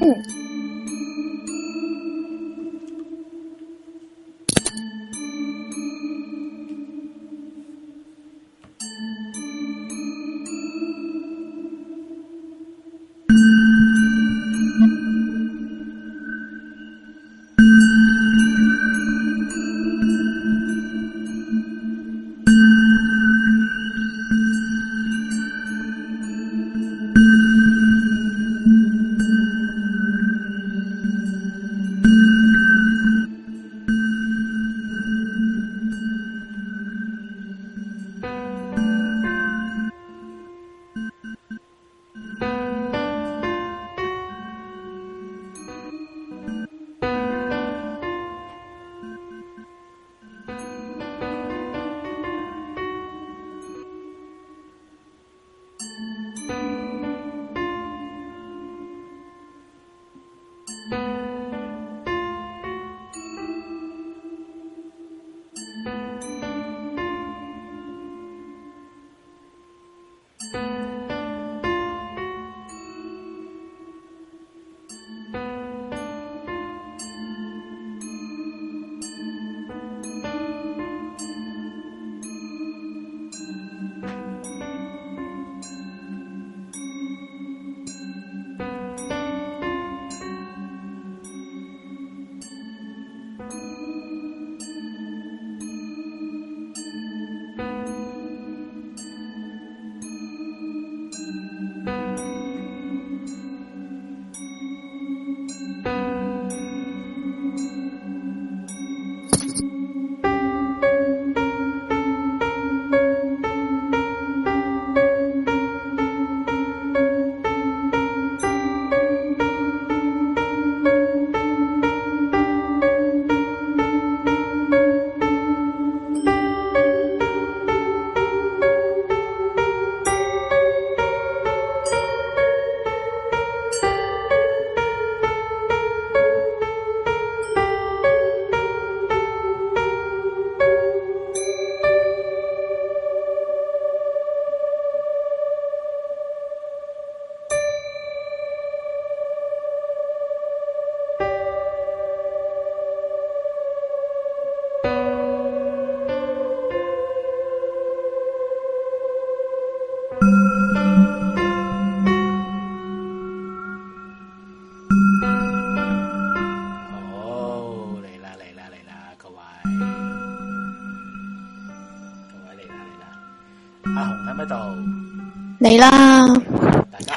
嗯。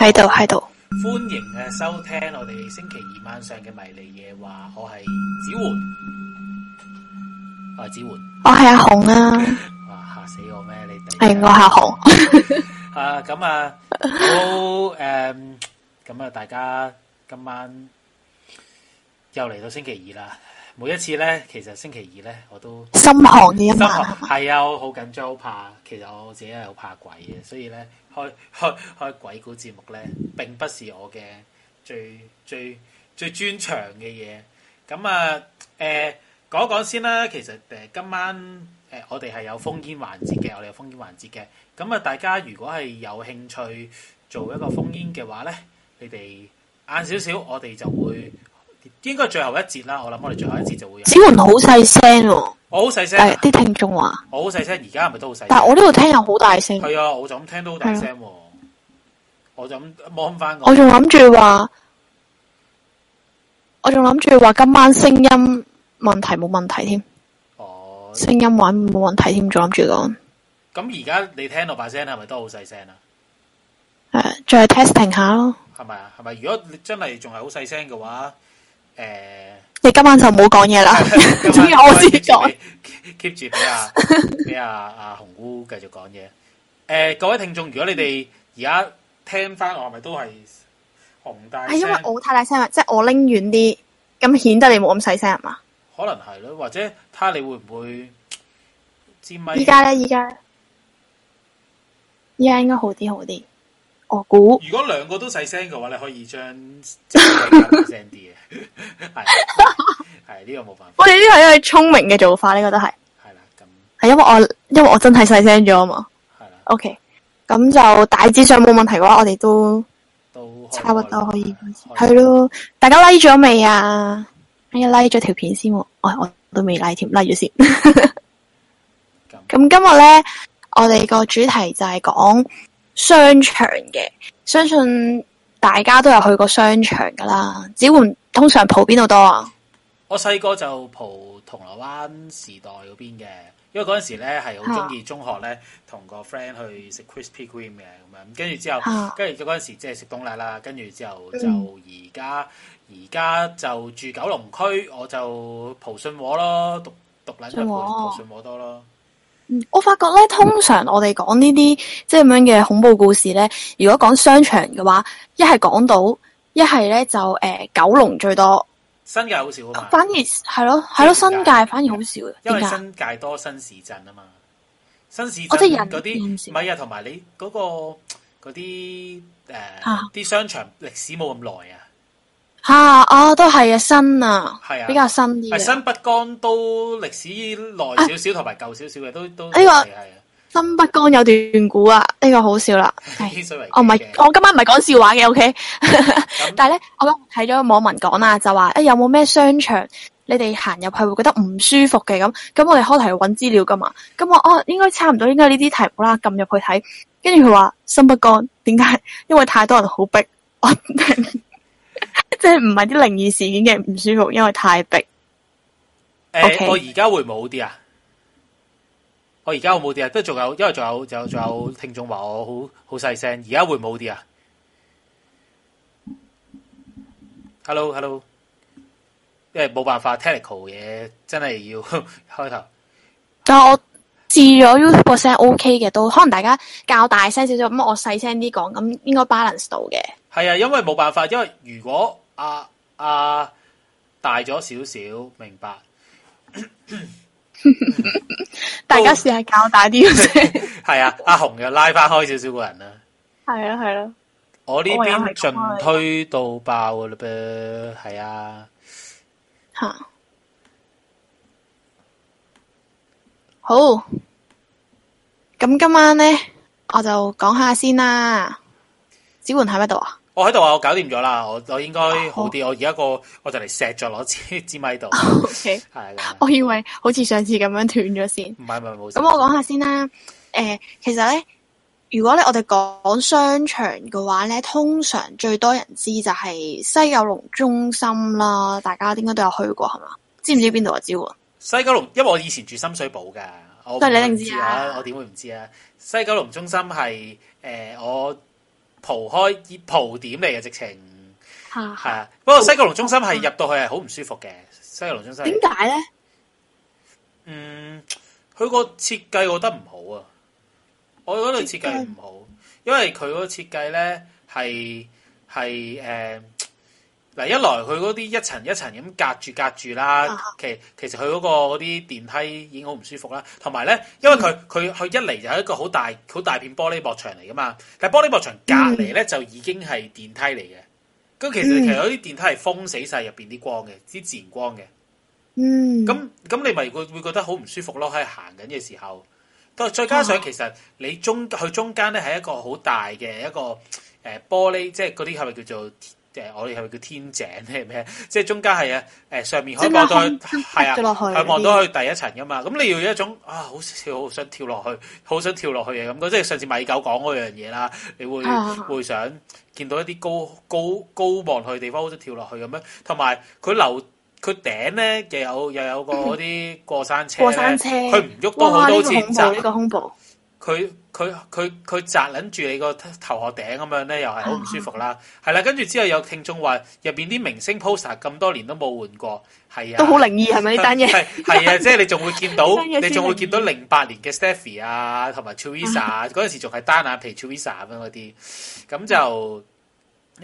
喺度喺度，歡迎嘅收聽我哋星期二晚上嘅迷離夜話，我係子桓，我係子桓，我係阿紅啊！哇嚇死我咩？你哋係我阿紅 啊！咁啊，好誒，咁、呃、啊，大家今晚又嚟到星期二啦。每一次咧，其實星期二咧，我都心寒嘅啊嘛。心寒，係啊，我好緊張，好怕。其實我自己係好怕鬼嘅，所以咧，開開開鬼故節目咧，並不是我嘅最最最專長嘅嘢。咁啊，誒講講先啦。其實，誒今晚誒我哋係有 phone in 環節嘅，我哋有 phone in 環節嘅。咁啊，大家如果係有興趣做一個 phone in 嘅話咧，你哋晏少少，我哋就會。應該係最後一節啦，我諗我哋最後一節就會有。小雲好細聲，我好細聲，啲聽眾話我好細聲，而家係咪都好細聲？但係我呢度聽又好大聲，係啊，我就咁聽到好大聲，我就咁 mon 翻。我仲諗住話，我仲諗住話今晚聲音問題冇問題添，哦，聲音玩冇問題添，仲諗住講。咁而家你聽到把聲係咪都好細聲啊？誒，再 testing 下咯。係咪啊？係咪？如果你真係仲係好細聲嘅話？誒，嗯、你今晚就唔好講嘢啦，總之晚， 晚我自己講。keep 住俾啊。俾 啊，阿紅姑繼續講嘢。誒、欸，各位聽眾，如果你哋而家聽翻我是是是紅，咪都係紅大。係因為我太大聲啊，即係我拎遠啲，咁顯得你冇咁細聲啊嘛。可能係咯，或者睇下你會唔會尖？依家咧，依家依家應該好啲，好啲。我估如果兩個都細聲嘅話，你可以將聲啲嘅。 係係呢個冇辦法，我哋呢係一個聰明嘅做法，呢個都係係啦。咁係的的因為我因為我真係細聲咗啊嘛。OK，咁就大致上冇問題嘅話，我哋都都差不多可以係咯。大家拉咗未啊？呀、嗯，拉咗、like、條片先，我我都未拉添，拉咗先。咁、 嗯、今日咧，我哋個主題就係講商場嘅，相信大家都有去過商場噶啦，只換。通常蒲邊度多啊？我細個就蒲銅鑼灣時代嗰邊嘅，因為嗰陣時咧係好中意中學咧，同、啊、個 friend 去食 crispy cream 嘅咁樣，跟住之後，啊、跟住嗰陣時即係食東奶啦，跟住之後就而家而家就住九龍區，我就蒲信和咯，讀讀奶就蒲信和多咯。嗯、我發覺咧，通常我哋講呢啲即係咁樣嘅恐怖故事咧，如果講商場嘅話，一係講到。一係咧就誒九龍最多，新界好少啊嘛，反而係咯係咯，新界反而好少啊。因為新界多新市鎮啊嘛，新市鎮嗰啲唔係啊，同埋你嗰個嗰啲誒啲商場歷史冇咁耐啊。吓，哦，都係啊，新啊，係啊，比較新啲。係新北江都歷史耐少少，同埋舊少少嘅，都都呢個係啊。心北江有段故啊，呢、這個好笑啦。哦、 哎，唔係，我今晚唔係講笑話嘅，O K。Okay? 嗯、但係咧，我睇咗個網民講啦，就話，誒、欸，有冇咩商場你哋行入去會覺得唔舒服嘅咁？咁我哋開題去搵資料噶嘛？咁我哦、啊，應該差唔多，應該呢啲題目啦，撳入去睇，跟住佢話心北江，點解？因為太多人好逼，我不 即係唔係啲靈異事件嘅唔舒服，因為太逼。Okay? 欸、我而家會唔會好啲啊？我而家有冇啲啊？都仲、哦、有，因為仲有，仲有，仲有聽眾話我好好細聲。而家會冇啲啊？Hello，Hello，因為冇辦法，technical 嘢真係要呵呵開頭。但我試咗 YouTube 個聲 OK 嘅，都可能大家較大聲少少，咁我細聲啲講，咁應該 balance 到嘅。係啊，因為冇辦法，因為如果啊啊大咗少少，明白。 大家試下搞大啲先，係高 啊！阿、啊、紅又拉翻開少少個人啦，係啊係咯，啊、我呢邊盡推到爆噶啦唄，係啊，吓、啊，好，咁今晚咧我就講下先啦，子桓喺咪度啊？我喺度啊！我搞掂咗啦，我我應該好啲。我而家個我就嚟石再攞支支咪度。O K，係啦。的我以為好似上次咁樣斷咗先。唔係唔係冇事。咁我講下先啦。誒、呃，其實咧，如果咧我哋講商場嘅話咧，通常最多人知就係西九龍中心啦。大家應該都有去過係嘛？知唔知邊度啊？知喎。西九龍，因為我以前住深水埗噶。但你定知啊？我點會唔知啊？西九龍中心係誒、呃、我。蒲開以蒲點嚟嘅直情。係啊，是啊不過、啊、西九龍中心係入到去係好唔舒服嘅。西九龍中心點解咧？呢，嗯，佢個設計我覺得唔好啊，我覺得設計唔好，因為佢個設計咧係係誒。嗱，一來佢嗰啲一層一層咁隔住隔住啦、啊，其其實佢嗰、嗰個啲電梯已經好唔舒服啦。同埋咧，因為佢佢佢一嚟就係一個好大好大片玻璃幕牆嚟噶嘛，但係玻璃幕牆隔離咧就已經係電梯嚟嘅。咁其實、嗯、其實嗰啲電梯係封死晒入邊啲光嘅，啲自然光嘅。嗯，咁咁你咪會會覺得好唔舒服咯？喺行緊嘅時候，再再加上、啊、其實你中佢中間咧係一個好大嘅一個誒、呃、玻璃，即係嗰啲係咪叫做？我哋係咪叫天井咧？咩？即係中間係啊！誒、呃，上面可以、啊、望到係啊，望到去第一層噶嘛？咁你要有一種啊，好似好想跳落去，好想跳落去嘅咁。即係上次米狗講嗰樣嘢啦，你會、啊、會想見到一啲高高高望落去嘅地方，好想跳落去咁樣。同埋佢樓佢頂咧，又有又有個啲過、過山車。過山車，佢唔喐多好多次。呢個恐怖佢佢佢佢扎捻住你個頭殼頂咁樣咧，又係好唔舒服啦。係啦、啊，跟住之後有聽眾話，入邊啲明星 poster 咁多年都冇換過，係啊，都好靈異係咪呢單嘢？係啊 即係你仲會見到，你仲會見到零八年嘅 Stephy 啊，同埋 Theresa 嗰陣時仲係單眼皮 Theresa 咁樣嗰啲，咁就誒，我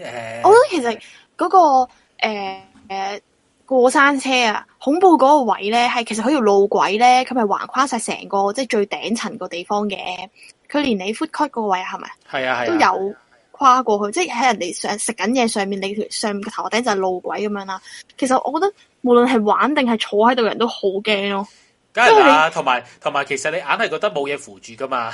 覺得其實嗰、那個誒誒、呃、過山車、啊。恐怖嗰個位咧，係其實佢條路軌咧，佢咪橫跨晒成個即係最頂層個地方嘅，佢連你 food court 嗰個位係咪？係啊係，都有跨過去，是啊是啊，即係喺人哋上食緊嘢上面，你條上面個頭頂就係路軌咁樣啦。其實我覺得無論係玩定係坐喺度，人都好驚咯。梗係啦，同埋同埋，其實你硬係覺得冇嘢扶住噶嘛。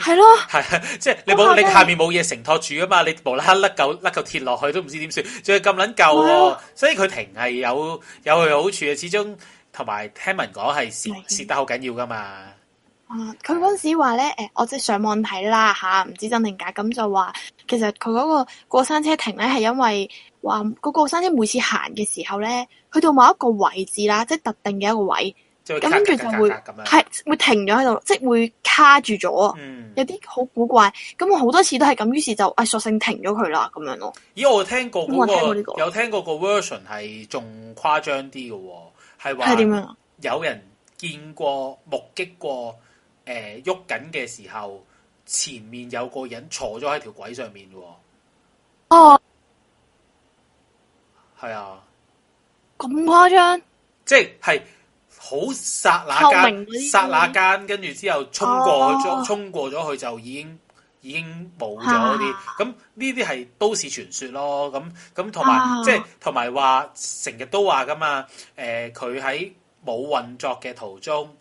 係咯，係 即係你冇，你下面冇嘢承托住啊嘛，你無啦甩嚿甩嚿鐵落去都唔知點算，仲要咁撚舊喎，的所以佢停係有有佢好處，始終同埋聽聞講係蝕蝕得好緊要噶嘛。啊，佢嗰陣時話咧誒，我即係上網睇啦嚇，唔知真定假咁就話其實佢嗰個過山車停咧係因為話個過山車每次行嘅時候咧，去到某一個位置啦，即係特定嘅一個位。咁跟住就會係會停咗喺度，即係會卡住咗啊！有啲好古怪。咁我好多次都係咁，於是就誒，索性停咗佢啦，咁樣咯。咦？我聽過嗰個，有聽過個 Version 係仲誇張啲嘅，係話係點樣有人見過目擊過誒，喐緊嘅時候，前面有個人坐咗喺條軌上面嘅。哦，係啊，咁誇張，即係。好刹那間，刹那間，跟住之後衝過咗，衝、啊、過咗去就已經已經冇咗啲。咁呢啲係都市傳說咯。咁咁同埋即係同埋話成日都話噶嘛。誒、呃，佢喺冇運作嘅途中，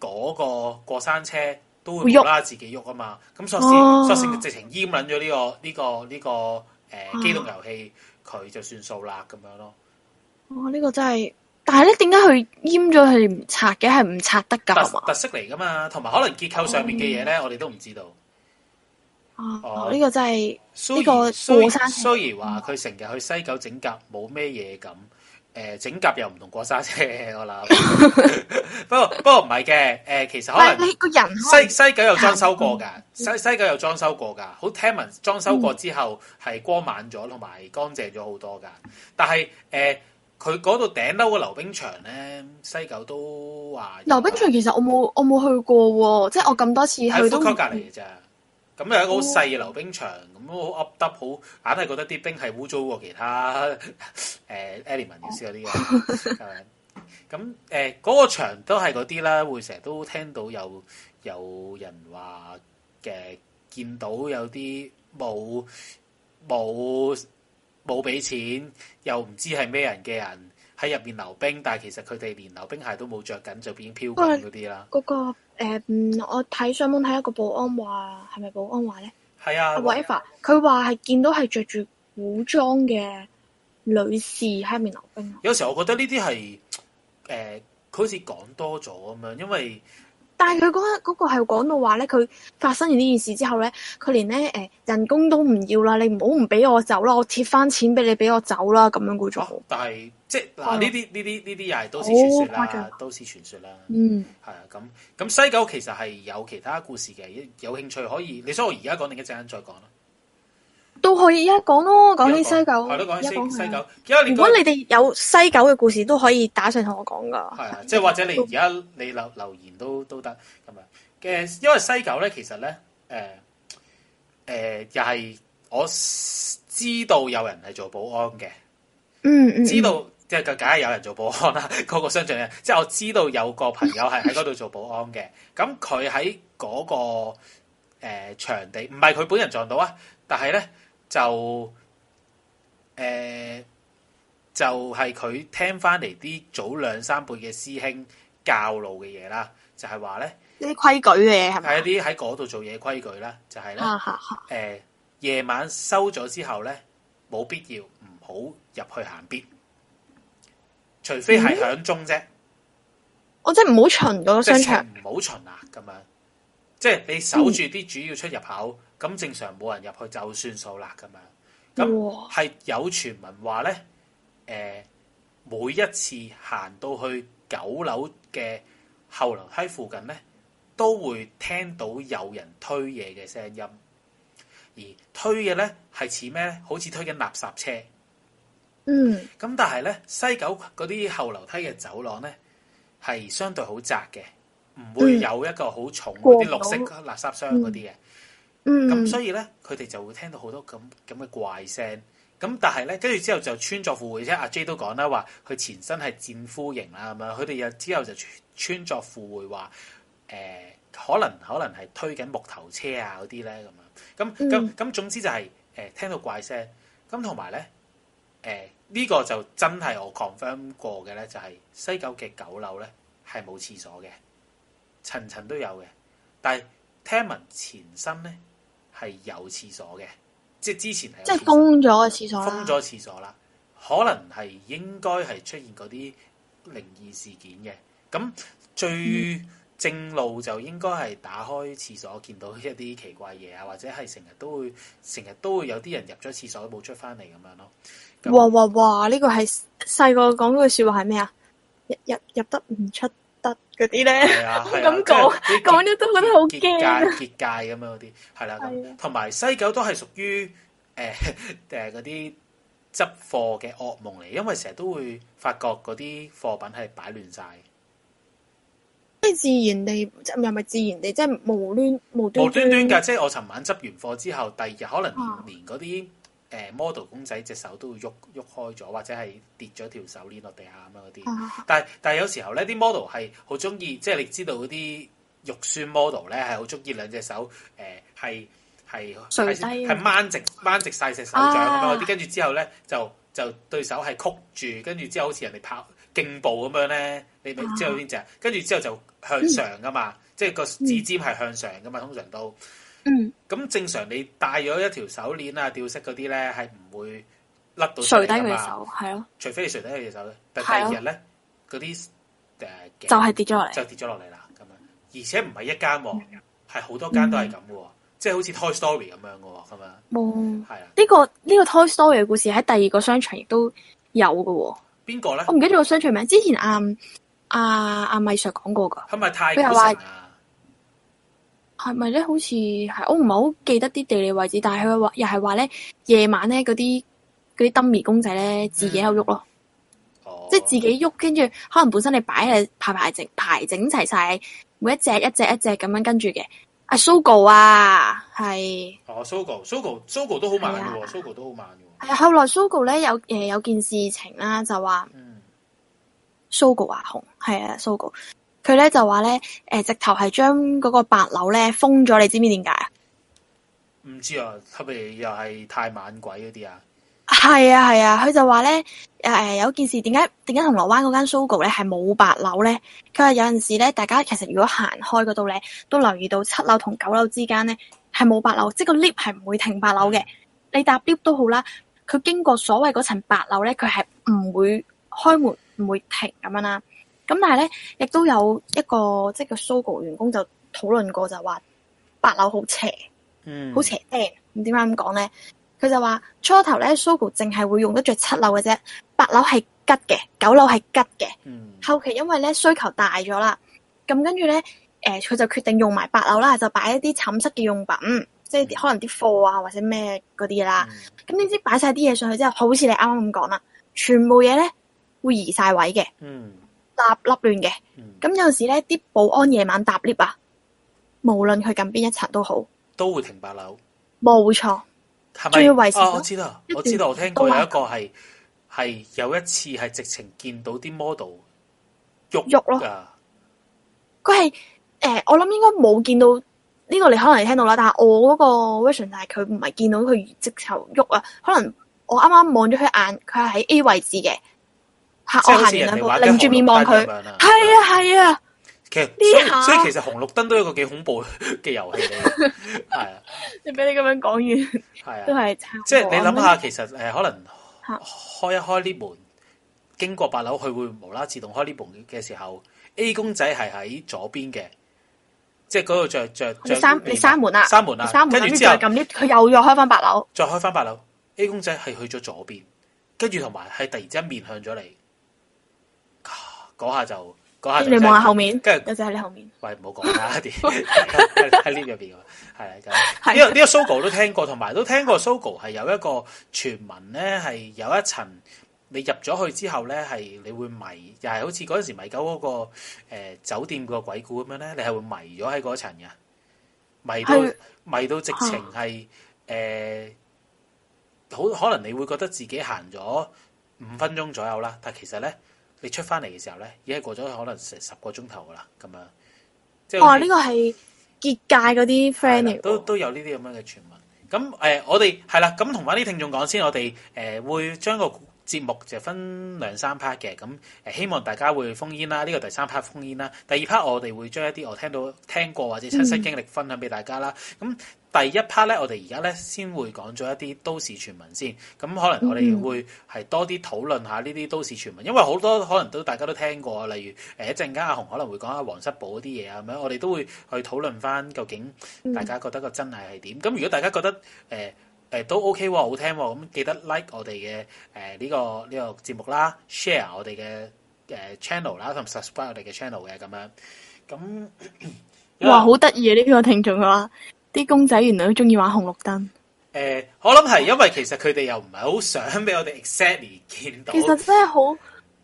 嗰、嗰個過山車都會喐啦，自己喐啊嘛。咁動索性索性、啊、直情閹捻咗呢個呢、呢個呢、呢個誒機、呃、動遊戲，佢、啊、就算數啦咁樣咯。哦，呢、呢個真係。但係咧，點解佢閹咗佢唔拆嘅？係唔拆得噶？特色嚟噶嘛？同埋可能結構上面嘅嘢咧，嗯、我哋都唔知道。啊、哦，呢個真係呢以個過山。雖然話佢成日去西九整甲冇咩嘢咁，誒、呃，整甲又唔同過沙車我啦。 不過不過唔係嘅，誒、呃，其實可能西西九有裝修過噶，西西九有裝修過噶，好聽聞裝修過之後係光猛咗，同埋、嗯、乾淨咗好多噶。但係誒。呃佢嗰度頂樓嘅溜冰場咧，西九都話溜冰場，其實我冇我冇去過喎、哦，對即係我咁多次去都隔離嘅咋。咁又係一個好細嘅溜冰場，咁好噏得好，硬係覺得啲冰係污糟過其他誒 Elements 嗰啲嘅誒。咁誒嗰個場都係嗰啲啦，會成日都聽到有有人話嘅見到有啲冇冇。沒冇俾錢又唔知係咩人嘅人喺入邊溜冰，但係其實佢哋連溜冰鞋都冇着緊，就已經飄緊嗰啲啦。嗰、嗰個嗯、呃，我睇上網睇一個保安話，係咪保安話咧？係啊。阿威佢話係見到係着住古裝嘅女士喺入面溜冰。有時候我覺得呢啲係誒佢好似講多咗咁樣，因為。但係佢嗰個係講到話咧，佢、那個、發生完呢件事之後咧，佢連咧誒、呃、人工都唔要啦，你唔好唔俾我走啦，我貼翻錢俾你俾我走啦，咁樣嘅狀況。但係即係嗱呢啲呢啲呢啲又係都市傳說啦，哦、都市傳說啦。嗯，係啊，咁咁西九其實係有其他故事嘅，有興趣可以，你所以我而家講定一陣再講啦。都可以一講咯，講起西九，講起西一西九講西九，如果你哋有西九嘅故事都可以打上同我講噶。係啊，即係或者你而家你留留言都都得咁樣嘅，因為西九咧其實咧，誒誒又係我知道有人係做保安嘅，嗯，知道、嗯、即係梗係有人做保安啦，個個商場咧，即係我知道有個朋友係喺嗰度做保安嘅，咁佢喺嗰個誒、呃、場地，唔係佢本人撞到啊，但係咧。就誒、呃，就係、是、佢聽翻嚟啲早兩三輩嘅師兄教路嘅嘢啦，就係話咧一啲規矩嘅嘢係咪？係一啲喺嗰度做嘢規矩啦，就係咧誒，夜、啊啊呃、晚收咗之後咧，冇必要唔好入去行邊，除非係響鐘啫。我即係唔好巡嗰個商場，唔好巡啊！咁樣，即、就、係、是、你守住啲主要出入口。嗯咁正常冇人入去就算數啦，咁樣咁係有傳聞話咧，誒每一次行到去九樓嘅後樓梯附近咧，都會聽到有人推嘢嘅聲音，而推嘅咧係似咩咧？好似推緊垃圾車。嗯。咁但係咧，西九嗰啲後樓梯嘅走廊咧，係相對好窄嘅，唔會有一個好重嗰啲綠色垃圾箱嗰啲嘅。咁所以咧，佢哋就會聽到好多咁咁嘅怪聲。咁但係咧，跟住之後就穿鑿附會啫。阿、啊、J 都講啦，話佢前身係戰俘營啦咁樣。佢哋又之後就穿鑿附會話，誒、呃、可能可能係推緊木頭車啊嗰啲咧咁樣。咁咁咁總之就係、是、誒、呃、聽到怪聲。咁同埋咧，誒、呃、呢、這個就真係我 confirm 過嘅咧、就是，就係西九嘅九樓咧係冇廁所嘅，層層都有嘅。但係聽聞前身咧。係有廁所嘅，即係之前係，即係封咗個廁所啦，封咗廁所啦，可能係應該係出現嗰啲靈異事件嘅。咁最正路就應該係打開廁所，見到一啲奇怪嘢啊，或者係成日都會成日都會有啲人入咗廁所都冇出翻嚟咁樣咯。哇哇哇！呢個係細個講句説話係咩啊？入入，入得唔出？嗰啲咧，咁講，講咗都覺得好驚，結界結界咁樣嗰啲，係啦、 啊，同埋、啊、西九都係屬於誒誒嗰啲執貨嘅噩夢嚟，因為成日都會發覺嗰啲貨品係擺亂晒，即係自然地，即係又咪自然地，即、就、係、是、無端無端無端端噶，即係、就是、我尋晚執完貨之後，第二日可能連嗰啲。啊誒 model 公仔隻手都會喐喐開咗，或者係跌咗條手鏈落地下咁樣嗰啲。但係但係有時候咧，啲 model 係好中意，即係你知道嗰啲肉酸 model 咧係好中意兩隻手誒係係係掹直掹直晒隻手掌咁樣嗰啲。跟住、uh huh. 之後咧就就對手係曲住，跟住之後好似人哋拍競步咁樣咧，你明知道邊隻？跟住、uh huh. 之後就向上噶嘛，uh huh. 即係個指尖係向上噶嘛，通常都。嗯，咁正常你戴咗一條手鏈啊、吊飾嗰啲咧，係唔會甩到碎噶嘛？垂低你嘅手，係咯？除非你垂低佢嘅手咧，但第二日咧嗰啲誒，是的就係跌咗落嚟，就跌咗落嚟啦。咁樣，而且唔係一間，係好多間都係咁噶，即係好似 Toy Story 咁樣噶，係咪？冇，係啊，呢個呢個 Toy Story 嘅故事喺第二個商場亦都有噶喎。邊個咧？我唔記得個商場名，之前阿阿阿米 Sir 講過噶，係咪太古係咪咧？好似係，我唔係好記得啲地理位置，但係佢話又係話咧，夜晚咧嗰啲嗰啲燈迷公仔咧自己喺喐咯，嗯哦、即係自己喐，跟住可能本身你擺喺排排整排整齊晒，每一隻一隻一隻咁樣跟住嘅。阿 Sogo 啊，係 so、啊、哦，Sogo，Sogo，Sogo so so so 都好猛嘅、啊、Sogo 都好猛嘅。係後來 Sogo 咧有誒、呃、有件事情啦，就話、嗯、Sogo 啊紅係啊 Sogo。So 佢咧就話咧，誒、呃，直頭係將嗰個八樓咧封咗，你知唔知點解啊？唔知啊，係咪又係太猛鬼嗰啲啊？係啊係啊，佢就話咧，誒、呃，有件事點解點解銅鑼灣嗰間 Sogo 咧係冇八樓咧？佢話有陣時咧，大家其實如果行開嗰度咧，都留意到七樓同九樓之間咧係冇八樓，即係個 lift 係唔會停八樓嘅。你搭 lift 都好啦，佢經過所謂嗰層八樓咧，佢係唔會開門，唔會停咁樣啦。咁但係咧，亦都有一個即係個 Sogo 員工就討論過就話八樓好邪，嗯，好邪 d o 咁點解咁講咧？佢就話初頭咧 Sogo 淨係會用得着七樓嘅啫，八樓係吉嘅，九樓係吉嘅。嗯，後期因為咧需求大咗啦，咁跟住咧，誒、呃、佢就決定用埋八樓啦，就擺一啲寢室嘅用品，即係可能啲貨啊或者咩嗰啲啦。咁點、嗯、知擺晒啲嘢上去之後，好似你啱啱咁講啦，全部嘢咧會移晒位嘅。嗯。搭粒亂嘅，咁有陣時咧，啲保安夜晚搭 lift 啊，無論佢近邊一層都好，都會停八樓。冇錯錯，係咪？要哦、啊，我知道，段我知道，我聽過有一個係係有一次係直情見到啲 model 喐喐咯，佢係誒，我諗應該冇見到呢、這個，你可能係聽到啦。但係我嗰個 version 係佢唔係見到佢直頭喐啊，可能我啱啱望咗佢眼，佢係喺 A 位置嘅。我行完兩步即係好似人哋玩，擰住面望佢，係啊，係啊。其實、啊，啊、所以所以其實紅綠燈都有個幾恐怖嘅遊戲嚟。係啊。 你俾你咁樣講完，係啊，都係即係你諗下，其實誒，可能開一開呢門，經過八樓，佢會無啦自動開呢門嘅時候，A 公仔係喺左邊嘅，即係嗰度着着。着着你閂你閂門啦、啊，閂門啦、啊，閂門。跟住之後，撳呢，佢又再開翻八樓，再開翻八樓。A 公仔係去咗左邊，跟住同埋係突然之間面向咗你。嗰下就，嗰下你，就是，望下後面，跟住，我喺後你後面。喂，唔好講啦，喺呢入邊，係啊，呢 個呢個 Sogo 都聽過，同埋都聽過 Sogo 係有一個傳聞咧，係有一層你入咗去之後咧，係你會迷，又係好似嗰陣時迷狗嗰，那個誒、呃、酒店的個鬼故咁樣咧，你係會迷咗喺嗰層嘅，迷到的迷到直情係誒，好、啊呃、可能你會覺得自己行咗五分鐘左右啦，但其實咧。你出翻嚟嘅時候咧，已經過咗可能成十個鐘頭噶啦，咁樣。哇！呢、哦這個係結界嗰啲 friend 嚟。都都有呢啲咁樣嘅傳聞。咁誒、呃，我哋係啦。咁同翻啲聽眾講先，我哋誒、呃、會將個節目就分兩三 part 嘅。咁誒、呃，希望大家會烽煙啦，呢、這個第三 part 烽煙啦。第二 part 我哋會將一啲我聽到聽過或者親身經歷分享俾大家啦。咁、嗯。第一 part 咧，我哋而家咧先會講咗一啲都市傳聞先，咁可能我哋會係多啲討論下呢啲都市傳聞，因為好多可能都大家都聽過，例如一陣間阿紅可能會講下皇室堡嗰啲嘢啊咁樣，我哋都會去討論返究竟大家覺得個真係係點。咁、嗯、如果大家覺得誒誒、呃呃、都 OK 喎、哦，好聽喎、哦，咁、嗯、記得 like 我哋嘅呢個呢、呢個、節目啦，share 我哋嘅 channel 啦，同 subscribe 我哋嘅 channel 嘅咁樣。咁哇，好得意啊！呢、呢個聽眾啊～啲公仔原來都中意玩紅綠燈。誒，我諗係因為其實佢哋又唔係好想俾我哋 exactly 見到。其實真係好。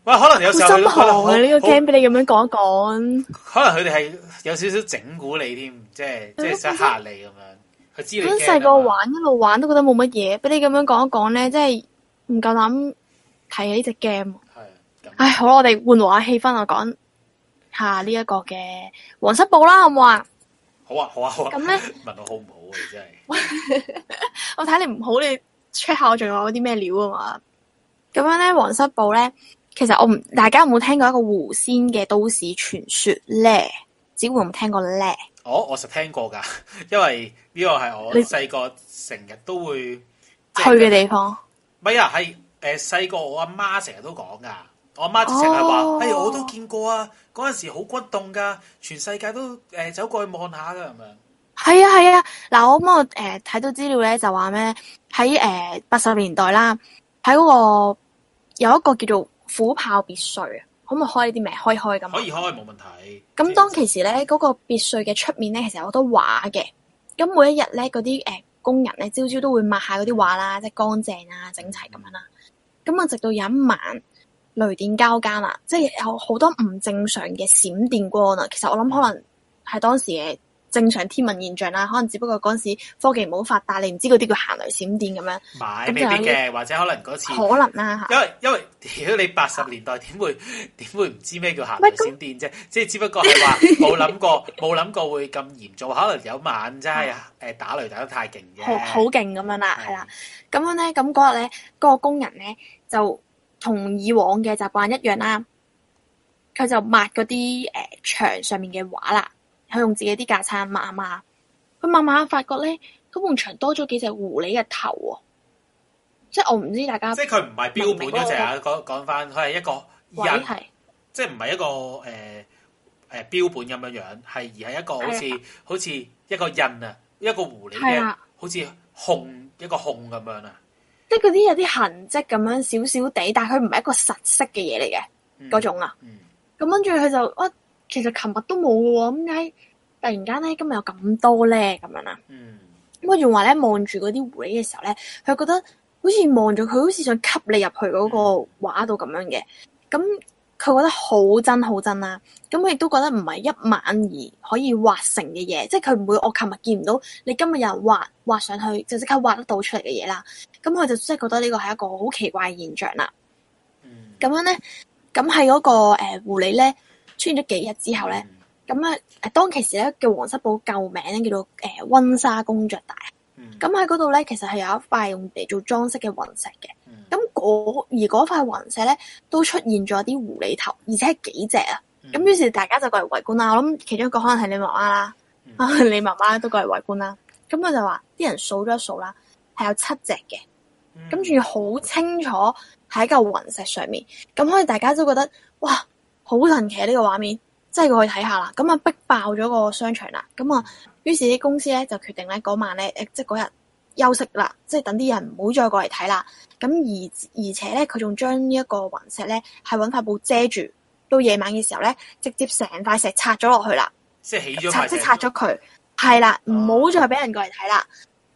喂，可能有時候心寒啊，呢個 game 俾你咁樣講一講。可能佢哋係有少少整蠱你添，即係即係想嚇你咁樣。佢知你。咁細個玩一路玩都覺得冇乜嘢，俾你咁樣講一講咧，真係唔夠膽睇呢隻 game。係。唉，好啦，我哋換下氣氛啊，講下呢一個嘅黃室寶啦，好唔好啊？好啊，好啊，好啊！咁咧問我好唔好啊？真 你真係我睇你唔好，你 check 下我仲有啲咩料啊嘛？咁樣咧，黃室寶咧，其實我唔大家有冇聽過一個狐仙嘅都市傳說咧？只會唔聽過咧？哦，我實聽過噶，因為呢個係我細個成日都會想、就是、去嘅地方。咪呀、啊？係誒，細、呃、個我阿媽成日都講噶。我媽直係話，oh。哎，我都見過啊！嗰陣時好轟動噶全世界都誒、呃、走過去望下噶咁樣。係啊係啊，嗱、啊，我咪誒睇到資料咧，就話咩喺誒八十年代啦，喺嗰、那個有一個叫做虎豹別墅啊，可唔可以開呢啲名？開開咁可以開，冇問題。咁當其時咧，嗰、那個別墅嘅出面咧，其實有好多畫嘅。咁每一日咧，嗰啲誒工人咧，朝朝都會抹下嗰啲畫啦，即係乾淨啊，整齊咁樣啦。咁啊，嗯、直到有一晚。雷電交加啦，即係有好多唔正常嘅閃電光啦。其實我諗可能係當時嘅正常天文現象啦，可能只不過嗰時科技唔好發達，你唔知嗰啲叫行雷閃電咁樣。咪是未必嘅，或者可能嗰次可能啦、啊、吓。因為因為屌你八十年代點會點會唔知咩叫行雷閃電啫？即係只不過係話冇諗過冇諗 過會咁嚴重，可能有晚真係誒的打雷打得太勁嘅。好好勁咁樣啦，係啦的。咁樣咧，咁嗰日咧，嗰個工人咧就。同以往嘅習慣一樣啦，佢就抹嗰啲誒牆上面嘅畫啦，佢用自己啲架撐抹啊抹，佢慢慢發覺咧，嗰埲牆多咗幾隻狐狸嘅頭啊！即係我唔知大家，即係佢唔係標本一隻啊！講講翻，佢係一個印，置即係唔係一個誒誒、呃、標本咁樣樣，係而係一個好似的好似一個印啊，一個狐狸嘅，的好似控一個控咁樣啊！即係嗰啲有啲痕跡咁樣少少地，但係佢唔係一個實色嘅嘢嚟嘅嗰種啊。咁跟住佢就，哇，其實琴日都冇嘅喎，點解突然間咧今日有咁多咧？咁樣啊。咁我仲話咧，望住嗰啲狐狸嘅時候咧，佢覺得好似望住佢，好似想吸你入去嗰個畫度咁樣嘅。咁、嗯。佢覺得好真好真啦、啊，咁佢亦都覺得唔係一晚而可以畫成嘅嘢，即係佢唔會，我琴日見唔到，你今日有人畫上去就即刻畫得到出嚟嘅嘢啦。咁佢就即係覺得呢個係一個好奇怪嘅現象啦。咁、嗯、樣呢，咁喺嗰個、呃、狐狸呢，出現咗幾日之後呢，咁啊、嗯，當其時救命呢，叫皇室堡舊名叫做溫莎公爵大，咁喺嗰度呢，其實係有一塊用嚟做裝飾嘅雲石嘅。咁嗰、那個、而嗰塊雲石咧，都出現咗啲狐狸頭，而且係幾隻啊。咁於、嗯、是大家就過嚟圍觀啦。我諗其中一個可能係你媽媽啦，嗯、啊，你媽媽都過嚟圍觀啦。咁、嗯、佢就話啲人數咗一數啦，係有七隻嘅，仲要好清楚喺個雲石上面。咁可以大家都覺得哇，好神奇呢個畫面，真係過去睇下啦。咁啊，逼爆咗個商場啦。咁啊，於是啲公司咧就決定咧嗰、那個、晚咧，誒，即係嗰日休息啦，即、就、係、是、等啲人唔好再過嚟睇啦。咁而而且咧，佢仲將呢一個雲石咧，係揾塊布遮住，到夜晚嘅時候咧，直接成塊石拆咗落去啦，即係起咗拆即係拆咗佢，係啦，唔好、哦、再俾人過嚟睇啦。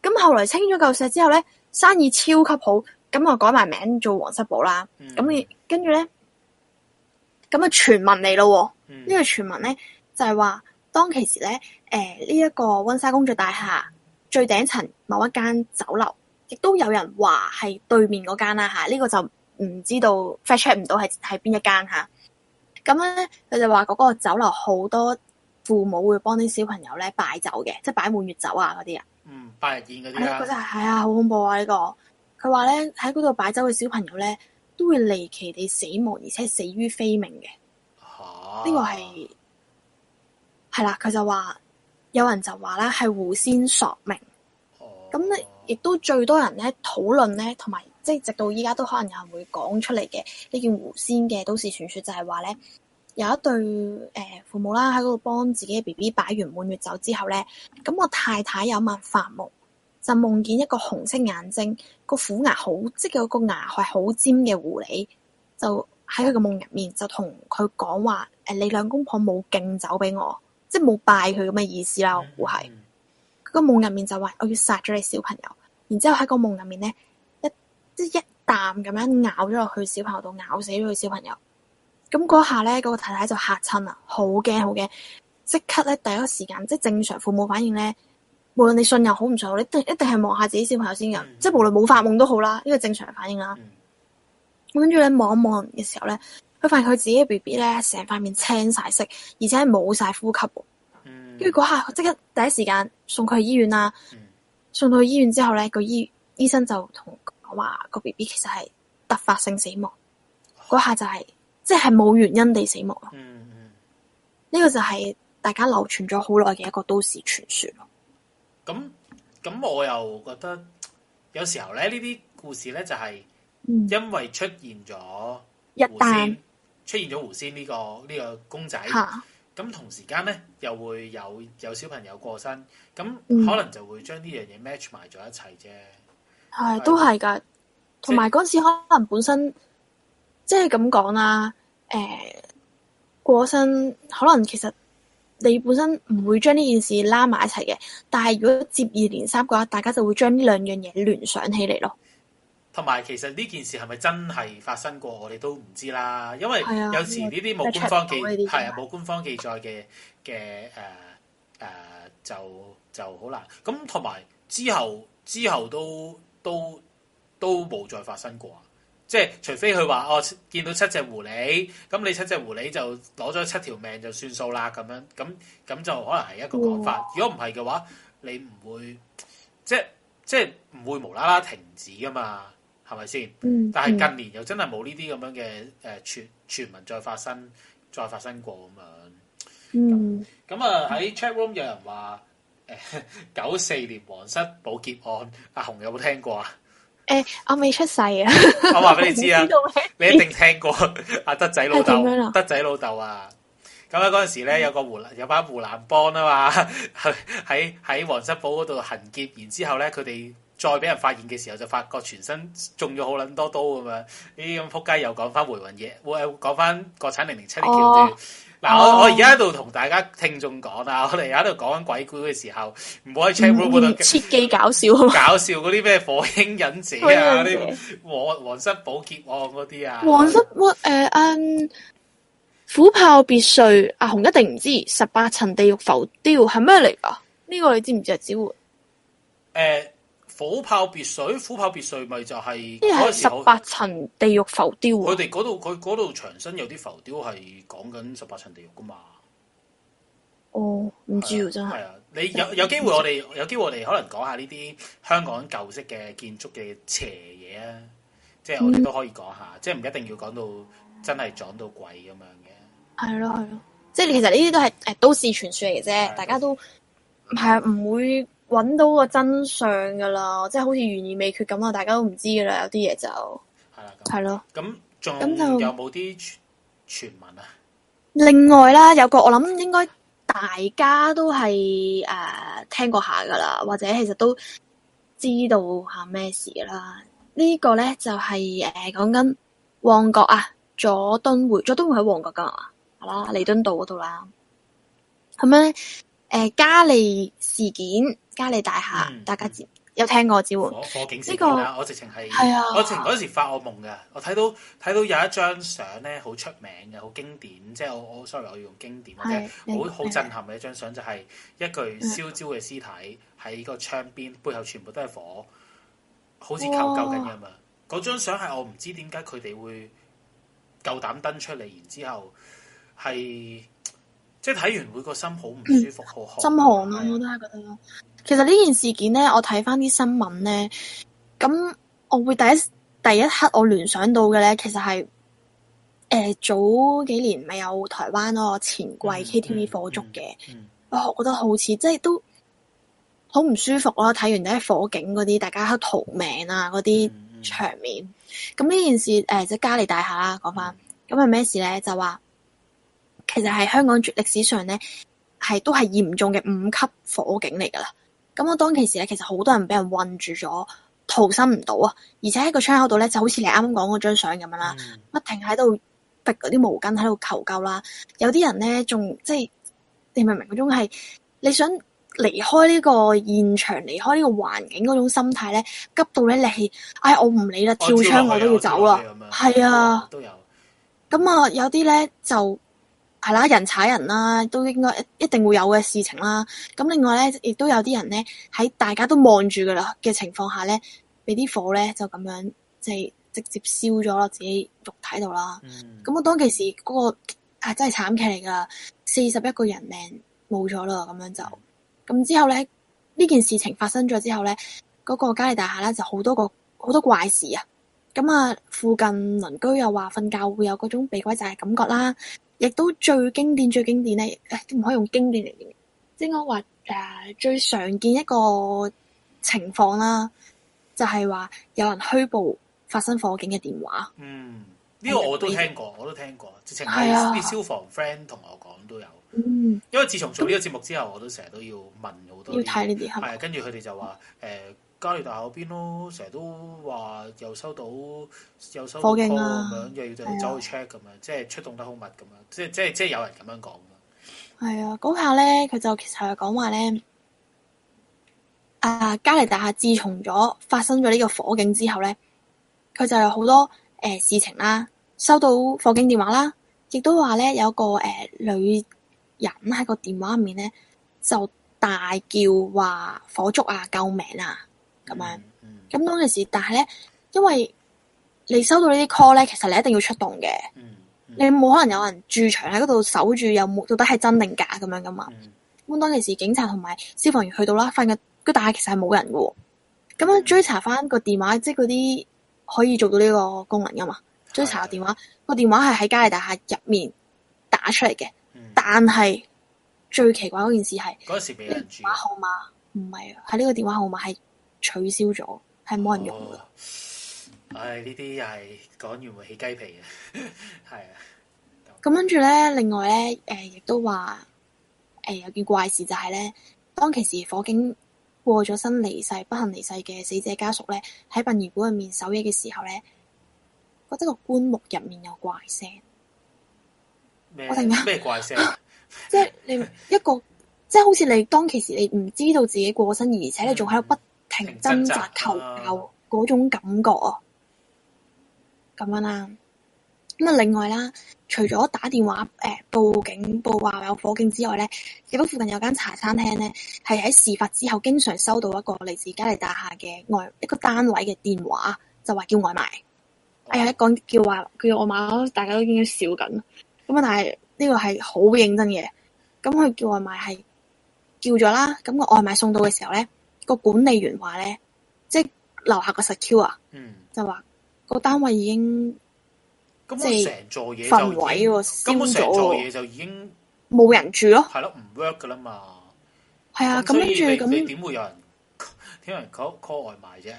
咁後來清咗舊石之後咧，生意超級好，咁就改埋名做皇室堡啦。咁跟住咧，咁啊傳聞嚟咯，呢、嗯、個傳聞咧就係、是、話，當其時咧，呢、呃、一、這個溫莎工作大廈最頂層某一間酒樓。亦都有人話係對面嗰間啦吓，呢、這個就唔知道 fetch 唔 到係係邊一間吓、啊。咁咧佢就話嗰個酒樓好多父母會幫啲小朋友咧擺酒嘅，即係擺滿月酒啊嗰啲啊。那些嗯，百日宴嗰啲啊。係啊，好恐怖啊呢、這個！佢話咧喺嗰度擺酒嘅小朋友咧都會離奇地死亡，而且死於非命嘅。呢、啊、個係係啦，佢、啊、就話有人就話咧係狐仙索命。咁你、啊？亦都最多人咧討論咧，同埋即係直到依家都可能有人會講出嚟嘅呢件狐仙嘅都市傳說，就說，就係話咧有一對誒、呃、父母啦，喺嗰度幫自己嘅 B B 擺完滿月酒之後咧，咁我太太有一晚發夢就夢見一個紅色眼睛、個虎牙好即嘅個牙係好尖嘅狐狸，就喺佢個夢入面就同佢講話，誒你兩公婆冇敬酒俾我，即係冇拜佢咁嘅意思啦，我估係。個夢入面就話，我要殺咗你小朋友，然之後喺個夢入面咧，一即係一啖咁樣咬咗落去小朋友度，咬死咗佢小朋友。咁嗰下咧，嗰、嗰個太太就吓親啦，好驚好驚，即刻咧，第一時間即係正常父母反應咧，無論你信任好唔信任，你一定係係望下自己小朋友先嘅、嗯、即係無論冇發夢都好啦，呢個正常反應啦。咁跟住咧望一望嘅時候咧，佢發現佢自己 B B 咧成塊面青晒色，而且係冇晒呼吸。跟住嗰下，即刻第一時間送佢去醫院啦。嗯、送到醫院之後咧，個醫醫生就同我話個 B B 其實係突發性死亡，嗰下就係即係冇原因地死亡咯。呢、嗯嗯、個就係大家流傳咗好耐嘅一個都市傳說咯。咁咁，我又覺得有時候咧，呢啲故事咧就係因為出現咗、嗯、一單，出現咗狐仙呢個呢、呢個公仔吓。咁同時間咧，又會有有小朋友過身，咁可能就會將呢樣嘢 match 埋咗一齊啫。係、嗯、都係噶，同埋嗰陣時可能本身即係咁講啦。誒、就是呃、過身，可能其實你本身唔會將呢件事拉埋一齊嘅，但係如果接二連三嘅話，大家就會將呢兩樣嘢聯想起嚟咯。同埋其實呢件事係咪真係發生過，我哋都唔知啦。因為有時呢啲冇官方記，係啊冇官方記載嘅嘅誒誒就就好難。咁同埋之後之後都都都冇再發生過啊！即係除非佢話哦，見到七隻狐狸，咁你七隻狐狸就攞咗七條命就算數啦。咁樣咁咁就可能係一個講法。哦、如果唔係嘅話，你唔會即係即係唔會無啦啦停止噶嘛。係咪先？嗯、但係近年又真係冇呢啲咁樣嘅誒傳傳聞再發生，再發生過咁樣。嗯，咁啊喺 Chatroom 有人話誒九四年皇室堡劫案，阿紅有冇聽過、呃、沒啊？誒，我未出世啊，我話俾你知啊，你一定聽過阿、啊、德仔老豆，德仔老豆啊。咁啊嗰陣時咧，嗯、有個湖有把湖南幫啊嘛，喺喺喺皇室堡嗰度行劫，然之後咧佢哋。再俾人發現嘅時候，就發覺全身中咗好撚多刀咁樣。呢咁撲街又講翻回，回魂嘢，會講翻國產零零七呢橋段。嗱、哦，我、哦、我而家喺度同大家聽眾講啊，我哋而家喺度講緊鬼故嘅時候，唔好喺 c h a 度切忌搞笑，搞笑嗰啲咩火星忍者啊，呢個者王室寶劫案嗰啲啊，王室誒、呃，虎豹別墅阿紅一定唔知十八層地獄浮雕係咩嚟噶？呢、這個你知唔知啊？子桓誒、呃。火炮別墅，虎豹別墅咪就係，十八層地獄浮雕、啊。佢哋嗰度，佢度牆身有啲浮雕，係講緊十八層地獄噶嘛。哦，唔知喎，了真係的。係啊，你有有機會我，我哋有機會，我哋可能講下呢啲香港舊式嘅建築嘅邪嘢啊，即係我哋都可以講下，即係唔一定要講到真係撞到鬼咁樣嘅。係咯，係咯，即係其實呢啲都係誒都市傳説嚟嘅啫，的大家都係唔會。揾到個真相噶啦，即係好似懸疑未決咁啊！大家都唔知噶啦，有啲嘢就係啦，係咯，咁仲的有冇啲傳聞啊？另外啦，有個我諗應該大家都係誒、呃、聽過下噶啦，或者其實都知道下咩事啦。這個、呢個咧就係誒講緊旺角啊，佐敦會，佐敦會喺旺角噶嘛，係、啊、啦，彌敦道嗰度啦。咁樣誒嘉利事件。嘉利大廈，嗯、大家知有聽過我指？火警之呢個我直情係、啊，我情嗰時發惡夢嘅，我睇到睇到有一張相咧，好出名嘅，好經典，即係我我 sorry，我要用經典或者好好震撼嘅一張相，是就係一具燒焦嘅屍體喺個窗邊，的背後全部都係火，好似求救緊嘅嘛。嗰張相係我唔知點解佢哋會夠膽登出嚟，然後之後係。即係睇完，每個心好唔舒服，嗯、好寒。心寒咯，吧我都係覺得。其實呢件事件咧，我睇翻啲新聞咧，咁我會第一第一刻我聯想到嘅咧，其實係誒、呃、早幾年咪有台灣嗰個錢櫃 K T V 火燭嘅，嗯嗯嗯嗯、我覺得好似即係都好唔舒服咯。睇完第一火警嗰啲，大家逃命啊嗰啲場面。咁呢、嗯嗯、件事誒，即係嘉利大廈啦，講翻咁係咩事咧？就話。其實係香港絕歷史上咧，係都係嚴重嘅五級火警嚟噶啦。咁我當其時咧，其實好多人俾人困住咗，逃生唔到啊。而且喺個窗口度咧，就好似你啱講嗰張相咁樣啦，不、嗯、停喺度搣嗰啲毛巾，喺度求救啦。有啲人咧，仲即係你明唔明嗰種係？你想離開呢個現場，離開呢個環境嗰種心態咧，急到咧你係，哎，我唔理啦，跳窗我都要走啦。係啊、嗯。都有。咁啊，有啲咧就。係啦，人踩人啦、啊，都應該一定會有嘅事情啦、啊。咁另外咧，亦都有啲人咧，喺大家都望住噶啦嘅情況下咧，俾啲火咧就咁樣即係直接燒咗喇，自己肉體度啦。咁、嗯、我當其時嗰、嗰個啊真係慘劇嚟噶，四十一個人命冇咗啦，咁樣就咁之後咧，呢件事情發生咗之後咧，嗰、嗰個嘉利大廈咧就好多個好多怪事啊。咁啊，附近鄰居又話瞓覺會有嗰種被鬼撳嘅感覺啦。亦都最經典最經典咧，誒都唔可以用經典嚟，即係我話誒最常見一個情況啦，就係、是、話有人虛報發生火警嘅電話。嗯、呢、這個我都聽過，是我都聽過，直情係消防 friend 同我講都有。嗯、啊，因為自從做呢個節目之後，都我都成日都要問好多，要睇呢啲係咪？跟住佢哋就話誒。嗯嘉利大廈嗰邊咯，成日都話又收到又收到火警啊，咁又要就走去 check 咁樣，啊、即係出動得好密咁樣，即係即係即係有人咁樣講。係啊，講下咧，佢就其實係講話咧，啊嘉利大廈自從咗發生咗呢個火警之後咧，佢就有好多誒、呃、事情啦，收到火警電話啦，亦都話咧有一個誒、呃、女人喺個電話裡面咧就大叫話火燭啊，救命啊！咁樣，咁、嗯嗯、當其時，但係咧，因為你收到呢啲 call 咧，其實你一定要出動嘅，嗯嗯、你冇可能有人駐場喺嗰度守住，有冇到底係真定假咁樣噶嘛？咁、嗯、當其時，警察同埋消防員去到啦，發現、個大廈其實係冇人喎。咁樣追查翻個電話，即係嗰啲可以做到呢個功能噶嘛？的追查個電話，個電話係喺嘉利大廈入面打出嚟嘅，嗯、但係最奇怪嗰件事係嗰時俾人電話號碼，唔係啊，喺呢個電話號碼係。取消咗，係冇人用嘅。唉、哦，呢啲又係講完會起雞皮嘅，係 啊的。咁跟住咧，另外咧，誒、呃，亦都話誒、呃、有件怪事就係咧，當其時火警過咗身離世，不幸離世嘅死者家屬咧，喺殯儀館入面守夜嘅時候咧，覺得個棺木入面有怪聲咩咩麼怪聲？ 啊、即係你一個，即係好似你當其時你唔知道自己過身，而且你仲喺度不、嗯。停掙扎求救嗰種感覺啊，咁樣啦。咁啊，另外啦，除咗打電話誒、呃、報警報話有火警之外咧，亦都附近有間茶餐廳咧，係喺事發之後經常收到一個嚟自嘉利大廈嘅外一個單位嘅電話，就話叫外賣。哎呀，講叫話叫外賣，大家都已經笑緊。咁啊，但係呢個係好認真嘅。咁佢叫外賣係叫咗啦。咁個外賣送到嘅時候咧，個管理員話咧，即係樓下個 secure 啊，嗯、就話個單位已經即係成座嘢根本成座嘢就已經冇人住咯。係咯，唔 work 噶啦嘛。係啊的，咁跟住著咁，點會有人點那 人搞 call, call 外賣啫？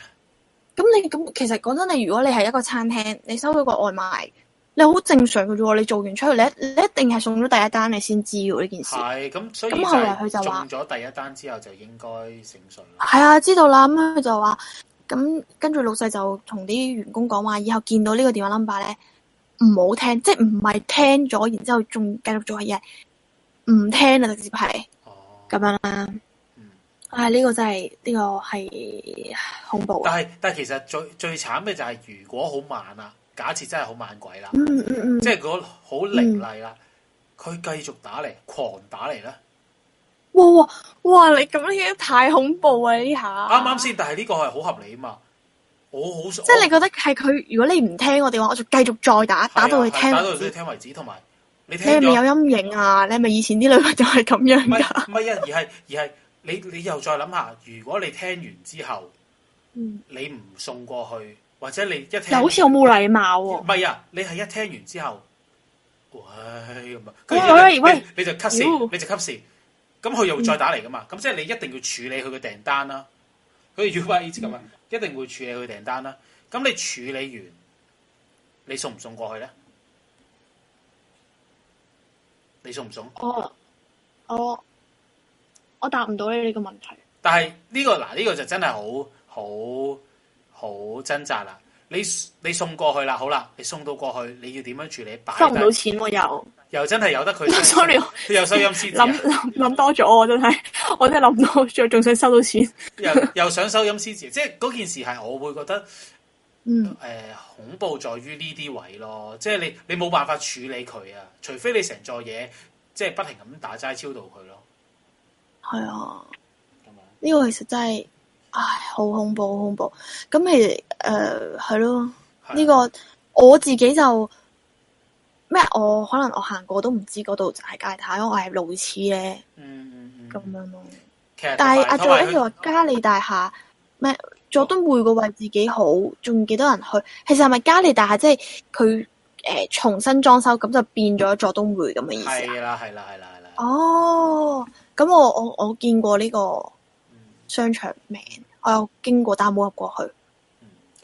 咁你咁其實講真，你如果你係一個餐廳，你收到個外賣。你好正常嘅啫喎，你做完出去，你一你一定係送咗第一單你先知喎呢件事。係咁，所以就送咗第一單之後就應該誠信。係啊，知道啦。咁樣佢就話，咁跟住老細就同啲員工講話，以後見到呢個電話 number 咧唔好聽，即係唔係聽咗，然之後仲繼續做嘢，唔聽啊，直接係。哦。咁樣啦。嗯。啊、哎，呢、這個真係呢、這個係恐怖但是。但係但係，其實最最慘嘅就係如果好慢啊。假設真係好猛鬼啦，嗯嗯嗯、即係嗰好凌厲啦，佢、嗯、繼續打嚟，狂打嚟咧。哇哇哇！你咁樣太恐怖啊！呢下啱啱先，但係呢個係好合理啊嘛。我好即係你覺得係佢，如果你唔聽我哋話，我就繼續再打，啊、打到佢聽，打到佢聽為止。同埋、啊、你聽了你係咪有陰影啊？你係咪以前啲女就係咁樣㗎？唔係啊， 而係而係你你又再諗下，如果你聽完之後，嗯、你唔送過去。或者你一聽又好似好冇禮貌喎、哦，唔係啊，你係一聽完之後，喂，佢，喂，欸、你就 cut 喂你就 cut 咁佢又再打嚟㗎嘛，咁、嗯、即係你一定要處理佢嘅訂單啦、啊，佢要 buy 咁啊，一定會處理佢訂單啦、啊，咁你處理完，你送唔送過去咧？你送唔送？我我我答唔到你呢個問題。但係呢、這個嗱，呢、這個就真係好好。好掙扎啦！你你送過去啦，好啦，你送到過去，你要點樣處理？收唔到錢又又真係由得佢。sorry，又收音先。諗諗多咗啊！真係，我真係諗多咗，仲想，想收到錢，又又想收音先至。 即係嗰件事係我會覺得，嗯，誒、呃，恐怖在於呢啲位咯，即係你你冇辦法處理佢啊，除非你成座嘢即係不停咁打齋超度佢咯。係啊，呢樣個其實真係。唉，好恐怖，好恐怖。咁咪誒，係、呃、咯。呢的、這個我自己就咩？我可能我行過都唔知嗰度就係街太，因為，我係路痴咧。嗯，咁樣咯。就是、但係阿佐恩又話嘉利大廈咩佐敦匯個位置幾好，仲幾多人去。其實係咪嘉利大廈即係佢誒重新裝修，咁就變咗佐敦匯咁嘅意思係啦，係啦，係啦，係啦。哦，咁我我我見過呢、這個。商場名，我有經過，但係冇入過去。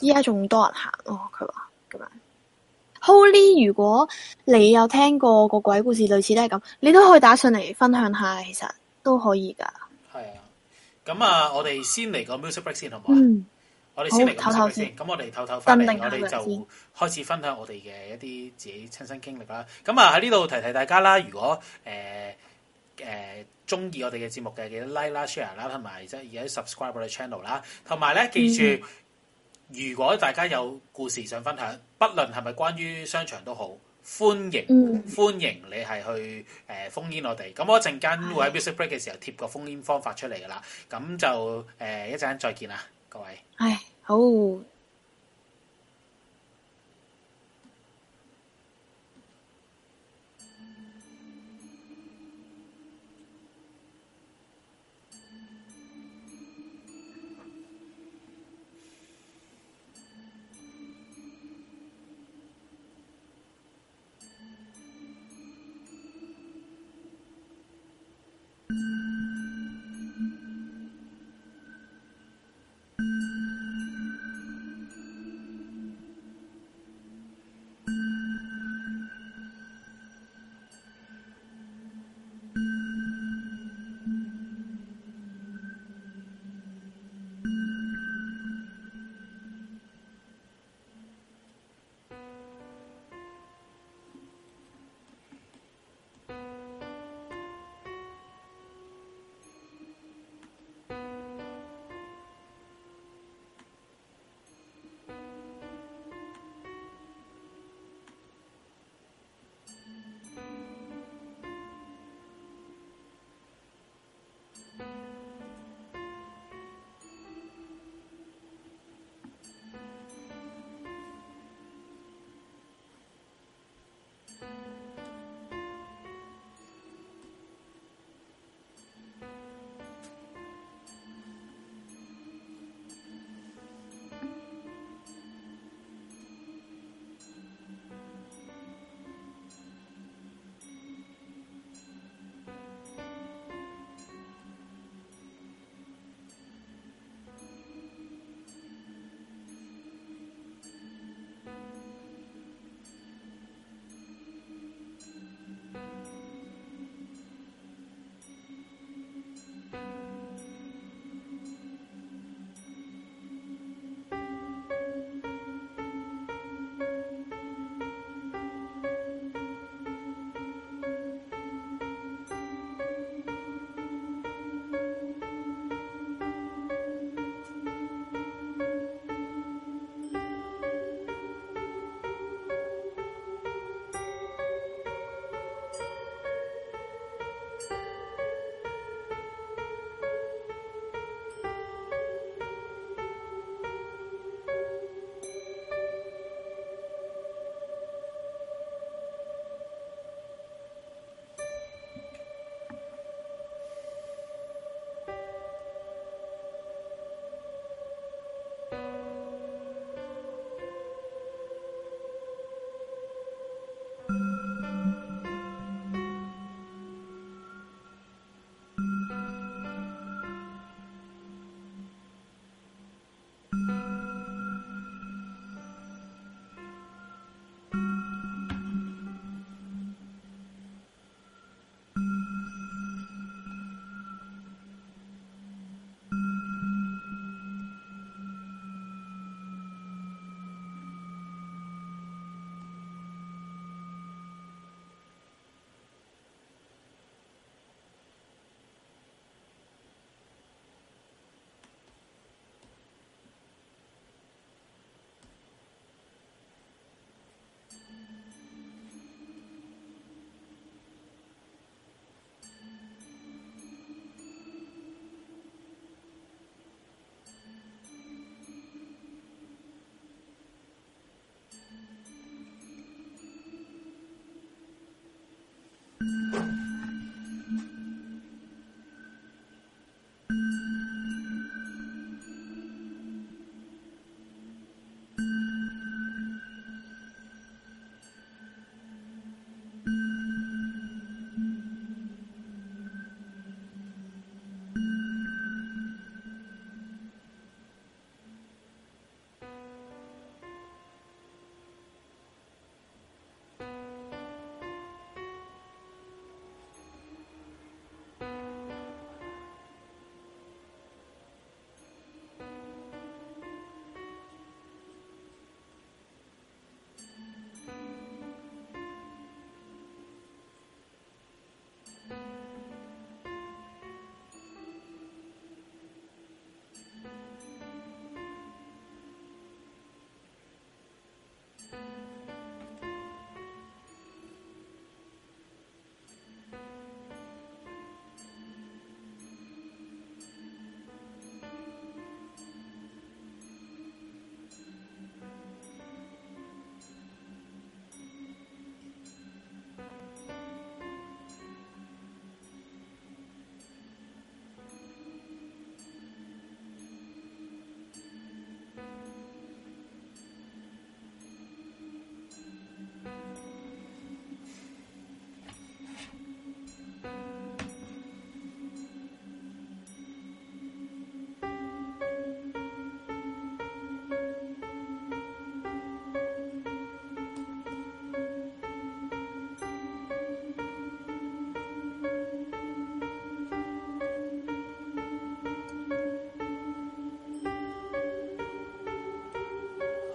依家仲多人行咯，佢話咁樣。Holy，如果你有聽過個鬼故事類似都係咁，你都可以打上嚟分享下，其實都可以噶。係啊，咁啊，我哋先嚟個 music break 好、嗯、先 break，好唔好啊？我哋先嚟講，係咪先？咁我哋透透分，break 我哋就開始分享我哋嘅一啲自己親身經歷啦。咁先啊，喺呢度提提大家啦。如果誒。呃誒中意我哋嘅節目嘅，記得 like 啦、share 啦，同埋即係而家 subscribe 我哋 channel 啦。同埋咧，記住，嗯、如果大家有故事想分享，不論係咪關於商場都好，歡迎、嗯、歡迎你係去誒烽煙我哋。咁我陣間會喺 music break 嘅時候貼個烽煙方法出嚟噶啦。咁就誒一陣間再見啦，各位。唉、哎，好。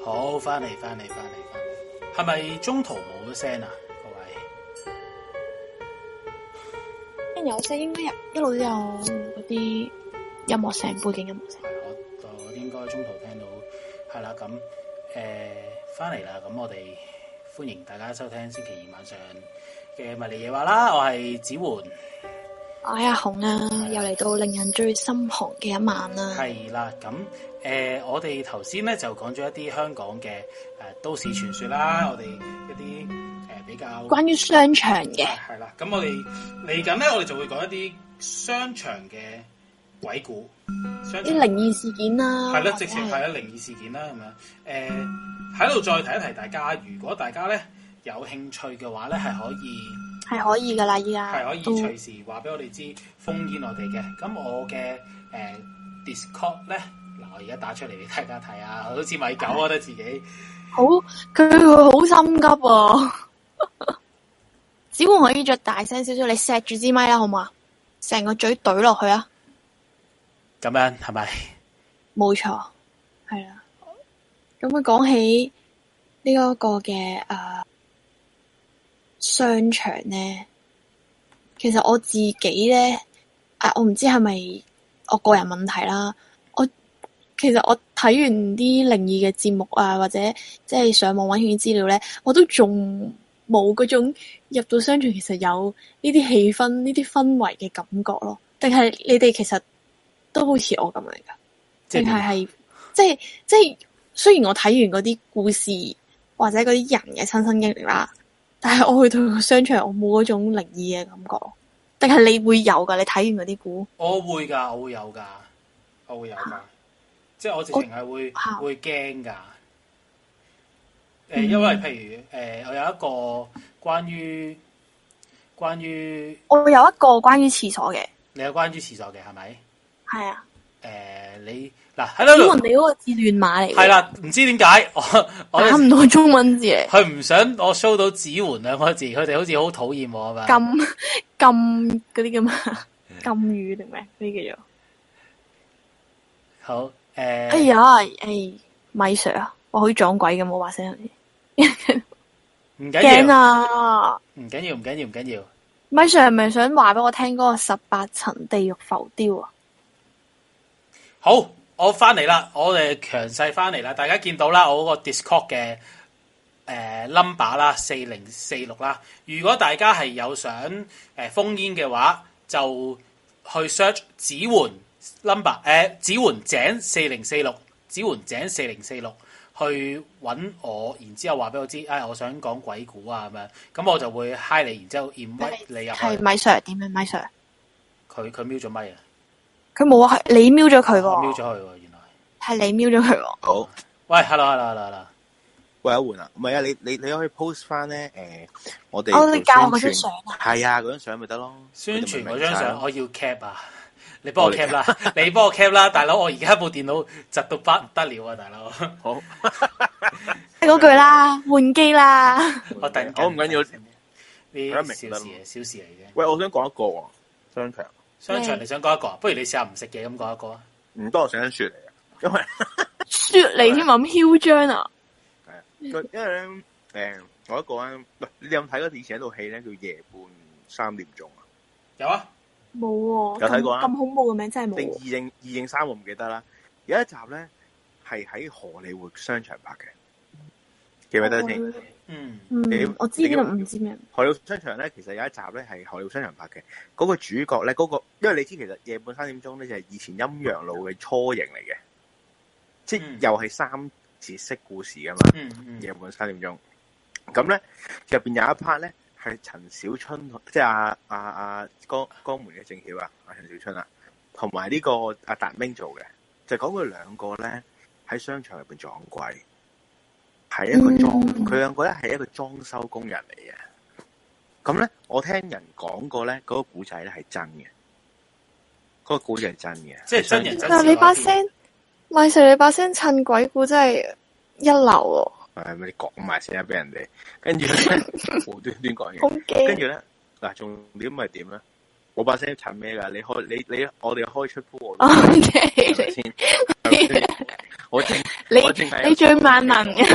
好，翻嚟翻嚟翻嚟翻嚟，係咪中途冇咗聲啊？各位，應該有聲，應該一有一路都有嗰啲音樂聲背景音樂聲。係，我應該中途聽到係啦。咁誒，翻嚟啦。咁、呃、我哋歡迎大家收聽星期二晚上嘅《迷離夜話》啦。我係子桓，我係阿紅啊，了又嚟到令人最心寒嘅一晚啦、啊。係啦，咁。誒、呃，我哋頭先咧就講咗一啲香港嘅誒、呃、都市傳說啦，我哋一啲誒、呃、比較關於商場嘅係、啊、啦，咁我哋嚟緊咧，我哋就會講一啲商場嘅鬼故，啲靈異事件啦，係啦，是直情係啦，靈異事件啦咁樣。誒，喺、呃、度再提一提，大家如果大家咧有興趣嘅話咧，係可以係可以噶啦，依家係可以隨時話俾我哋知，嗯、烽煙我哋嘅。咁我嘅誒、呃、Discord 咧。而家打出嚟，你睇下睇下，好似買狗啊，得、哎、自己好，佢佢好心急啊！小紅，可以著大聲少少，你錫住支咪啦，好唔好啊？成個嘴懟落去啊！咁樣係咪？冇錯，係啦。咁佢講起呢一個嘅誒、啊、商場咧，其實我自己咧，啊，我唔知係咪我個人問題啦。其實我睇完啲靈異嘅節目啊，或者即係上網搵啲資料呢，我都仲冇嗰種入到商場，其實有呢啲氣氛、呢啲氛圍嘅感覺咯。定係你哋其實都好似我咁樣噶？定係係即係即係？雖然我睇完嗰啲故事或者嗰啲人嘅親身經歷啦，但係我去到商場，我冇嗰種靈異嘅感覺。定係你會有噶？你睇完嗰啲故，我會噶，我會有噶，我會有噶。 即係我直情係會會驚噶，誒，因為譬如誒、嗯呃，我有一個關於關於我有一個關於廁所嘅，你有關於廁所嘅係咪？係啊。誒、呃，你嗱，子桓你嗰個字亂碼嚟，係啦、啊，唔知點解我，我打唔到中文字嚟，佢唔想我 show 到子桓兩個字，佢哋好似好討厭我啊嘛，禁禁嗰啲噶嘛，禁語定咩？呢叫做好。誒，哎呀，誒、哎，米 Sir，我好似撞鬼咁，我話聲，唔緊要，唔緊要，唔緊要，唔緊要。緊緊緊緊米 Sir 係咪想話俾我聽嗰個十八層地獄浮雕啊？好，我翻嚟啦，我哋強勢翻嚟啦，大家見到啦，我嗰個 Discord 嘅誒 number 啦，四零四六啦。46，如果大家係有想誒 phone in 嘅話，就去 search 指換。number 誒，子桓井四零四六，子桓井四零四六去揾我，然之後話俾我知，哎，我想講鬼故啊咁樣，咁我就會嗨你，然之後 invite 你入去。係咪 Sir？點樣咪 Sir？佢佢瞄咗咪啊！佢冇啊，係你瞄咗佢喎。瞄咗佢，原來係你瞄咗佢喎。好，喂，hello，hello，hello，喂，阿煥啊，唔係啊，你你你可以 post 翻咧誒，我哋哦，你教我張相啊，係啊，嗰張相咪得咯，宣傳嗰張相，我要 cap 啊。你幫我 cap 啦，你幫我 cap 啦，大佬，我而家部電腦窒到不得了啊，大佬。好，嗱句啦，換機啦。我第我唔緊要，啲小事嘅小事嚟嘅。喂，我想講一個啊，商場商場你想講一個啊？不如你試下唔食嘢咁講一個啊？唔多想雪嚟啊，因為雪嚟添啊，咁囂張啊。係啊，因為咧，誒，我一個咧，唔你有冇睇過以前一套戲咧叫夜半三點鐘啊？有啊。冇喎，哦、看有睇過啊！咁恐怖嘅名真係冇。定二影二影三我唔記得啦。有一集咧係喺荷里活商場拍嘅，嗯、記唔記得先。嗯，你嗯，我知嘅唔知咩？荷里活商場咧，其實有一集咧係荷里活商場拍嘅。嗰、那個主角咧，嗰、那個因為你知，其實夜半三點鐘咧就係、是、以前陰陽路嘅初型嚟嘅，即係又係三節式故事噶嘛。嗯嗯、夜半三點鐘，咁咧入邊有一 part 咧。係陳小春，即係阿阿阿江江門嘅正曉啊，阿、啊、陳、啊啊啊、小春啊，同埋呢個阿達明做嘅，就講佢兩個咧喺商場入邊撞鬼，係一個裝佢兩個咧係一個裝修工人嚟嘅。咁咧，我聽人講過咧，嗰、那個古仔咧係真嘅，嗰、那個古仔係真嘅，即係真人。嗱，嗯、Sir, 你把聲，麥 Sir 你把聲，襯鬼故，真係一流，哦。係咪你講埋聲俾人哋，跟住無端端講嘢，跟住咧嗱重點咪點咧？我把聲襯咩噶？你開你你我哋開出鋪我 吧你你最萬能嘅，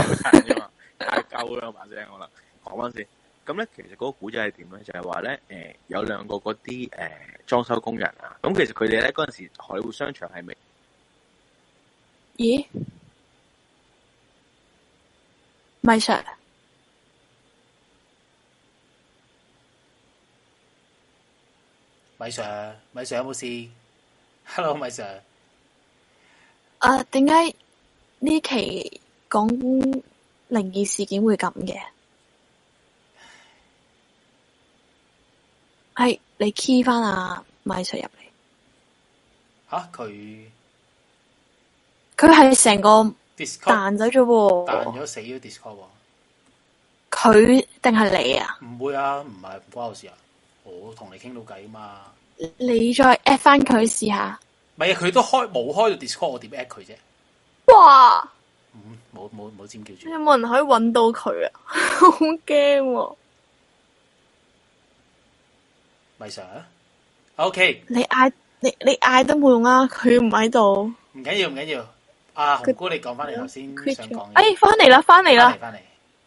太溝啦把聲我啦，講翻先。咁咧其實嗰個古仔係點咧？就係話咧，誒有兩個嗰啲誒裝修工人啊，咁其實佢哋咧嗰陣時海富商場係未？咦？米 Sir，米 Sir，米 Sir 有冇事？Hello，米 Sir。啊，點解呢期講靈異事件會咁嘅？係你 key 翻阿米 Sir 入嚟。吓佢、啊，佢係成個。彈咗咗，彈咗 Discord? 死咗、啊、Discord，佢定係你啊？唔會啊，唔係唔關我事啊，我同你傾到偈啊嘛。你再 at 翻佢試下。唔係佢都開冇開到 Discord，我點 at 佢啫？哇！冇冇冇尖叫住。有冇人可以搵到佢啊？好 驚、啊。咪 sir 啊，OK 你嗌你你嗌都冇用啊！佢唔喺度。唔緊要，唔緊要。阿紅姑，你講翻嚟頭先想講。哎，翻嚟啦，翻嚟啦，翻嚟。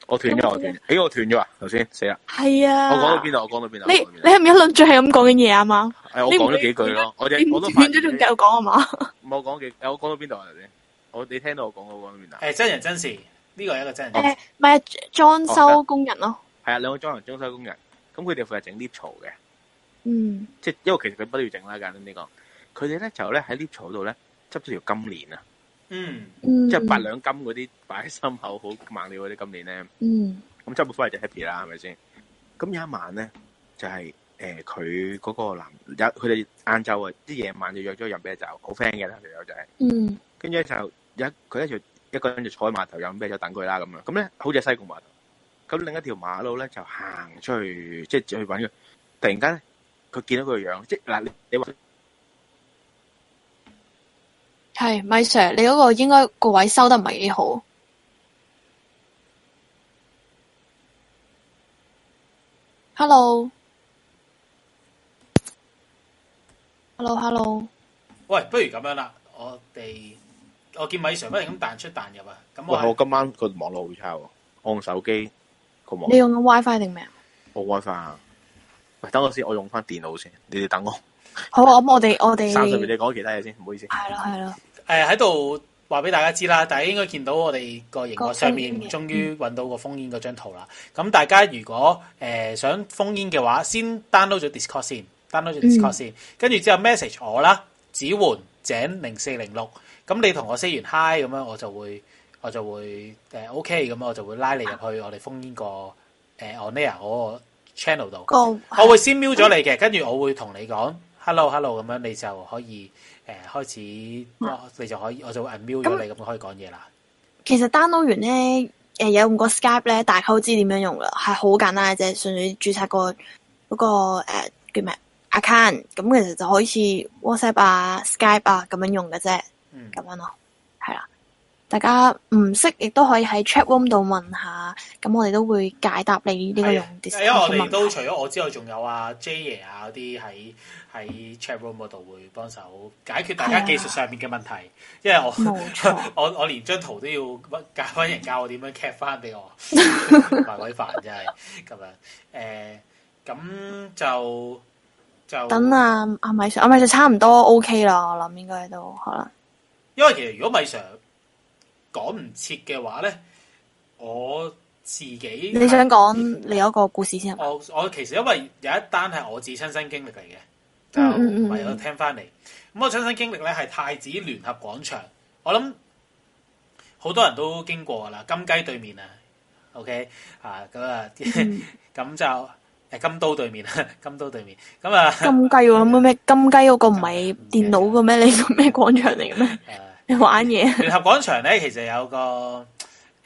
我斷咗，我斷。哎，我斷咗啊！頭先死啦。係啊。我講到邊度？我講到邊度？你你係咪一兩句係咁講緊嘢啊？嘛。哎我講咗幾句咯。我哋我都斷咗仲繼續講啊？嘛。冇講幾，我講到邊度啊？頭先。你，我你聽到我講嗰個邊啊？係真人真事，呢個係一個真人真事。誒，唔係裝修工人咯。係啊，兩個裝裝修工人，咁佢哋負責整 lift 槽嘅。嗯。即係因為其實佢不都要整啦，簡單啲講，佢哋咧就咧喺 lift 槽度咧執咗條金鏈啊。嗯，即係八兩金嗰啲擺喺心口好猛料嗰啲，今年咧，嗯，咁周末翻嚟就 happy 啦，係咪先？咁有一晚咧，就係誒佢嗰個男，有佢哋晏晝啊，啲夜晚就約咗飲啤酒，好 friend 嘅啦條友仔，嗯，跟住咧就有一佢咧就一個人就坐喺碼頭飲啤酒等佢啦咁樣，咁咧好似係西貢碼頭，咁另一條馬路咧就行出去，即係去搵佢。突然間咧佢見到佢個樣，即係嗱你你話。係，米 Sir，你嗰個應該個位收得唔係幾好。Hello，hello，hello hello,。Hello. 喂，不如咁樣啦，我哋我見米 Sir 不停咁彈出彈入啊。我喂，我今晚個網絡會差喎，我用手機個網。你用個 WiFi 定咩啊？我 WiFi 啊，喂，等我先，我用返電腦先，你哋等我。好，咁我哋我哋三十秒你講其他嘢先，唔好意思。係咯係咯誒，喺度話俾大家知啦，大家應該見到我哋個熒幕上面終於搵到個封煙嗰張圖啦。咁、嗯嗯、大家如果誒、呃、想封煙嘅話，先 download 咗 Discord 先，download 咗 Discord 先，跟住、嗯、之後 message 我啦，子桓井零四零六。咁你同我 say 完 hi 咁樣，我就會我就會誒、呃、OK 咁，我就會拉你入去我哋封煙個誒 online 個 channel 度。哦、我會先瞄咗你嘅，跟住、嗯、我會同你講。Hello，Hello，咁 hello, 樣你就可以誒、呃、開始、嗯啊，你就可以，我就會 mute 咗你咁、嗯、可以講嘢啦。其實 download 完咧，有用個 Skype 咧、啊，大家都知點樣用啦，係好簡單嘅啫，純粹註冊個嗰個叫咩 account，咁其實就好似 WhatsApp 啊、Skype 啊咁樣用嘅啫，咁樣咯，係啦。大家唔識亦都可以喺 Chatroom 度問下，咁我哋都會解答你呢個用。的因為我哋都除咗我之外，仲有啊 J 爺啊嗰啲喺。喺 Chatroom 度會幫手解決大家技術上面嘅問題，啊、因為我錯 我我連張圖都要教揾人教我點樣 cap 翻俾我，大鬼煩真係咁樣。誒、欸，咁就就等阿阿米阿米就差唔多 OK 啦，我諗應該都可能。因為其實如果米 Sir 講唔切嘅話咧，我自己你想講，你有一個故事先。我我其實因為有一單係我自親身，身經歷嚟嘅。就唔係喎，聽翻嚟。咁我親身經歷咧，係太子聯合廣場，我諗好多人都經過噶啦，金雞對面啊，OK 啊咁啊，咁就誒金都對面啊，金都對面，咁啊金雞喎，咩咩金雞嗰個唔係電腦嘅咩？你個咩廣場嚟嘅咩？你玩嘢？聯合廣場咧，其實有個。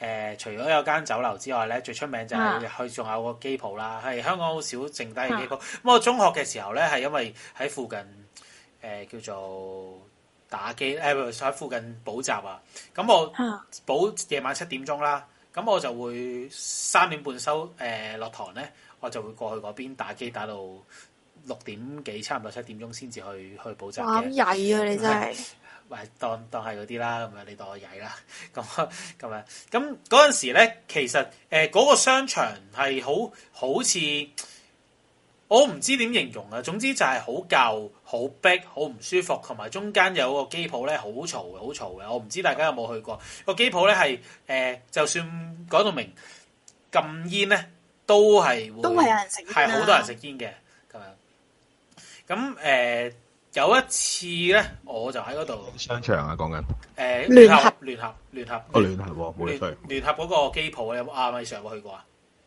誒、呃、除咗有間酒樓之外咧，最出名就係去仲有個機鋪啦，係、啊、香港好少剩低嘅機鋪。咁、啊、我中學嘅時候咧，係因為喺附近誒、呃、叫做打機，誒、呃、喺附近補習啊。咁我補夜晚七點鐘啦，咁我就會三點半收誒落堂咧，我就會過去嗰邊打機打到六點幾，差唔多七點鐘先至去去補習嘅。咁曳啊！你真係～當當當係嗰啲啦，咁你當我曳啦，咁咁咁嗰陣時咧，其實誒嗰、呃嗰個商場係好好似我唔知點形容啊。總之就係好舊、好逼、好唔舒服，同埋中間有個機鋪咧，好嘈嘅、好嘈嘅。我唔知大家有冇去過、嗰個機鋪咧，係、呃、就算講到明禁煙咧，都係都係有人食煙，係好多人食煙嘅咁咁有一次咧，我就喺嗰度商場啊，講緊。誒、呃，聯合聯合聯合。聯合聯合哦，聯合冇去。聯聯合嗰個機鋪有阿、啊、米 Sir 有冇去過啊？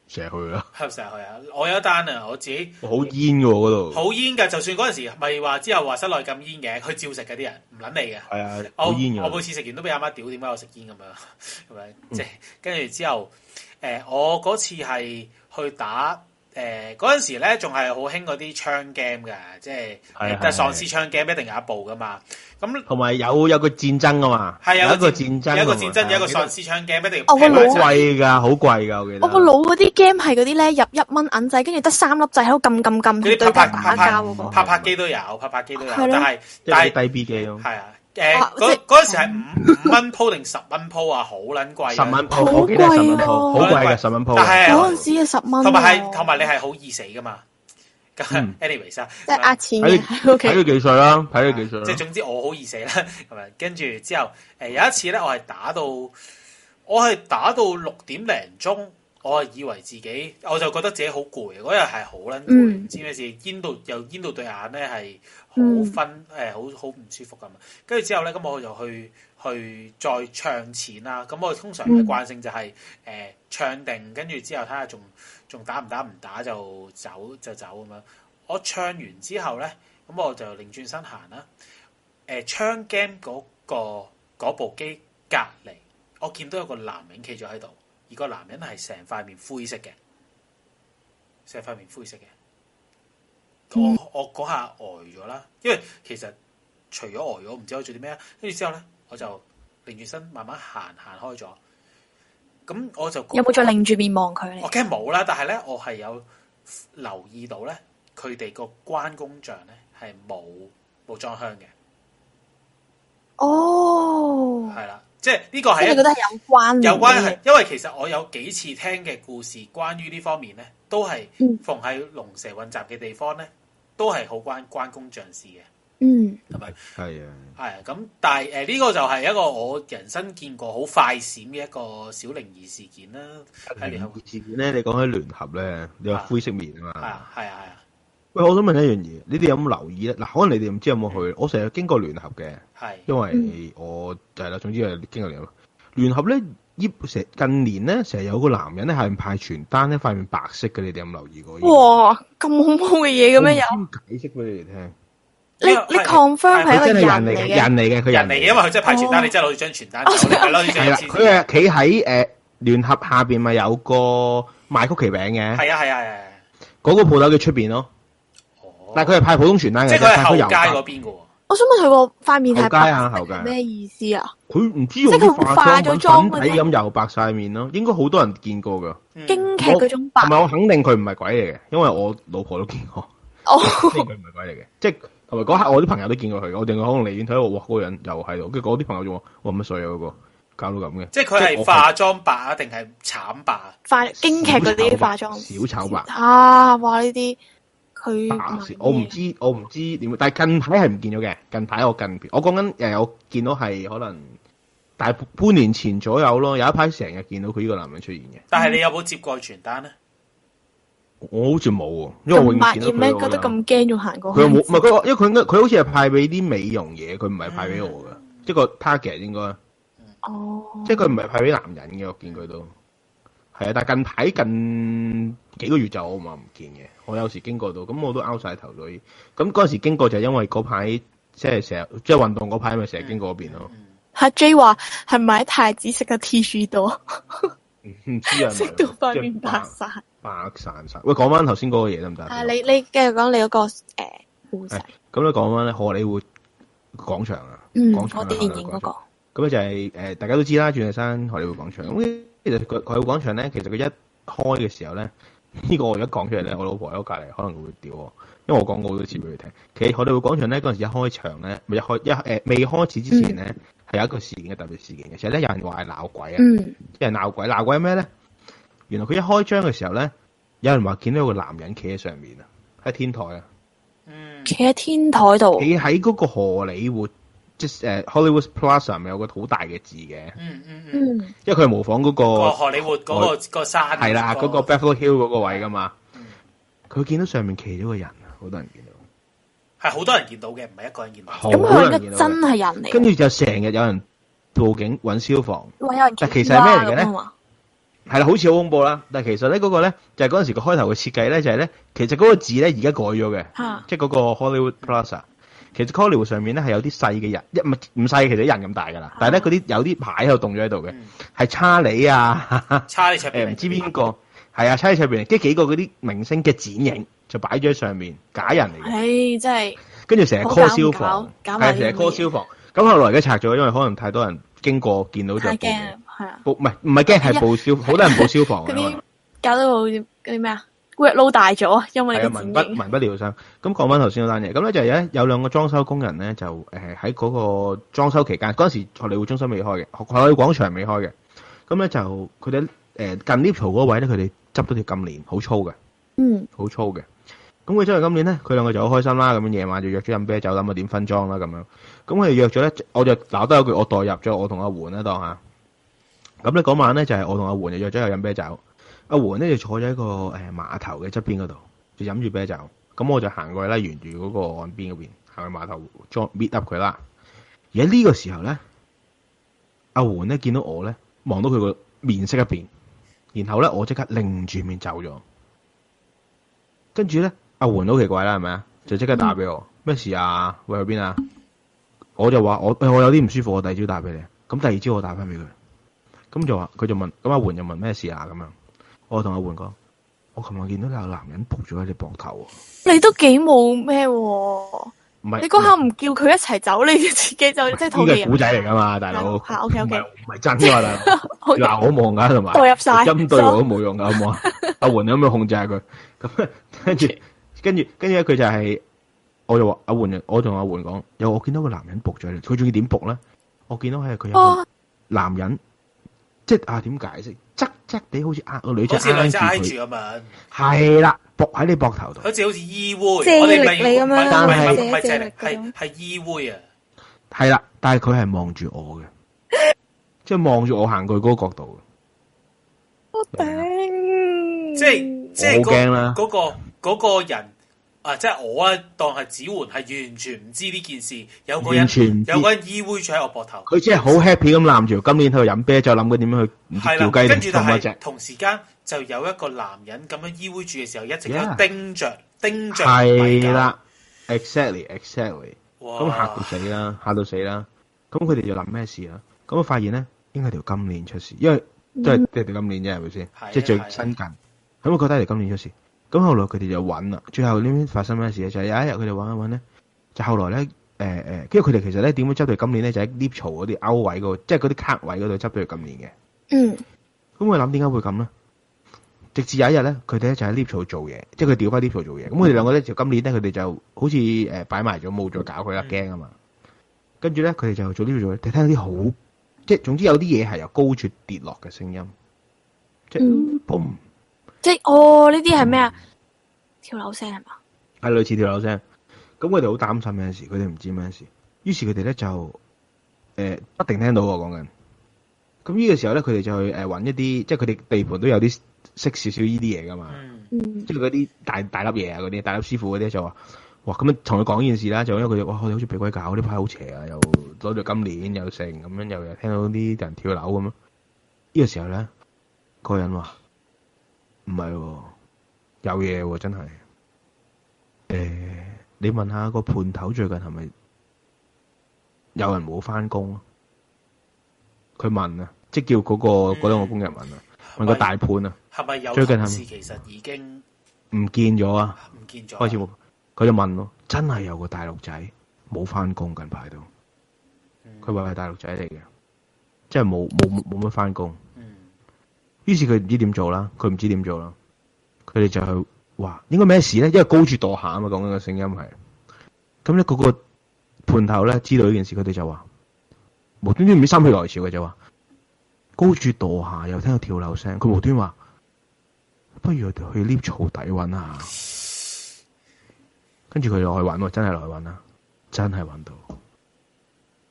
成日去啊，成日去啊！我有一單啊，我自己好煙喎，嗰度。好煙噶，就算嗰陣時咪話之後話室內禁煙嘅，佢照食嘅啲人，唔捻理嘅。係啊，好煙我，我每次食完都俾阿媽屌，點解我食煙咁樣咁樣？即係跟住之後，誒、呃，我嗰次係去打。誒嗰陣時咧，仲係好興嗰啲槍 game 嘅，即係但係喪屍槍 game 一定有一部噶嘛。咁同埋有有個戰爭噶嘛，係啊，有一個戰爭，有一個戰爭，有一個喪屍槍 game 一定。哦，好貴㗎，好貴㗎，我記得。我個腦嗰啲 game 係嗰啲咧，入一蚊銀仔，跟住得三粒掣，喺度撳撳撳對打打交嗰個。拍拍機都有，拍拍機都有，但係但係低 B 機咯。係啊。誒，嗰嗰陣時係五五蚊鋪定十蚊鋪啊？好撚貴啊，好貴咯，好貴嘅十蚊鋪。但係嗰陣時嘅十蚊，同埋係，同埋你係好易死噶嘛？咁，anyways 啊，即係壓錢嘅。睇佢幾歲啦，睇佢幾歲啦。即係總之我好易死啦，係咪？跟住之後，誒，有一次咧，我係打到，我係打到六點零鐘，我係以為自己，我就覺得自己好攰。嗰日係好撚攰，唔知咩事，煙到又煙到對眼咧係。好分誒好好唔舒服噶嘛。跟住之後咧，咁我就去去再唱錢啦。咁我通常嘅慣性就係、是、誒、呃、唱定，跟住之後睇下仲仲打唔打唔打就走就走咁樣。我唱完之後咧，咁我就擰轉身行啦。誒，槍 game 個部機隔離，我見到有個男人企咗喺度，而個男人係成塊面灰色嘅，成塊面灰色嘅。我我嗰下呆咗啦，因為其實除咗呆咗，唔知可以做啲咩，跟住之後咧，我就擰轉身慢慢行行開咗。咁我就有冇再擰住面望佢咧？我驚冇啦，但係咧，我係有留意到咧，佢哋個關公像咧係冇冇裝香嘅。哦，係啦，即係呢個係你覺得有關？有關，係有關，因為其實我有幾次聽嘅故事，關於呢方面咧，都係逢喺龍蛇混雜嘅地方咧。都係好關關公將士嘅，嗯，係咪？係啊，係啊，咁但係誒呢個就係一個我人生見過好快閃嘅一個小靈異事件啦。係啊，事件咧，嗯、你講起聯合咧，你話灰色面啊嘛，係啊係啊。係啊係啊係啊，喂，我想問一樣嘢，你哋有冇留意咧？嗱，可能你哋唔知有冇去，嗯、我成日經過聯合嘅，係，因為我就係啦，嗯、總之係經過聯合，聯合咧。成近年咧，成日有個男人咧，係派傳單咧，塊面白色嘅，你哋有冇留意過？哇！咁恐怖嘅嘢咁樣有。我先解釋俾你哋聽。你你 confirm 係真係人嚟嘅？人嚟嘅，佢人嚟，嘅？因為佢真係派傳單，哦、你真係攞住張傳單。係咯、哦，係啦。佢啊，企喺誒聯合下邊，咪有個賣曲奇餅嘅。係啊，係啊，嗰、啊啊、個鋪頭嘅出邊咯。但係佢係派普通傳單嘅，即係後街嗰邊我想問佢個塊面係白，係咩、啊啊、意思啊？佢唔知，即係化咗妝，睇咁又白晒面咯、啊。應該好多人見過噶。京劇嗰種白，唔係我，我肯定佢唔係鬼嚟嘅，因為我老婆都見過。哦，佢唔係鬼嚟嘅，即係同埋嗰刻我啲朋友都見過佢，我哋可能離遠睇，哇，嗰個人又喺度。跟住我啲朋友仲話哇，乜水啊個搞到咁嘅，即係佢係化妝白定係慘白、啊？化京劇嗰啲化妝，小丑白啊！哇，呢啲。我唔知，我唔知點，但係近排係唔見咗嘅。近排我近，我講緊誒，我見到係可能大半年前左右咯。有一排成日見到佢呢個男人出現嘅。但係你有冇接過傳單咧、嗯？我好似冇，因為我永見到佢。咁咩麼覺得咁驚要行過？佢冇，唔係佢，因為佢佢好似係派俾啲美容嘢，佢唔係派俾我嘅。嗯、即係個 target 應該。哦。即係佢唔係派俾男人嘅，我見佢都係啊。但係近排近幾個月就我唔係唔見嘅。我有時經過到，咁我都拗晒頭女，咁嗰時經過就係因為嗰排即係成即係運動嗰排，咪成日經過嗰邊咯。阿、嗯嗯、J 話係咪太子色嘅 T 恤多？唔知啊，色到塊面白晒。白散晒。喂，講翻頭先嗰個嘢得唔得？啊，你你繼續講你嗰個誒故事。欸、你咁你講翻咧荷里活廣場啊，廣場啲、啊嗯啊、電影嗰、那個。咁咧就係、是、誒、呃，大家都知啦，鑽石山荷里活廣場。咁其實佢荷里活廣場咧，其實佢一開嘅時候咧。呢個我而家講出嚟咧，我老婆喺我隔離可能會屌我，因為我講過好多次俾佢聽。其實海利匯廣場咧嗰陣時一開場咧，咪一開一誒未、呃、開始之前咧，係有一個事件嘅特別事件嘅。其實咧有人話係鬧鬼啊，即係鬧鬼鬧鬼係咩咧？原來佢一開張嘅時候咧，有人話見到一個男人企喺上面啊，喺天台啊，企喺、嗯、天台度。企喺嗰個荷里活。uh, Hollywood Plaza 上有個好大嘅字嘅，嗯，嗯嗯嗯，因為佢係模仿嗰個，荷里活嗰個個山係啦，個 Beverly Hills 嗰個位噶嘛，佢見到上面企咗個人啊，好多人見到，係好多人見到嘅，唔係一個人見到，咁佢係一個真係人嚟。跟住，嗯嗯，就成日有人報警搵消防，搵人、啊，但其實係咩嚟嘅咧？係啦，好似好恐怖啦，但係其實咧嗰、嗰個咧就係嗰陣時個開頭嘅設計咧就係、係、咧，其實嗰個字咧而家改咗嘅，即係嗰個 Hollywood Plaza、嗯。其實 c a l l o 上面咧係有啲細嘅人，一唔唔細其實人咁大㗎啦。但係咧嗰啲有啲牌喺度棟咗喺度嘅，係差利啊，差利卓別靈，唔知邊個？係啊，差利卓別靈。跟幾個嗰啲明星嘅剪影就擺咗喺上面，假人嚟嘅。唉，真係。跟住成日 call 消防，係成日 call 消防。咁後來而家拆咗，因為可能太多人經過見到就，怕驚，係啊。唔係唔係驚係報消，好多人報消防啲搞到啲咩啊？workload 大咗，因為個、啊、民不民不聊生。咁講翻頭先嗰單嘢，咁咧就有一有兩個裝修工人咧，就誒喺嗰個裝修期間，嗰陣時荷里活中心未開嘅，荷里活廣場未開嘅。咁咧就佢哋誒近 lift 位咧，佢哋執到條金鏈，好粗嘅，嗯，好粗嘅。咁佢執完金鏈咧，佢兩個就好開心啦。咁夜晚就約咗飲啤酒，諗下點分裝啦咁樣。咁佢哋約咗咧，我就鬧多句，我代入咗我同阿媛啊當嚇。咁咧嗰晚咧就係我同阿媛就約咗去飲啤酒。阿媛呢就坐喺個誒碼、呃、頭嘅側邊嗰度，就飲住啤酒。咁我就行過去啦，沿住嗰個岸邊嗰邊行去碼頭，再搣 up 佢啦。而喺呢個時候咧，阿媛呢見到我咧，望到佢個面色一變，然後咧我即刻擰住面走咗。跟住咧，阿媛好奇怪啦，係咪啊？就即刻打俾我，咩、嗯、事啊？喂去邊啊？我就話我我有啲唔舒服，我第二朝打俾你。咁第二朝我打翻俾佢，咁就話佢就問，咁阿媛就問咩事啊？咁樣。我同阿煥講，我琴日見到你有男人撲咗喺你膊頭喎。你都幾冇咩？唔係你嗰下唔叫佢一齊走，你自己就即係討厭。呢個古仔嚟噶嘛，大佬。吓，OK OK，唔係真噶嘛，嗱，我望噶同埋，我入晒，針對我都冇用噶，好冇？啊？阿煥，你有冇控制下佢？咁跟住，跟住，跟住咧，佢就係，我就話阿煥，我同阿煥講，又我見到個男人撲咗喺你，佢仲要點撲咧？我見到係佢有男人，即係啊？點解釋？側側地好似呃個女仔，好似拉住咁樣，係啦，伏喺你膊頭度，好似好似依偎，我哋咪唔係但係唔係借力，係係依偎啊，係啦，但係佢係望住我嘅，即係望住我行過嗰個角度，我頂，即係即係我好驚啦，嗰嗰個嗰個人。啊！即係我啊，當係子桓係完全唔知呢件事，有個人有個人依偎住喺我膊頭。佢即係好 happy 咁攬住，今年喺度飲啤就諗緊點樣去調雞。係啦，跟住就係同時間就有一個男人咁樣依偎住嘅時候，一直都盯着盯着。係啦，exactly exactly，咁嚇到死啦，嚇到死啦。咁佢哋就諗咩事啦？咁發現咧，應該係條今年出事，因為都係都係條今年啫，係咪先？即係最新近，咁覺得係條今年出事。咁後來佢哋就揾啦，最後呢邊發生咩事咧？就係、有一日佢哋揾一揾咧，就後來咧，誒、欸、誒、欸，因為佢哋其實咧點樣執到今年咧，就喺 lift 槽嗰啲勾位個，即係嗰啲卡位嗰度執到去今年嘅。嗯。咁我諗點解會咁咧？直至有一日咧，佢哋咧就喺 lift 做嘢，即係佢調翻 lift 做嘢。咁佢哋兩個咧就今年咧，佢哋就好似誒、欸、擺埋咗，冇再搞佢啦，驚啊嘛。嗯、跟住咧，佢哋就做呢啲做，就聽到啲好，即係總之有啲嘢係由高處跌落嘅聲音，即係、嗯即係哦，呢啲係咩啊？嗯、跳樓聲係嘛？係類似跳樓聲。咁佢哋好擔心咩事？佢哋唔知咩事。於是佢哋咧就誒不停聽到我講緊。咁呢個時候咧，佢哋就去誒搵、呃、一啲，即係佢哋地盤都有啲識少少呢啲嘢噶嘛。嗯、即係嗰啲大大粒嘢啊，嗰啲大粒師傅嗰啲就話：，哇！咁樣同佢講件事啦。就因為佢哋哇，我哋好似俾鬼搞，呢排好邪啊！又攞住金鏈又成咁樣，又樣又聽到啲人跳樓咁樣。呢、呢個時候咧，個人話。唔係喎、哦，有嘢喎、哦，真係、欸。你問下個盤頭最近係咪有人冇返工？佢、嗯、問啊，即叫嗰、嗰個嗰兩、嗯、個工人問啊，問個大盤啊，最近係咪最近係咪啊，唔見咗，啊，唔見咗，開始冇。佢就問咯、啊，真係有個大陸仔冇返工，近排度，佢話係大陸仔嚟嘅，即係冇冇冇乜返工。於是佢唔知點做啦，佢唔知點做啦，佢哋就話應該咩事咧？因為高處墮下啊嘛，講緊個聲音係，咁咧個個盤頭咧，知道呢件事，佢哋就話無端端唔知心血來潮佢就話高處墮下，又聽到跳樓聲，佢無端話 不如我哋去 lift 槽底揾下。」跟住佢又去揾，真係來揾啦，真係揾到。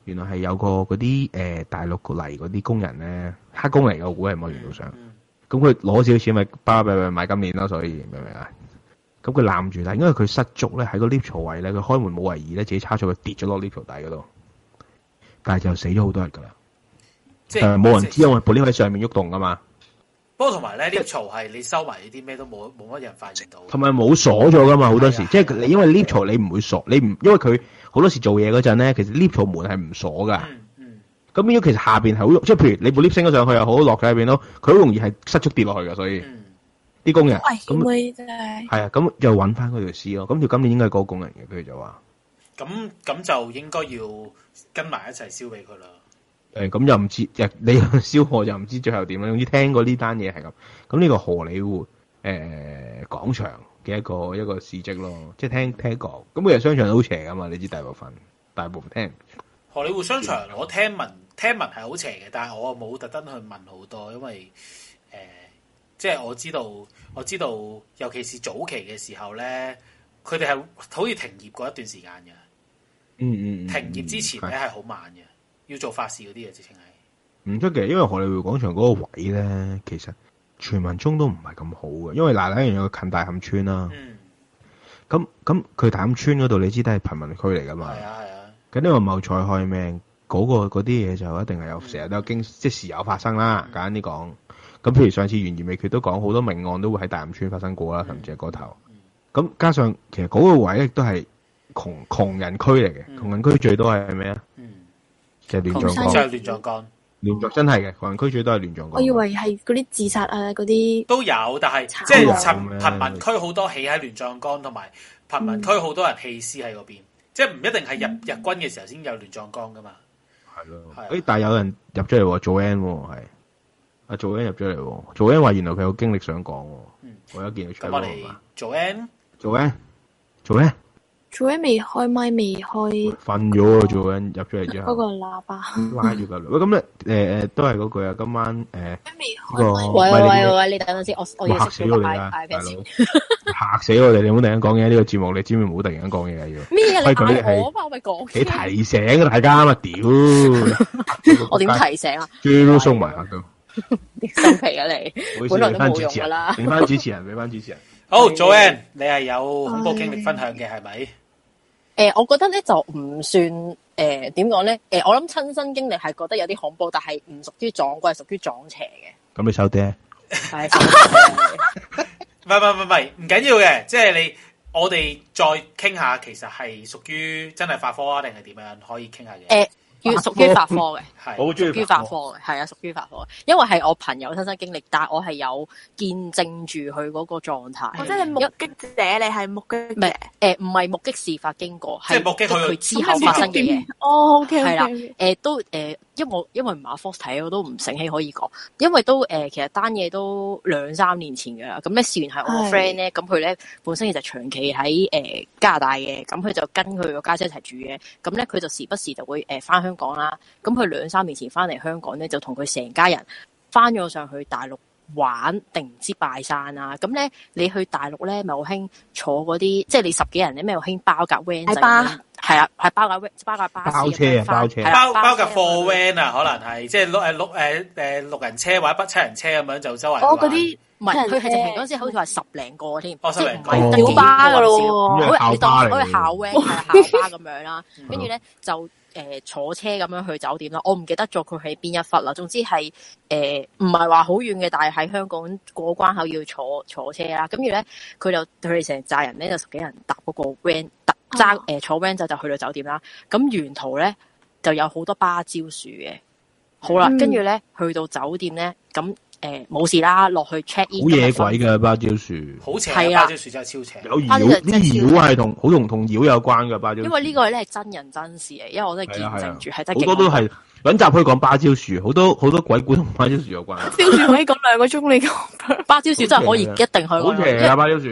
原來係有個嗰啲誒大陸嚟嗰啲工人咧，黑工嚟嘅，我估係冇原路上。咁佢攞少少錢咪巴閉閉買金鏈啦，所以，所以明唔明啊？咁佢攬住但咧，因為佢失足咧喺個 lift 槽位咧，佢開門冇為意咧，自己叉咗佢跌咗落 lift 底嗰度，但係就死咗好多人㗎啦。即係是冇人知，因為佢喺上面喐動㗎嘛。不過同埋咧 lift 槽係你收埋啲咩都冇，冇乜人發現到。同埋冇鎖咗㗎嘛，好多時的即係你因為 lift 槽你唔會鎖，你唔因為佢。好多時做嘢嗰陣咧，其實 lift 座門係唔鎖噶。嗯嗯。咁呢個其實下邊係好，即係譬如你部 lift 升咗上去又好，落嘅入邊咯，佢好容易係失足跌落去嘅，所以。嗯。啲工人。喂，妹仔。係啊，咁就揾翻嗰條屍咯。咁條金應該係個工人嘅，佢就話。咁咁就應該要跟埋一齊燒俾佢啦。誒，咁又唔知，又你燒我又唔知最後點啦。總之聽過呢單嘢係咁。咁呢個荷里活誒廣場。嘅一個一個事蹟咯，即係聽聽講。咁每日商場都好邪噶嘛，你知大部分大部分聽。荷里活商場，我聽聞聽聞係好邪嘅，但係我又冇特登去問好多，因為誒、呃，即係我知道我知道，尤其是早期嘅時候咧，佢哋係好似停業過一段時間嘅。嗯嗯，停業之前咧係好慢嘅，的要做法事嗰啲嘢直情係唔出奇，因為荷里活廣場嗰個位咧，其實。傳聞中都唔係咁好嘅，因為嗱嗱樣有一個近大磡村啦、啊。咁咁、嗯，佢大磡村嗰度你知都係貧民區嚟噶嘛？係啊係啊。咁呢個謀財害命嗰、嗯嗰個嗰啲嘢就一定係有，成日都有經即係時有發生啦。嗯、簡單啲講，咁譬如上次懸疑未決都講好多命案都會喺大磡村發生過啦，甚至係嗰頭。咁、嗯、加上其實嗰個位亦都係窮窮人區嚟嘅，窮、嗯、人區最多係咩啊？嗯。即係亂葬崗。亂葬真係嘅，貧民區最多係亂葬崗。我以為係嗰啲自殺啊，嗰啲都有，但係有即係貧貧民區好多起喺亂葬崗，同埋貧民區好多人棄屍喺嗰邊，嗯、即係唔一定係入日軍嘅時候先有亂葬崗噶嘛。係咯了，誒、啊，但係有人入咗嚟，做 N 係，係。做 N 入咗嚟，做 N 話原來佢有經歷想講，喎、嗯。我有件事出嚟，做 N？做 N？做 N？做咩未開咪未開，瞓咗做緊入咗嚟啫？嗰個喇叭喂，咁咧，誒誒，都係嗰句啊。今晚誒，未開麥。喂喂喂，你等陣先，我我而家吓死我哋嚇吓死我哋！你唔好突然講嘢，呢個節目你知唔唔好突然間講嘢要咩嘢？你講咩我咪講。你提醒大家嘛？屌！我點提醒啊？全部收埋下都收皮啊！你本來冇用噶啦，俾翻主持人，俾翻主持人。好 Joanne 你係有恐怖經歷分享嘅係咪？誒、呃，我覺得咧就唔算誒，點講咧？誒、呃，我諗親身經歷係覺得有啲恐怖，但係唔屬於撞鬼，係屬於撞邪嘅。咁你手啲啊？唔係唔係唔係唔緊要嘅，即、就、係、是、你我哋再傾下，其實係屬於真係發科啊，定係點樣可以傾下嘅？呃要屬於法科嘅，係屬於法科嘅，係啊，屬於法科嘅，因為係我朋友親身經歷，但我係有見證住佢嗰個狀態。或者係目擊者，你係目擊，唔係誒，唔係目擊事發經過，即係目擊佢之後發生嘅嘢。哦，OK，OK，係啦，誒都誒。因為我因為馬克思睇我都唔醒起可以講，因為都誒、呃、其實單嘢都兩三年前㗎啦。咁咧事完係我個 friend 咧，咁佢咧本身其實長期喺、呃、加拿大嘅，咁佢就跟佢個家姐一齊住嘅。咁咧佢就時不時就會返翻、呃、香港啦。咁佢兩三年前翻嚟香港咧，就同佢成家人翻咗上去大陸。玩定唔知拜山啊？咁咧，你去大陸咧咪好興坐嗰啲，即係你十幾人你咩，好興包架 van，係啊，係包架 van，包架巴包車啊，包包包架貨 van 啊，可能係即係六六人車或者七人車咁樣就周圍。我嗰啲唔係，佢淨係嗰陣時好似話十零個添，十零係小巴㗎咯喎，可以考，可以考 van，考巴咁樣啦，跟住咧就。誒、呃，坐車咁樣去酒店啦，我唔記得咗佢喺邊一忽啦。總之係誒，唔係話好遠嘅，但係喺香港過關口要坐坐車啦。跟住咧，佢就佢哋成扎人咧，就十幾人搭嗰個 van，搭揸誒、呃、坐 van 就就去到酒店啦。咁、哦、沿途咧就有好多芭蕉樹嘅。好啦，嗯、跟住咧去到酒店咧，咁。誒，冇事啦，落去 check in。好嘢鬼嘅芭蕉樹，好邪！芭蕉樹真係超邪。有妖，啲妖係同，好同同妖有關嘅芭蕉。因為呢個咧係真人真事嚟，因為我都係見證住係真。好多都係搵集可以講芭蕉樹，好多好多鬼故事同芭蕉樹有關。蕉樹可以講兩個鐘你講。芭蕉樹真係可以一定去以好邪啊芭蕉樹。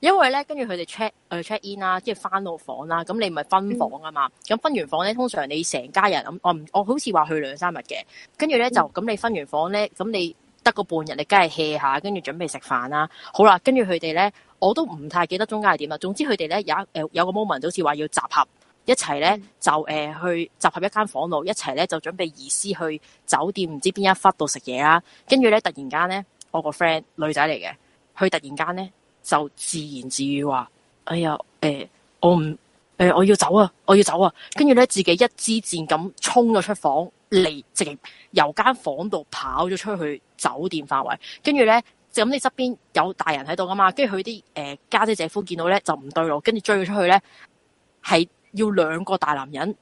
因為咧，跟住佢哋 check 誒 check in 啦，即係翻到房啦。咁你唔係分房噶嘛？咁分完房咧，通常你成家人咁，我我好似話去兩三日嘅，跟住咧就咁你分完房咧，咁你。得個半日，你梗係歇下，跟住準備食飯啦。好啦，跟住佢哋咧，我都唔太記得中間係點啦。總之佢哋咧有一誒有個 moment，好似話要集合一齊咧，就誒、呃、去集合一間房度，一齊咧就準備移師去酒店唔知邊一忽度食嘢啦。跟住咧突然間咧，我個 friend 女仔嚟嘅，佢突然間咧就自言自語話：哎呀誒、欸，我唔誒、欸，我要走啊，我要走啊！跟住咧自己一支箭咁衝咗出房。嚟直由間房度跑咗出去酒店範圍，跟住咧就咁。你側邊有大人喺度噶嘛？跟住佢啲誒家姐姐夫見到咧就唔對路，跟住追咗出去咧係要兩個大男人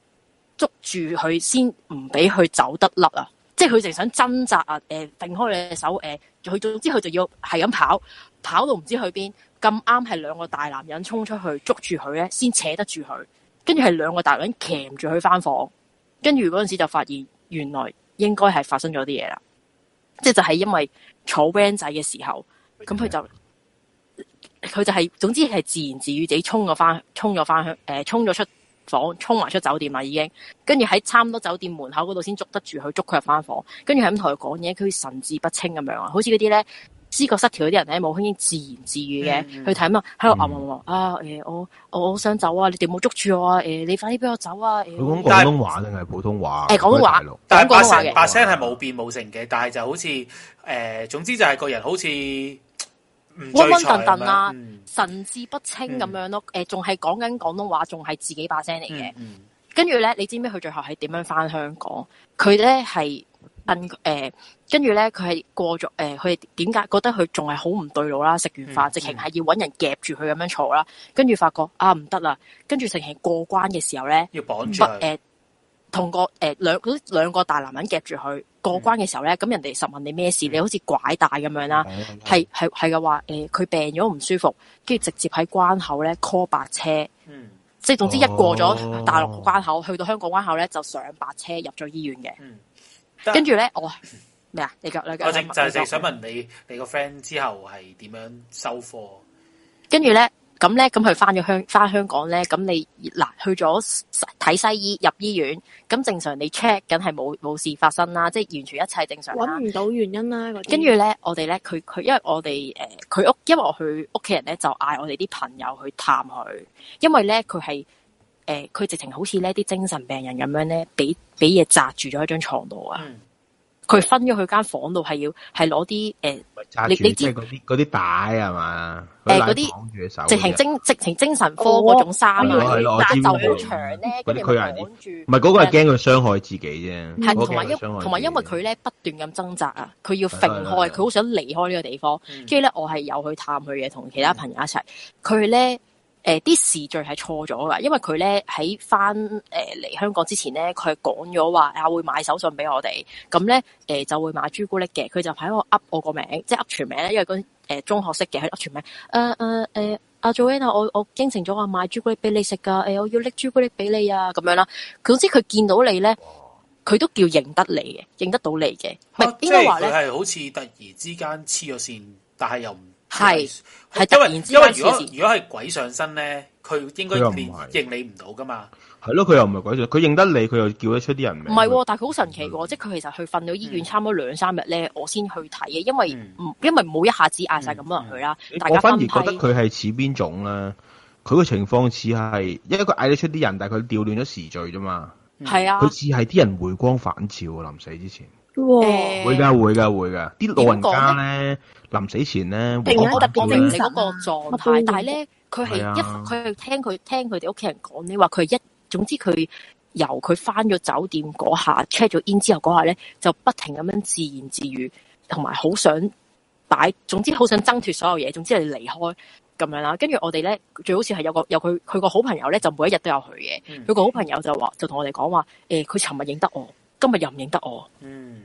捉住佢先唔俾佢走得甩啊！即係佢淨係想掙扎啊定掟開你隻手誒，佢、呃、總之佢就要係咁跑，跑到唔知去邊。咁啱係兩個大男人衝出去捉住佢咧，先扯得住佢。跟住係兩個大男人騎住佢翻房，跟住嗰陣時就發現。原來應該係發生咗啲嘢啦，即係就係、是、因為坐 van 仔嘅時候，咁佢的就佢就係、是、總之係自言自語，自己衝咗翻，衝咗翻去誒，衝、呃、咗出房，衝埋出酒店啦，已經。跟住喺差唔多酒店門口嗰度先捉得住佢，捉佢入翻房。跟住係咁同佢講嘢，佢神志不清咁樣啊，好似嗰啲咧。知覺失調嗰啲人咧，冇胸，自言自語嘅，嗯嗯去睇啊，喺度吽吽話啊，誒，我我好想走啊，你哋冇捉住我啊。誒，你快啲俾我走啊！佢講廣東話定係普通話？誒、欸，廣、欸、東話咯，但係把聲把聲係冇變冇成嘅，但係就好似誒、呃，總之就係個人好似昏昏沌沌啊，神志不清咁樣咯。誒、嗯，仲係講緊廣東話，仲係自己把聲嚟嘅。嗯嗯、跟住咧，你知唔知佢最後係點樣返香港？佢咧係。問跟住咧佢係過咗誒，佢點解覺得佢仲係好唔對路啦？食完飯、嗯嗯、直情係要揾人夾住佢咁樣嘈啦，跟住發覺啊唔得啦！跟住直情過關嘅時候咧，要綁住同、呃、個兩、呃、兩個大男人夾住佢過關嘅時候咧，咁、嗯、人哋實問你咩事，你好似拐帶咁樣啦，係係係嘅話佢病咗唔舒服，跟住直接喺關口咧 call 白車，即係、嗯、總之一過咗大陸關口，哦、去到香港關口咧就上白車入咗醫院嘅。嗯跟住咧，我咩啊？你講你講。我正正正想問你，你個 friend 之後係點樣收科？跟住咧，咁咧，咁佢翻咗香翻香港咧，咁你嗱去咗睇西醫入醫院，咁正常你 check 梗係冇冇事發生啦，即係完全一切正常。揾唔到原因啦。跟住咧，我哋咧，佢佢因為我哋誒佢屋，因為我佢屋企人咧，就嗌我哋啲朋友去探佢，因為咧佢係。誒，佢直情好似呢啲精神病人咁樣咧，俾俾嘢紮住咗喺張床度啊！佢分咗佢間房度，係要係攞啲誒，你你即係嗰啲嗰啲帶係嘛？嗰啲直情精直情精神科嗰種衫啊！但就好長咧，佢住人住。唔係嗰個係驚佢傷害自己啫，係同埋因同埋因為佢咧不斷咁掙扎啊！佢要甩開，佢好想離開呢個地方。跟住咧，我係有去探佢嘅，同其他朋友一齊。佢咧。誒啲、呃、時序係錯咗㗎，因為佢咧喺翻誒嚟香港之前咧，佢係講咗話阿會買手信俾我哋，咁咧誒就會買朱古力嘅，佢就喺度噏我個名，即係噏全名咧，因為嗰、那個呃、中學識嘅，佢噏全名，誒誒誒阿 Joanna 啊，我，我我應承咗話買朱古力俾你食㗎，誒、呃、我要拎朱古力俾你啊，咁樣啦。總之佢見到你咧，佢都叫認得你嘅，認得到你嘅。唔係應該話咧？係、啊、好似突然之間黐咗線，但係又唔～係，係，然之因為因為如果如果係鬼上身咧，佢應該連認你唔到噶嘛係。係咯，佢又唔係鬼上身，佢認得你，佢又叫得出啲人名。唔係、喎，但係佢好神奇喎、哦，的即係佢其實去瞓咗醫院，差唔多兩三日咧，嗯、我先去睇嘅，因為唔、嗯、因為唔好一下子嗌晒咁多人去啦。嗯嗯、我反而覺得佢係似邊種咧？佢個情況似係，因為佢嗌得出啲人，但係佢調亂咗時序啫嘛。係啊、嗯，佢似係啲人回光返照啊，臨死之前。誒哇，會噶會噶會噶，啲、呃、老人家咧臨死前咧，認得、啊、我明曬。個狀態我明都曬。但係咧，佢係一佢係、啊、聽佢聽佢哋屋企人講，你話佢一總之佢由佢翻咗酒店嗰下 check 咗 in 之後嗰下咧，就不停咁樣自言自語，同埋好想擺，總之好想爭脫所有嘢，總之係離開咁樣啦。跟住我哋咧，最好似係有個有佢佢個好朋友咧，就每一日都有佢嘅。佢、嗯、個好朋友就話就同我哋講話，誒佢尋日認得我，今日又唔認得我，嗯，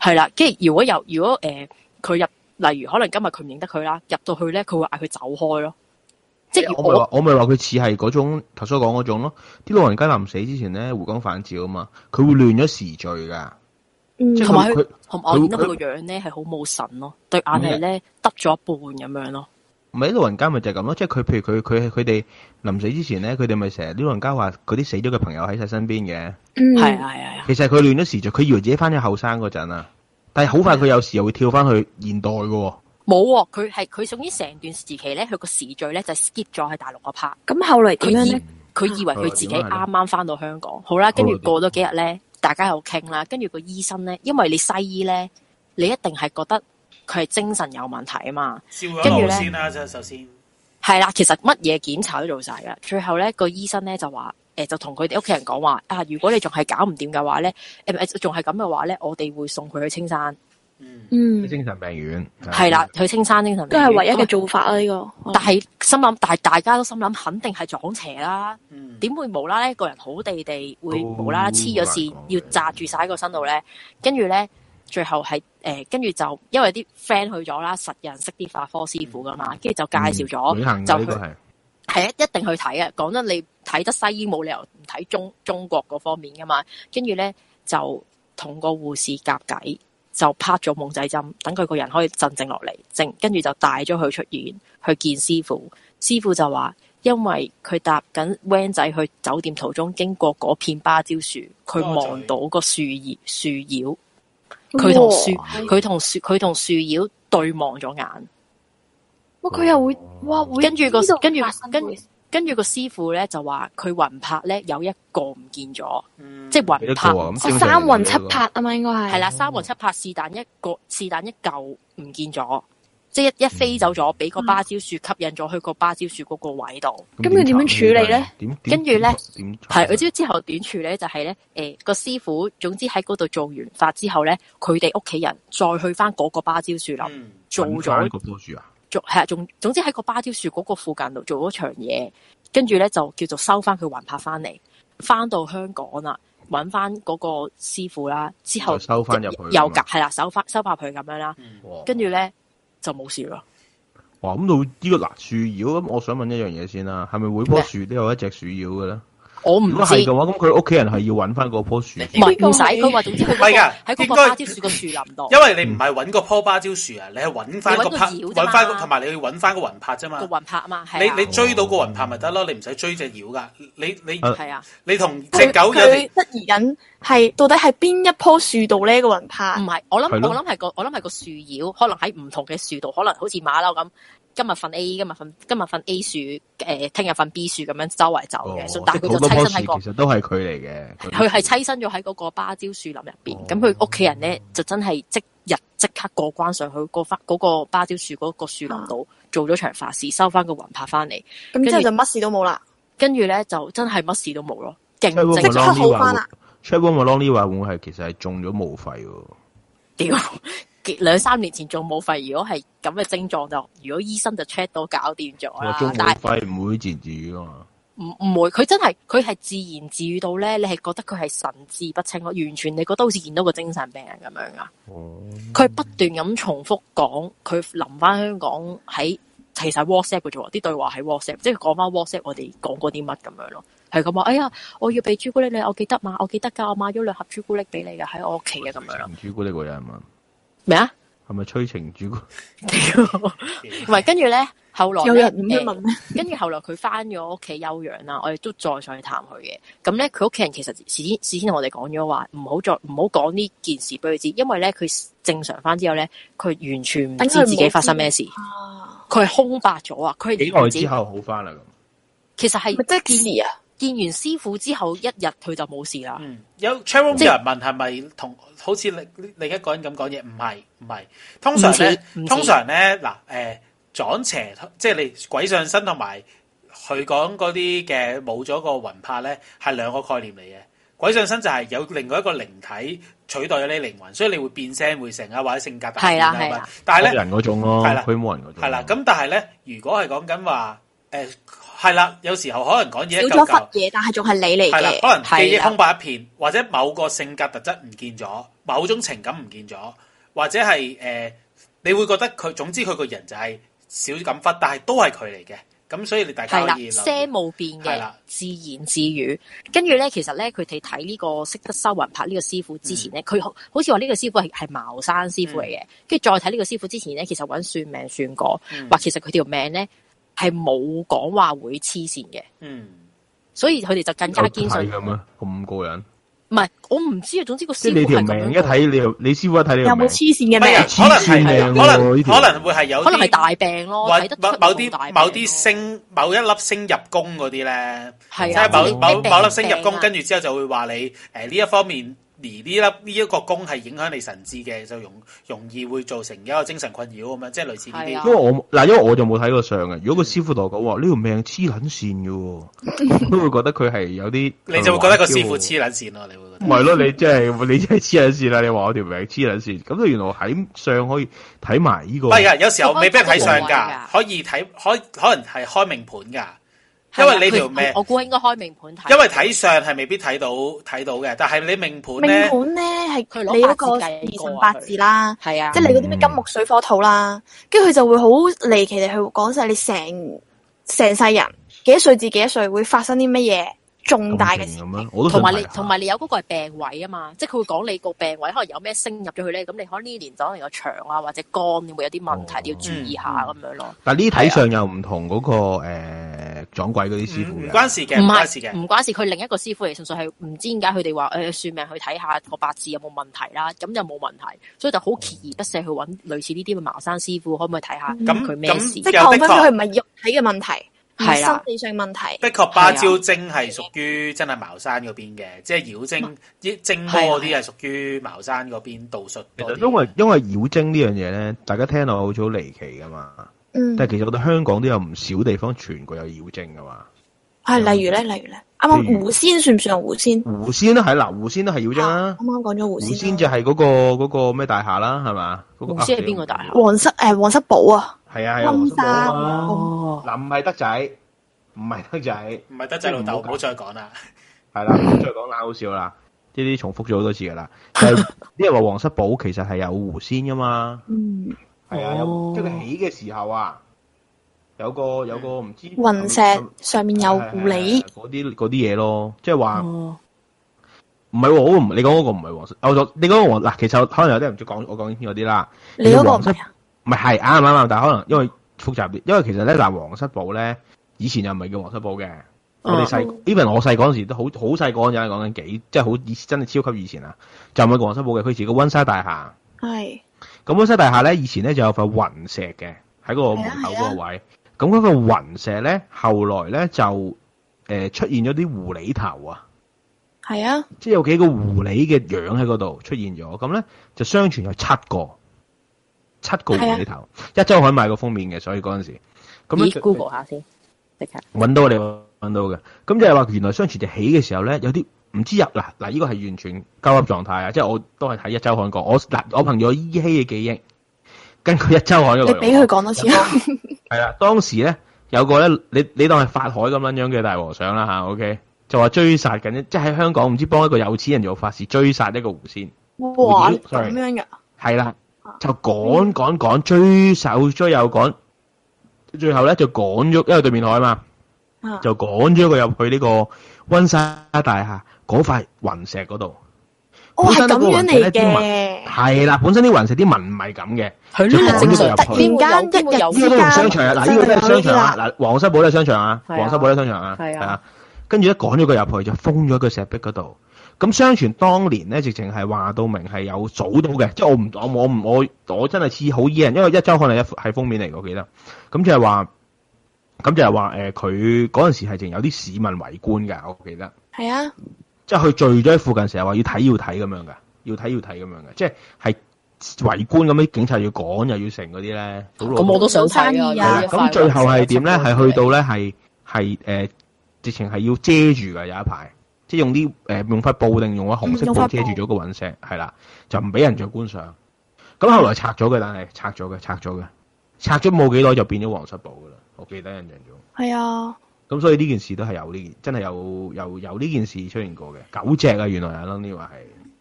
係啦，即係如果又如果誒，佢、呃、入，例如可能今日佢唔認得佢啦，入到去咧，佢會嗌佢走開咯。即係的我我咪話佢似係嗰種頭先講嗰種咯，啲老人家臨死之前咧，回光返照啊嘛，佢會亂咗時序噶，同埋佢同埋我見到佢個樣咧係好冇神咯，對眼係咧得咗一半咁樣咯。咪啲老人家咪就係咁咯，即係佢，譬如佢，佢佢哋臨死之前咧，佢哋咪成日啲老人家話，佢啲死咗嘅朋友喺晒身邊嘅，係啊係啊。其實佢亂咗時序，佢以為自己翻咗後生嗰陣啊，但係好快佢有時又會跳翻去現代嘅喎。冇喎，佢係佢屬於成段時期咧，佢個時序咧就 skip 咗喺大陸嗰 part。咁後嚟點樣咧？佢以，佢以為佢自己啱啱翻到香港，好啦，跟住過咗幾日咧，大家又傾啦，跟住個醫生咧，因為你西醫咧，你一定係覺得。佢係精神有問題啊嘛，跟住咧，先啦，首先係啦，其實乜嘢檢查都做晒噶，最後咧個醫生咧就話，誒就同佢哋屋企人講話，啊如果你仲係搞唔掂嘅話咧，誒仲係咁嘅話咧，我哋會送佢去青山，嗯，去精神病院，係啦，去青山精神病院都係唯一嘅做法啊呢個，但係心諗，但大家都心諗，肯定係撞邪啦，點會無啦啦咧個人好地地會無啦啦黐咗線，要紮住晒喺個身度咧，跟住咧。最後係誒，跟、呃、住就因為啲 friend 去咗啦，實有人識啲法科師傅噶嘛，跟住就介紹咗，嗯、行就去係一一定去睇啊。講得你睇得西醫，冇理由唔睇中中國嗰方面噶嘛。呢跟住咧就同個護士夾計，就拍咗夢仔針，等佢個人可以鎮靜落嚟。跟住就帶咗佢出現去見師傅。師傅就話，因為佢搭緊 van 仔去酒店途中，經過嗰片芭蕉樹，佢望到個樹葉樹妖。樹佢同樹，佢同樹，佢同樹妖對望咗眼哇。哇！佢又會哇，跟住個跟住跟跟住個師傅咧就話佢魂魄咧有一個唔見咗，嗯、即係魂魄三魂七魄啊嘛，應該係係啦，三魂七魄是但一個是但一舊唔見咗。嗯即係一一飛走咗，俾個芭蕉樹吸引咗去個芭蕉樹嗰個位度。咁佢點樣處理咧？跟住咧，點係佢之之後點處理咧？就係咧，誒個師傅，總之喺嗰度做完法之後咧，佢哋屋企人再去翻嗰個芭蕉樹林做咗個啊。做係啊，仲總之喺個芭蕉樹嗰個附近度做咗場嘢，跟住咧就叫做收翻佢魂魄翻嚟，翻到香港啦，搵翻嗰個師傅啦。之後收翻入去又夾係啦，收翻收翻佢咁樣啦。跟住咧。就冇事、這個、啦。哇，咁到呢個樹妖，咁我想問一樣嘢先啦，係咪每棵樹都有一隻樹妖嘅咧？我唔咁係嘅話，咁佢屋企人係要搵翻個棵樹。唔唔使佢話，總之佢喺個芭蕉樹個樹林度。因為你唔係揾個棵芭蕉樹啊，你係揾翻個拍，揾翻同埋你去搵翻個雲拍啫嘛。個雲拍嘛，你你追到個雲拍咪得咯，你唔使追隻妖噶。你你係啊，你同隻狗有啲質疑緊係到底係邊一棵樹度咧個雲拍？唔係，我諗我諗係個我諗係個樹妖，可能喺唔同嘅樹度，可能好似馬騮咁。今日瞓 A，今日瞓，今日瞓 A 樹，誒，聽日瞓 B 樹，咁樣周圍走嘅。哦、但佢就棲身喺、嗰個。好多其實都係佢嚟嘅。佢係棲身咗喺嗰個芭蕉樹林入邊，咁佢屋企人咧就真係即日即刻過關上去，過翻嗰個芭蕉樹嗰、嗰個樹林度做咗場法事，收翻個魂魄翻嚟。咁之、嗯、著後就乜事都冇啦。跟住咧就真係乜事都冇咯，即刻好翻啦。Chad Wong 話會唔會係其實係中咗霧肺屌！兩三年前仲冇肺，如果係咁嘅症狀就，如果醫生就 check 到搞掂咗啦。但係肺唔會自然自愈㗎嘛？唔唔會，佢真係佢係自言自語到咧，你係覺得佢係神志不清，完全你覺得好似見到個精神病人咁樣噶。哦，佢不斷咁重複講，佢臨翻香港喺其實 WhatsApp 嘅啫，啲對話喺 WhatsApp，即係講翻 WhatsApp，我哋講過啲乜咁樣咯，係咁話。哎呀，我要俾朱古力你，我記得嘛，我記得噶，我買咗兩盒朱古力俾你噶，喺我屋企啊，咁樣。朱古力嗰日係嘛？咩啊？係咪催情主角？唔係， 跟住咧，後來呢有人問，跟住、呃、後，後來佢翻咗屋企休養啦。我哋都再上去探佢嘅。咁咧，佢屋企人其實事先事先同我哋講咗話，唔好再唔好講呢件事俾佢知，因為咧佢正常翻之後咧，佢完全唔知自己發生咩事。佢係空白咗啊！佢幾耐之後好翻啦？咁其實係。咪啊？見完師傅之後一日，佢就冇事啦。嗯，有 travel 嘅人問係咪同好似另另一個人咁講嘢？唔係，唔係。通常咧，通常咧，嗱，誒，撞邪即係你鬼上身，同埋佢講嗰啲嘅冇咗個魂魄咧，係兩個概念嚟嘅。鬼上身就係有另外一個靈體取代咗你靈魂，所以你會變聲、會成啊，或者性格大變啊。係啊，係啊。但係咧，冇人嗰種咯，係啦，佢冇人嗰種。係啦，咁但係咧，如果係講緊話，誒。係啦，有時候可能講嘢少咗忽嘢，但係仲係你嚟嘅。係啦，可能記憶空白一片，的或者某個性格特質唔見咗，某種情感唔見咗，或者係誒、呃，你會覺得佢，總之佢個人就係少咁忽，但係都係佢嚟嘅。咁所以你大家可以諗。係啦，些冇變嘅，是的自言自語。跟住咧，其實咧，佢哋睇呢個識得收魂拍呢個師傅之前咧，佢、嗯、好似話呢個師傅係係茅山師傅嚟嘅。跟住、嗯、再睇呢個師傅之前咧，其實搵算命算過，話、嗯、其實佢條命咧。係冇講話會黐線嘅，嗯，所以佢哋就更加堅信。係咁啊，咁過癮？唔係，我唔知啊。總之個師傅係咁。你條命一睇你，你師傅一睇你有冇黐線嘅咩？可能係，可能可能會係有，可能係大病咯。或者某某啲某啲星，某一粒星入宮嗰啲咧，係啊，即係某某某粒星入宮，跟住之後就會話你誒呢一方面。而呢粒呢一個宮係影響你神智嘅，就容容易會造成一個精神困擾咁樣，即係類似呢啲。因為我嗱，因為我就冇睇過相嘅。如果個師傅同我講話呢條命黐撚線嘅，都會覺得佢係有啲， 是是你就會覺得個師傅黐撚線咯。你會覺得唔係咯？你即係你即係黐撚線啦！你話我條命黐撚線，咁你原來喺相可以睇埋呢個。唔係噶，有時候未必睇相㗎，可以睇，可可能係開命盤㗎。因為你條命，我估應該開命盤睇。因為睇相係未必睇到睇到嘅，但係你命盤呢？命盤呢係佢攞八個二神八字啦，係啊，即係你嗰啲咩金木水火土啦，跟住佢就會好離奇地去講晒你成成世人幾多歲至幾多歲會發生啲乜嘢。重大嘅事，同埋你同埋你有嗰個係病位啊嘛，即係佢會講你個病位可能有咩升入咗去咧，咁你可能呢年可能有腸啊或者肝你會有啲問題，哦、你要注意下咁、嗯嗯、樣咯。但係呢體上又唔同嗰、那個誒撞的、欸、鬼嗰啲師傅嘅，唔、嗯、關事嘅，唔關事嘅。唔關事，佢另一個師傅係純粹係唔知點解佢哋話誒算命去睇下個八字有冇問題啦，咁又冇問題，所以就好鍥而不捨去揾類似呢啲嘅茅山師傅，可唔可以睇下佢咩事？嗯嗯嗯、即係 confirm 佢唔係肉體嘅問題。係啊，心理性問題。的確，芭蕉精係屬於真係茅山嗰邊嘅，是啊、即係妖精、啲、啊、精魔啲係屬於茅山嗰邊道術的。其實因為因為妖精呢樣嘢咧，大家聽落好似好離奇噶嘛，嗯、但係其實我覺得香港都有唔少地方全國有妖精噶嘛。係，例如咧，例如咧，啱啱狐仙算唔算狐仙？狐仙都係嗱，狐仙都係要啫。啱啱講咗狐仙。狐仙就係嗰個個咩大廈啦，係嘛？狐仙係邊個大廈？皇室誒，皇室堡啊。係啊，皇室堡啊。嗱，唔係德仔，唔係德仔，唔係德仔。老豆，唔好再講啦，係啦，唔好再講啦好笑啦，呢啲重複咗好多次噶啦。因為話皇室堡其實係有狐仙噶嘛？嗯，係啊，有即係起嘅時候啊。有個有個唔知雲石上面有狐狸嗰啲啲嘢咯，即係話唔係我唔你講嗰個唔係皇室，我做你講個黃嗱，其實可能有啲人唔知我講呢啲啦。你嗰個唔係唔係啱啱啱，但係可能因為複雜啲，因為其實咧嗱，皇室堡咧以前又唔係叫皇室堡嘅。哦、我哋細 even 我細嗰陣時都好好細個嗰陣時講緊幾，即係好以前真係超級以前啊，就唔係個皇室堡嘅，佢似個溫莎大廈係咁溫莎大廈咧，以前咧就有塊雲石嘅喺個門口嗰個位。咁嗰個雲石咧，後來咧就誒、呃、出現咗啲狐狸頭啊，係啊，即係有幾個狐狸嘅樣喺嗰度出現咗，咁咧就相傳有七個，七個狐狸頭。啊、一周可以買個封面嘅，所以嗰陣時，咁咦你 Google 下先，即刻揾到我哋揾到嘅。咁就係話原來相傳就起嘅時候咧，有啲唔知入嗱嗱，呢、呢個係完全交集狀態啊！嗯、即係我都係睇一周刊，刊過我嗱我憑咗依稀嘅記憶。跟佢一舟海度，你俾佢講多次。係 啦，當時咧有個咧，你你當係法海咁樣樣嘅大和尚啦吓、啊，OK，就話追殺緊，即係喺香港唔知幫一個有錢人做法事，追殺一個狐仙，哇咁子樣嘅，係啦，就趕趕趕追手追又趕，最後咧就趕咗，因為對面海嘛，就趕咗佢入去呢個溫莎大廈嗰塊雲石嗰度。我係咁樣嚟嘅，係啦。本身啲雲石啲紋唔係咁嘅，佢呢兩入去點的間？呢個商場啊，嗱，呢個咩商場啊？嗱，皇室堡呢商場啊，皇室堡呢商場啊，係的啊。的的跟住一趕咗佢入去，就封咗佢石壁嗰度。咁相傳當年咧，直情係話到明係有組到嘅，即係我唔我我唔我我真係似好癲，因為一週可能一係封面嚟，我記得。咁就係話，咁就係話誒佢嗰陣時係有啲市民圍觀㗎，我記得。係啊。即係佢聚咗喺附近，成日話要睇要睇咁樣㗎。要睇要睇咁樣嘅，即係係圍觀咁啲警察要趕又要成嗰啲咧，咁我都想參與啊！咁、啊、最後係點咧？係去到咧係係誒，直情係要遮住㗎有一排，即係用啲、呃、用塊布定用個紅色布遮住咗個隕石，係啦，就唔俾人再觀賞。咁後來拆咗嘅，但係拆咗嘅，拆咗嘅，拆咗冇幾耐就變咗皇室堡㗎啦，我記得印象中。係啊。咁、嗯、所以呢件事都係有呢件，真係有有有呢件事出現過嘅。九隻啊，原來阿 l o n y 話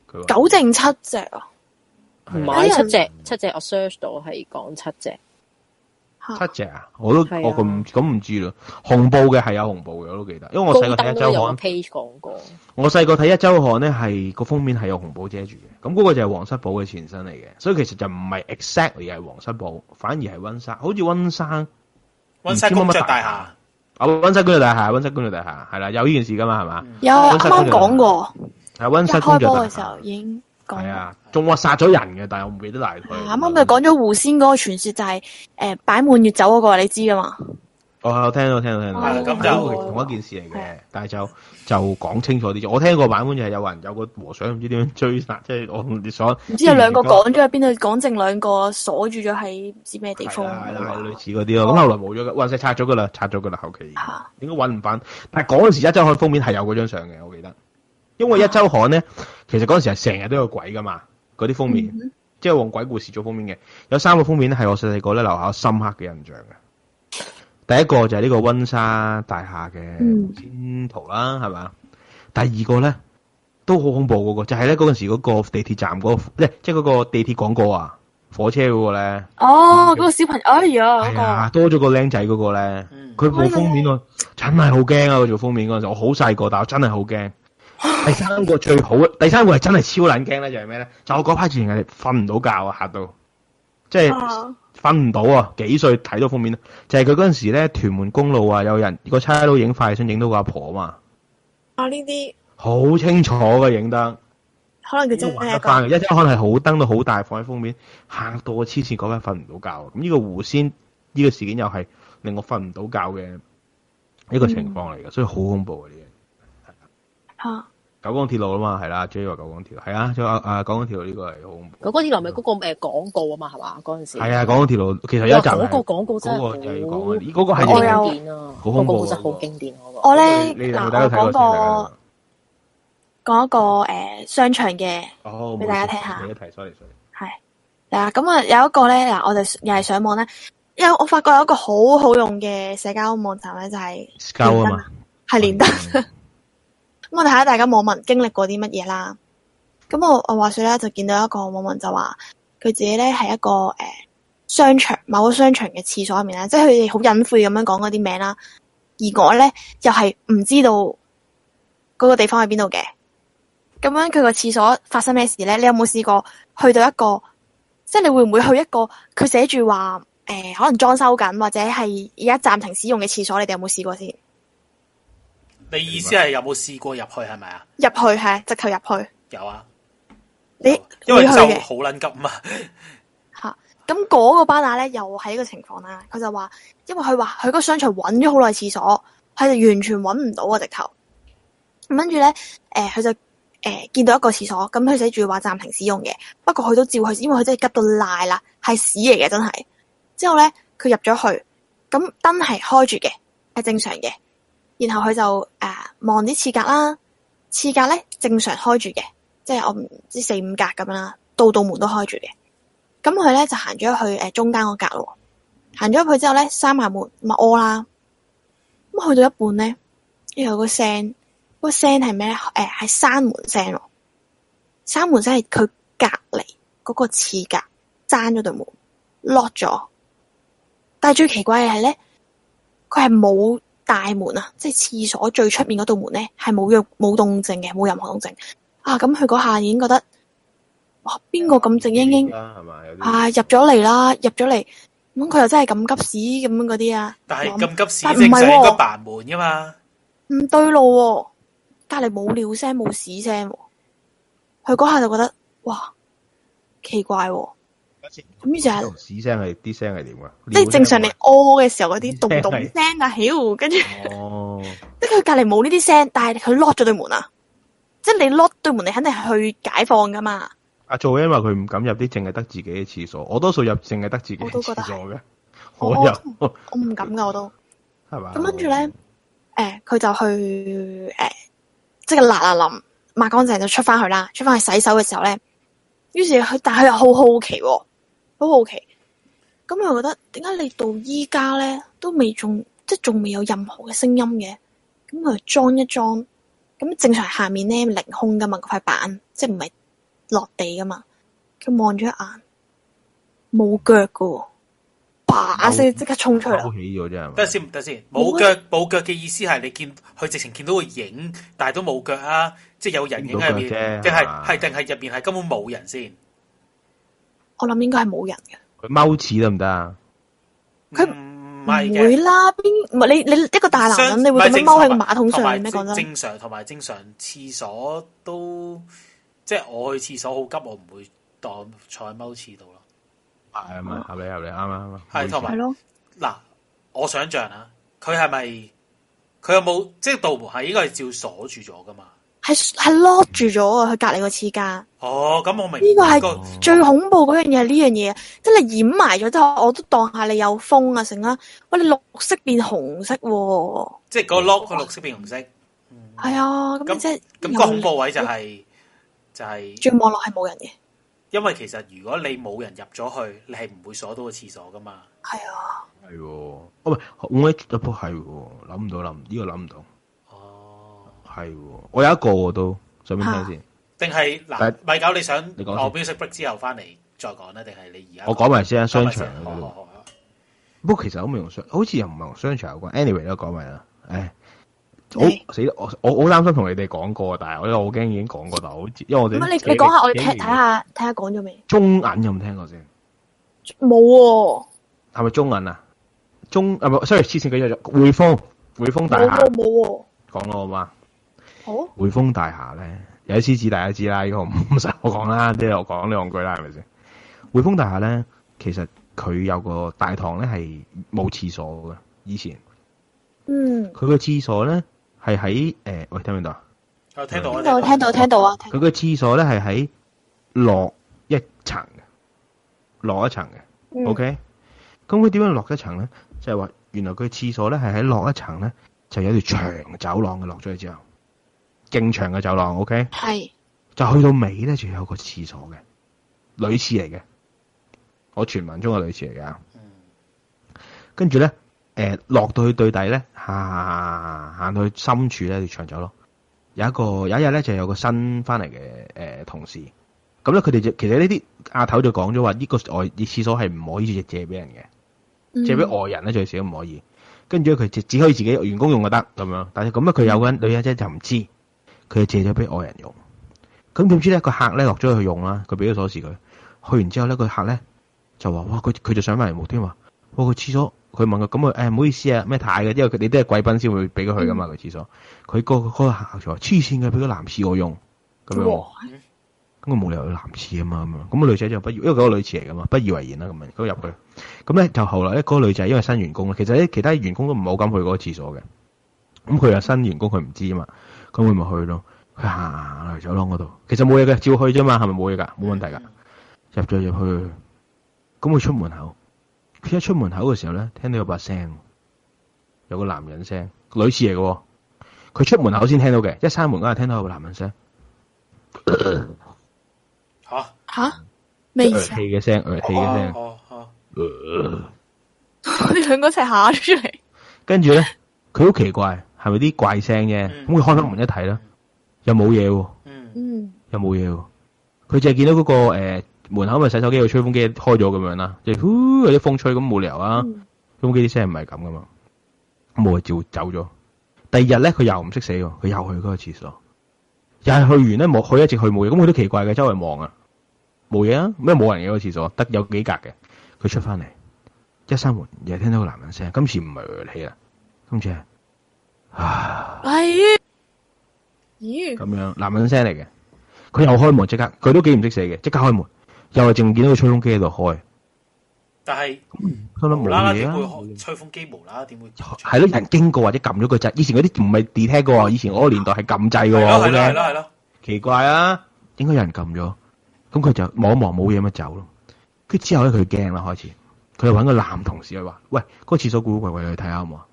係佢九正七隻啊，唔係七隻七隻，我 search 到係講七隻，啊、七隻啊，我都、啊、我咁咁唔知啦紅布嘅係有紅布嘅，我都記得，因為我細個睇《一周刊》講過。我細個睇《一周刊呢》呢係個封面係有紅布遮住嘅，咁嗰個就係皇室堡嘅前身嚟嘅，所以其實就唔係 exactly 係皇室堡，反而係溫莎，好似溫莎溫莎公爵大廈。啊！溫莎公爵大廈，溫莎公爵大廈，係啦，有呢件事噶嘛，係嘛？有啱啱講過，係溫莎開波嘅時候已經講。係啊，仲話殺咗人嘅，但係我唔記得大，但佢。啱啱咪講咗狐仙嗰個傳說，就是，就係誒擺滿月酒嗰，嗰個，你知噶嘛？哦，我聽到聽到聽到，係咁就同一件事嚟嘅，嗯、但係就就講清楚啲。我聽過版本就係有人有個和尚唔知點樣追殺，即、就、係、是、我唔知想。唔、那個、知有兩個講咗喺邊度，講剩兩個鎖住咗喺唔知咩地方。係啦係啦，類似嗰啲咯。咁、哦、後來冇咗嘅，或者拆咗噶啦，拆咗噶啦，後期。吓。點解搵唔翻？但係嗰陣時一周刊封面係有嗰張相嘅，我記得。因為一周刊咧，其實嗰陣時係成日都有鬼噶嘛，嗰啲封面，嗯、即係用鬼故事做封面嘅。有三個封面咧，係我細細個咧留下深刻嘅印象嘅。第一個就係呢個溫莎大廈嘅狐仙圖啦，係嘛、嗯？第二個咧都好恐怖嗰、那個，就係咧嗰陣時嗰個地鐵站嗰、那個，即係即係嗰個地鐵廣告啊，火車嗰個咧。哦、嗰、嗯、個小朋友，哎呀、那個、多咗個僆仔嗰個咧，佢冇、嗯、封面，哎、呀真係好驚啊！佢做封面嗰陣時，我好細個，但我真係好驚。哇第三個最好，第三個係真係超撚驚咧，就係咩咧？就是、我嗰排前係瞓唔到覺啊，嚇到，即係。啊瞓唔到啊！幾歲睇到封面咧？就係佢嗰陣時咧，屯門公路啊，有人個差佬影快想影到個阿婆嘛。啊呢啲好清楚嘅影得。可能佢真係一個一張可能係好登到好大，放喺封面，嚇到我黐線嗰晚瞓唔到覺。咁呢個狐仙呢、呢個事件又係令我瞓唔到覺嘅一個情況嚟嘅，嗯、所以好恐怖啊呢樣。嚇！啊九廣鐵路啦嘛，係啦，即係話九廣鐵係啊，即係阿九廣鐵路呢個係好。九廣鐵路咪嗰個誒廣告啊嘛，係嘛嗰陣時。係啊，九廣鐵路其實有一集。個廣告真係好，嗰個係廣告真係好經典。我咧大家講個講一個誒商場嘅俾大家睇下。俾啲題材嚟，係嗱咁啊，有一個咧嗱，我哋又係上網咧，因為我發覺有一個好好用嘅社交網站咧，就係連嘛，係連登。咁我睇下大家網民經歷過啲乜嘢啦。咁我我話說咧，就見到一個網民就話佢自己咧係一個誒、欸、商場，某個商場嘅廁所入面啦，即係佢哋好隱晦咁樣講嗰啲名啦。而我咧又係唔知道嗰個地方喺邊度嘅。咁樣佢個廁所發生咩事咧？你有冇試過去到一個，即係你會唔會去一個佢寫住話誒可能裝修緊或者係而家暫停使用嘅廁所？你哋有冇試過先？你意思係有冇試過入去係咪啊？入去係直頭入去。有啊，你因為就好撚急嘛吓。咁嗰 個巴打咧，又係一個情況啦。佢就話，因為佢話佢個商場揾咗好耐廁所，佢就完全揾唔到啊！直頭。咁跟住咧，誒，佢就誒見到一個廁所，咁佢寫住話暫停使用嘅。不過佢都照去，因為佢真係急到賴啦，係屎嚟嘅真係。之後咧，佢入咗去，咁燈係開住嘅，係正常嘅。然後佢就誒望啲廁格啦，廁格咧正常開住嘅，即係我唔知四五格咁啦，度度門都開住嘅。咁佢咧就行咗去誒中間嗰格咯，行咗入去之後咧閂埋門，咪屙啦。咁去到一半咧，然後個聲、個聲係咩咧？誒、呃，係閂門聲咯。閂門聲係佢隔籬嗰個廁格閂咗度門落咗，但係最奇怪嘅係咧，佢係冇大門啊，即係廁所最出面嗰道門咧，係冇郁冇動靜嘅，冇任何動靜啊。咁佢嗰下已經覺得哇，邊個咁靜英英係嘛，啊入咗嚟啦，入咗嚟咁，佢又真係咁急屎咁樣嗰啲啊。但係咁急屎唔係應該扮門噶嘛？唔對路，隔籬冇尿聲冇屎聲，佢嗰下就覺得哇奇怪，啊。咁於是，屎聲係啲聲係點啊？即係正常你屙、呃、嘅時候嗰啲咚咚聲啊，屌後，跟住，哦，即係佢隔籬冇呢啲聲，但係佢 lock 咗對門啊！即係你 lock 對門，你肯定係去解放噶嘛？阿做嘢話佢唔敢入啲，淨係得自己嘅廁所。我多數入淨係得自己嘅廁所嘅，我又我唔也也敢噶，我都係嘛？咁跟住咧，誒，佢、哎、就去誒、哎，即係嗱嗱淋抹乾淨就出翻去啦。出翻去,去洗手嘅時候咧，於是佢但係佢又好好奇、哦。好好奇，咁、OK、我覺得點解你到依家咧都未仲即係仲未有任何嘅聲音嘅？咁就裝一裝，咁正常下面咧凌空噶嘛？塊板即係唔係落地噶嘛？佢望咗一眼，冇腳噶，把聲即刻衝出嚟，起咗真係。等先，等先，冇腳冇腳嘅意思係你見佢直情見到個影，但係都冇腳啊！即係有人影喺入邊，定係係定係入邊係根本冇人先。我諗應該係冇人嘅。佢踎廁得唔得啊？佢唔會啦，邊唔係你你一個大男人，你會點樣踎喺個馬桶上咩？講真，正常同埋正常廁所都，即係我去廁所好急，我唔會當坐喺踎廁度咯。係啊、嗯，入嚟入嚟，啱啊，啱啊。係同埋，係咯。嗱，我想象，啊，佢係咪佢有冇即係道門係應該係照鎖住咗噶嘛？係係 lock 住咗佢隔籬個廁間。哦，咁我明。呢個係最恐怖嗰樣嘢，呢樣嘢即係你掩埋咗，之後我都當下你有風啊成啦。喂，你綠色變紅色喎。即係個 lock 個綠色變紅色。係啊，咁即係咁個恐怖位就係就係最望落係冇人嘅。因為其實如果你冇人入咗去，你係唔會鎖到個廁所噶嘛。係啊。係喎，哦唔係，我 check 咗鋪係諗唔到諗呢個諗唔到。係，我有一個我都想，邊聽先？定係嗱，米九你想我 music break 之後翻嚟再講啦。定係你而家我講埋先啊？商場不過其實好唔同商，好似又唔係同商場有關。Anyway 都講埋啦。唉，我死我我好擔心同你哋講過，但係我咧好驚已經講過啦。好，因為我哋你你講下我睇睇下睇下講咗未？中銀有冇聽過先？冇係咪中銀啊？中啊，唔係 sorry，黐線咗匯豐匯豐大廈冇冇講咯，好嘛？滙豐大廈咧，有啲獅子大家知啦，呢、呢個唔使我講啦，即係我講呢兩句啦，係咪先？滙豐大廈咧，其實佢有個大堂咧係冇廁所嘅，以前。嗯。佢個廁所咧係喺誒喂，聽唔聽到我、哦、聽到，聽、嗯、聽到，聽到聽到啊！佢個廁所咧係喺落一層嘅，落一層嘅。O K，咁佢點樣落一層咧？即係話原來佢廁所咧係喺落一層咧，就有一條長走廊嘅落咗去之後。勁長嘅走廊，OK，係是就去到尾咧，就有個廁所嘅女廁嚟嘅，我傳聞中嘅女廁嚟嘅。嗯、跟住咧，誒、呃、落到去對底咧，行、啊、行到去深處咧，就長走咯。有一個有一日咧，就有個新翻嚟嘅誒同事，咁咧佢哋就其實呢啲阿頭就講咗話，呢個外廁所係唔可以借借俾人嘅，借俾外人咧最少唔可以。跟住佢只只可以自己員工用就得咁樣，但係咁呢，佢有個女人真就唔知。佢借咗俾外人用，咁點知咧個客咧落咗去用啦，佢俾咗鎖匙佢。去完之後咧，個客咧就話：，哇！佢佢就想埋嚟冇添啊！哇！個廁所，佢問佢：，咁啊，誒、哎、唔好意思啊，咩太嘅？因為佢哋都係貴賓先會俾佢去噶嘛、嗯那個廁所。佢個個客就話：黐線嘅，俾個男廁我用。咁樣，咁我冇理由去男廁啊嘛咁啊。咁個女仔就不以因為嗰個女廁嚟噶嘛，不以為然啦咁啊。佢入去，咁咧就後來咧嗰、那個女仔，因為新員工其實咧其他員工都唔好敢去嗰個廁所嘅。咁佢又新員工，佢唔知啊嘛。咁佢咪去咯？佢行嚟走廊嗰度，其實冇嘢嘅，照去啫嘛，係咪冇嘢噶？冇問題噶。入咗入去，咁佢出門口，佢一出門口嘅時候咧，聽到有把聲，有個男人聲，女士嚟嘅，哦。佢出門口先聽到嘅，一閂門嗰陣聽到有個男人聲。吓吓，咩聲？氣嘅聲，氣嘅聲。我哋兩個一齊吓出嚟。啊、跟住咧，佢好奇怪。 係咪啲怪聲嘅？咁佢開翻門一睇咧，又冇嘢喎，嗯，又冇嘢喎。佢淨係見到嗰個誒門口嘅洗手機個吹風機開咗咁樣啦，即係呼有啲風吹咁冇理由啊！吹風機啲聲唔係咁噶嘛，冇照走咗。第二日咧，佢又唔識死，佢又去嗰個廁所，又係去完咧冇，去一直去冇嘢。咁佢都奇怪嘅，周圍望啊，冇嘢啊，咩冇人嘅個廁所，得有幾格嘅。佢出翻嚟，一閂門又聽到個男人聲，今次唔係嚟啦，今次。係咦？咦？咁樣男人聲嚟嘅，佢又開門即刻，佢都幾唔識寫嘅，即刻開門，又係淨見到個吹風機喺度開。但係，吹得冇嘢啊！吹風機冇啦，點會？係咯，人經過或者撳咗個掣。以前嗰啲唔係 detect 個，以前嗰個年代係撳掣個。係咯，係咯，係咯，奇怪啊！應該有人撳咗，咁佢就望一望冇嘢咪走咯。跟住之後咧，佢驚啦，開始佢就搵個男同事去話：，喂，嗰個廁所古古鬼鬼，你睇下好唔好？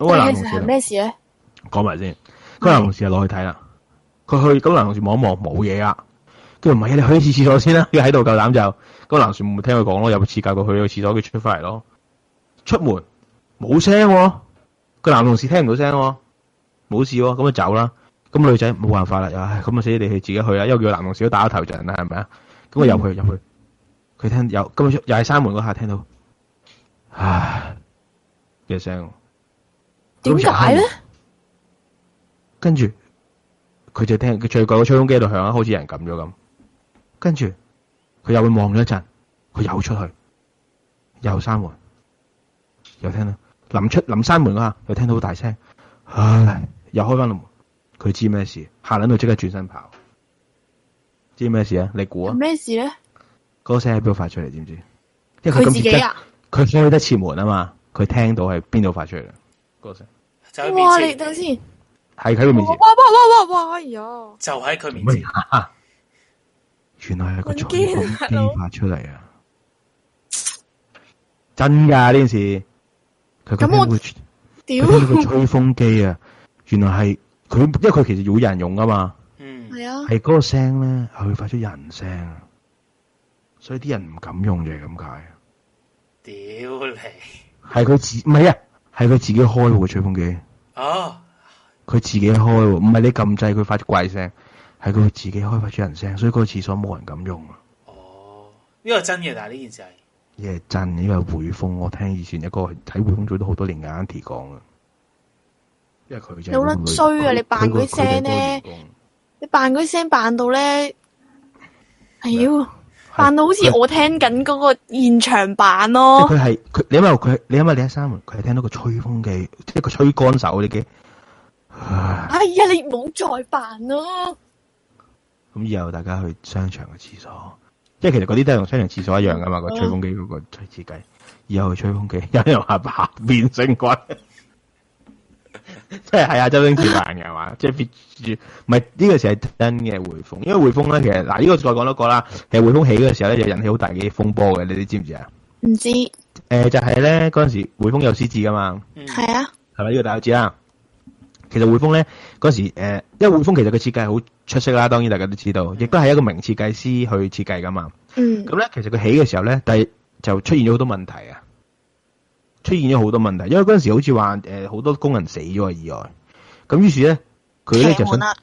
嗰個男同事係咩事咧？講埋先，嗰個男同事就落去睇啦。佢去，咁、嗰個、男同事望一望，冇嘢啊。佢話唔係啊，你去一次廁所先啦。又喺度夠膽就、嗰個男同事冇聽佢講咯，又次教佢去有個廁所，佢出翻嚟咯。出門冇聲，聲啊嗰個男同聽、啊、事聽唔到聲咯，冇事喎。咁就走啦。咁、嗰個、女仔冇辦法啦。唉，咁啊死死哋自己去啦。因為個男同事都打咗頭陣啦，係咪啊？咁啊入去入去，佢聽有、嗰個、又，咁啊又喺閂門嗰下聽到，唉嘅聲。嗰個聲喎。點解咧？跟住佢就聽佢最改個吹風機喺度響啊，好似人撳咗咁。跟住佢又會望咗一陣，佢又出去，又閂門，又聽到臨出臨閂門啊，又聽到好大聲，唉，又開翻門。佢知咩事？吓！諗到即刻轉身跑，知咩事啊？你估啊？咩事咧？嗰聲喺邊度發出嚟？知唔知？因為佢自己啊？佢開得次門啊嘛？佢聽到喺邊度發出嘅？個聲就哇，你等先，喺面前，係喺佢面前。哇哇哇哇哇！哎唷，就喺佢面前。原來係個吹風機發出嚟啊！真㗎呢件事，咁我點？佢呢個吹風機啊，原來係佢，因為佢其實有人用啊嘛。嗯，係啊。係嗰個聲咧，係會發出人聲，所以啲人唔敢用嘅咁解。屌你！係佢自唔係啊？係佢自己開個吹風機，哦，佢、oh. 自己開的，唔係你撳掣佢發出怪聲，係佢自己開發出人聲，所以個廁所冇人敢用。哦、oh.，呢個真嘅，但係呢件事係，亦係真，因為匯豐、就是，我聽以前一個喺匯豐做咗好多年嘅 aunty 講啊，因為佢真係好衰啊，他你扮佢啲聲咧，他你扮佢啲聲扮到咧，妖、哎。 扮到好似我聽緊嗰個現場版咯、哦，佢係佢你因為佢你因為喺三門佢係聽到個吹風機，即係個吹乾手嗰啲機。哎呀，你唔好再扮囉。咁以後大家去商場嘅廁所，即係其實嗰啲都係同商場廁所一樣噶嘛，個吹風機嗰個吹設計，以後去吹風機有人話白面精骨。即係係啊，周星馳扮嘅係嘛？即係別住，唔係呢個時候係真嘅匯豐，因為匯豐咧其實嗱呢個再講多個啦。其實匯豐起嘅時候咧就引起好大嘅風波嘅，你哋知唔知啊？唔知誒，就係咧嗰陣時匯豐有獅子噶嘛？係啊，係咪呢個大家知啦？其實匯豐咧嗰時誒，因為匯豐其實佢設計好出色啦，當然大家都知道，亦都係一個名設計師去設計噶嘛。咁咧，嗯，其實佢起嘅時候咧，但係就出現咗好多問題啊。出現咗好多問題，因為嗰陣時好似話誒，好多工人死咗啊，意外。咁於是咧佢咧就想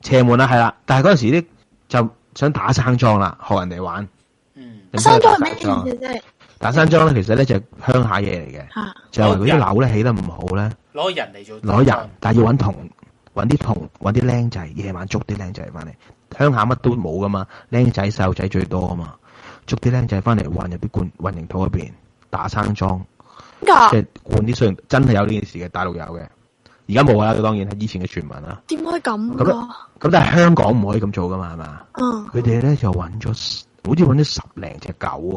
斜門啦，係啦想，但係嗰陣時咧就想打生樁啦，學人哋玩。嗯，生樁係咩啫？打生樁咧，其實咧就鄉下嘢嚟嘅，就嗰啲樓咧起得唔好咧，攞人嚟做攞人，但係要揾銅，揾啲銅，揾啲僆仔，夜晚捉啲僆仔翻嚟。鄉下乜都冇噶嘛，僆仔細路仔最多啊嘛，捉啲僆仔翻嚟玩入啲灌混凝土入邊打生樁。即係換啲雖真係有呢件事嘅，大陸有嘅，而家冇啦。當然係以前嘅傳聞啦。點可以咁啊？咁但係香港唔可以咁做噶嘛？係嘛？嗯。佢哋咧就揾咗，好似揾咗十零隻狗啊，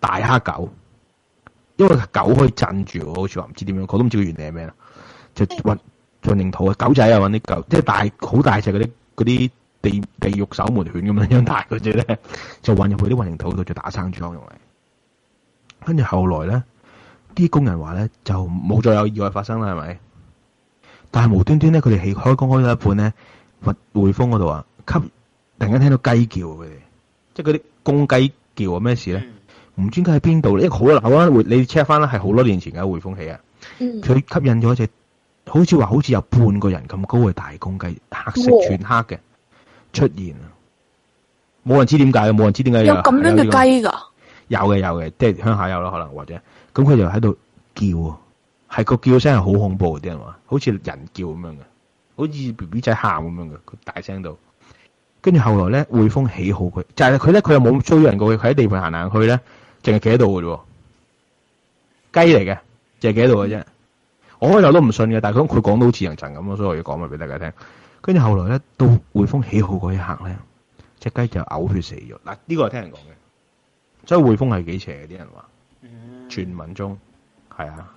大蝦狗，因為狗可以鎮住，好似話唔知點樣，我都唔知佢原理係咩啦。就運混凝土啊，狗仔又揾啲狗，即係大好大隻嗰啲啲地地獄守門犬咁樣大嗰隻咧，就混入去啲混凝土度就打生樁用嚟。跟住後來咧。啲工人話咧就冇再有意外發生啦，係咪？嗯、但係無端端咧，佢哋起開工開到一半咧，匯豐嗰度啊，吸突然間聽到雞叫，佢哋即係嗰啲公雞叫啊，咩事咧？唔知佢喺邊度咧？一好喇啊，你 check 翻啦，係好多年前嘅匯豐起啊，佢、嗯、吸引咗一隻好似話好似有半個人咁高嘅大公雞，黑色全黑嘅哇出現啊！冇、嗯、人知點解嘅，冇人知點解有咁樣嘅雞噶？有嘅有嘅，即係鄉下有囉，可能或者。咁佢就喺度叫啊，係個叫聲係好恐怖，啲人話，好似人叫咁樣嘅，好似 BB 仔喊咁樣嘅，佢大聲到。跟住後來咧，匯豐起好佢，就係佢咧，佢又冇追人過去，佢喺地盤行行去咧，淨係企喺度嘅啫。雞嚟嘅，淨係企喺度嘅啫。我開頭都唔信嘅，但係佢講到好似人陣咁，所以我要講埋俾大家聽。跟住後來咧，到匯豐起好嗰一刻咧，隻雞就嘔血死咗。嗱，呢個係聽人講嘅，所以匯豐係幾邪嘅，啲人話。傳聞中，係啊，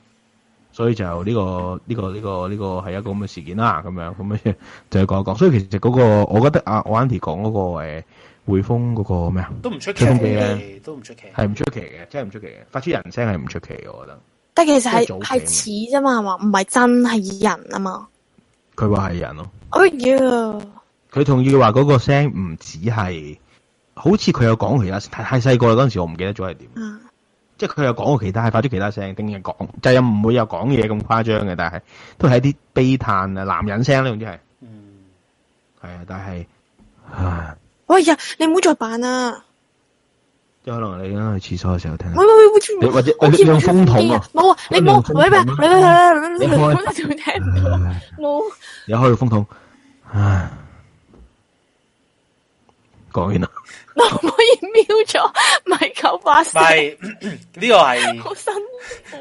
所以就呢個呢個呢個呢個係一個咁嘅事件啦，咁樣咁樣，就講一講。所以其實嗰個，我覺得阿、啊、我阿弟講嗰個誒，匯豐嗰個咩啊，都唔出奇嘅，都唔出奇，係唔出奇嘅，真係唔出奇嘅。真出奇發出人聲係唔出奇，我覺得。但其實係係似啫嘛，係嘛，唔係真係人，人啊嘛。佢話係人咯。佢同意話嗰個聲唔只係，好似佢有講其他，太太細個啦，嗰陣時我唔記得咗係點。嗯即係佢又講過其他，係發出其他聲，定係講，就又唔會有講嘢咁誇張嘅，但係都係一啲悲嘆啊，男人聲呢，總之係。嗯。係啊，但係，啊。哎呀，你唔好再扮啦。即係可能你啱去廁所嘅時候聽。喂喂喂，或者我用風筒啊。冇，你冇，喂喂喂喂喂喂，你開住風筒。冇。然後開住風筒。唉。講完啦。可唔可以瞄咗咪九八四？係呢、嗯這個係。好 新。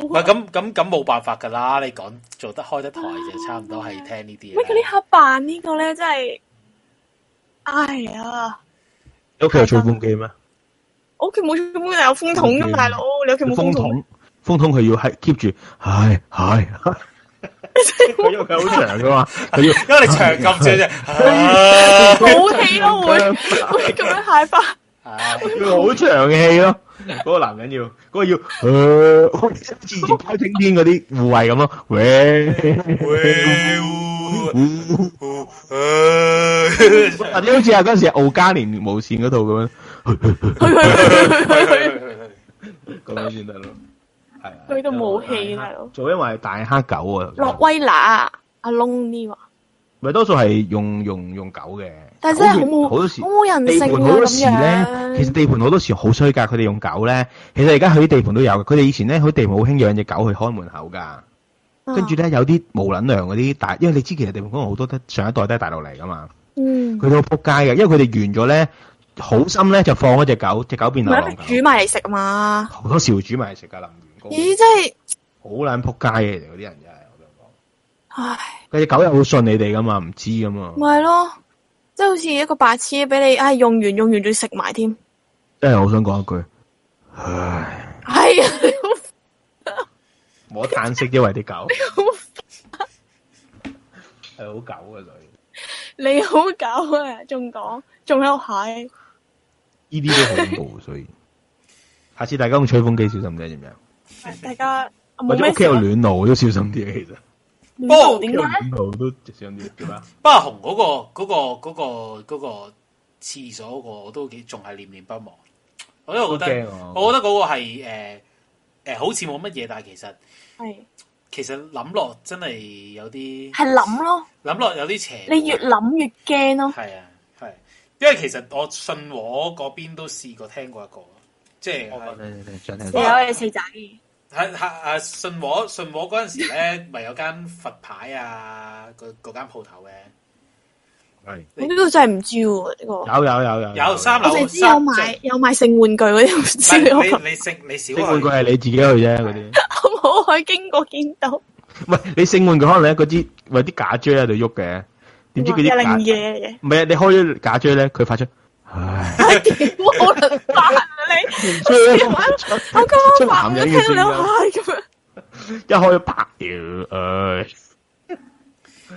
唔係咁咁咁冇辦法噶啦！你講做得開得台就、哎、呀差唔多係聽呢啲嘢。喂，佢呢下辦呢個咧，真係，哎呀！你屋企有吹風機咩？我屋企冇吹風機，但有風筒噶嘛，機大佬。你屋企冇風筒。風筒係要係 keep 住，係、哎、係。哎哎因為佢好長噶嘛，佢要，因為你長咁長啫，好氣咯，會會咁樣喊翻，好長氣咯，嗰個男人要，嗰個要，好似好似拍《青天》嗰啲護衛咁咯，喂喂，好似係嗰陣時《傲嘉年無線》嗰套咁樣，咁認真咯。佢都冇戲啦，就因為大黑狗啊，洛威拿、阿窿呢個，咪多數係用用用狗嘅，但係真係好冇好冇人性好多咁樣。其實地盤好多時好衰噶，佢哋用狗咧，其實而家佢啲地盤都有，佢哋以前咧，佢地盤好興養隻狗去開門口噶，跟住咧有啲無捻量嗰啲大，因為你知其實地盤好多上一代都係大陸嚟噶嘛，嗯，佢都仆街嘅，因為佢哋完咗咧，好心咧就放咗隻狗，隻狗變唔係煮埋嚟食嘛，好多時會煮埋嚟食噶啦。咦，真係好撚扑街嘅嗰啲人真係，我想講。唉，佢隻狗又好信你哋噶嘛？唔知噶嘛，唔咪咯，即係好似一個白痴俾你，唉、哎，用完用完仲食埋添。真係，我想講一句，唉。係啊唉，我嘆息因為啲狗係好 狗啊，所以你好狗啊，仲講仲有蟹。呢啲都恐怖，所以 下次大家用吹風機小心啲，明唔大家，我哋屋企有暖爐，啊，都小心啲啊！其實，暖爐點解？暖爐都小心啲，點啊？阿紅嗰個、嗰、嗰個、嗰個、嗰個廁、嗰個、所嗰、嗰個，我都幾仲係念念不忘。怕我因為覺得，我覺得嗰個係誒誒，好似冇乜嘢，但係其實係，的其實諗落真係有啲係諗咯，諗落有啲邪。你越諗越驚咯。係啊，係，因為其實我信和嗰邊都試過聽過一個，即、就、係、是，係我係，想聽有嘢死仔。是喺喺啊信和信和嗰陣時咧，咪有間佛牌啊，個嗰間鋪頭嘅。係。呢個真係唔知喎，呢個。有有有有。有三樓。我淨知有賣有賣性玩具嗰啲。你你性你少性玩具係你自己去啫，嗰啲。好唔好？我經過見到。喂，你性玩具可能咧嗰啲為啲假 J 喺度喐嘅，點知佢啲零嘢嘅。唔係啊，你開咗假 J 咧，佢發出。係。睇到啦。所以咧，真係男人嘅事啦。一開白掉，唉、哎。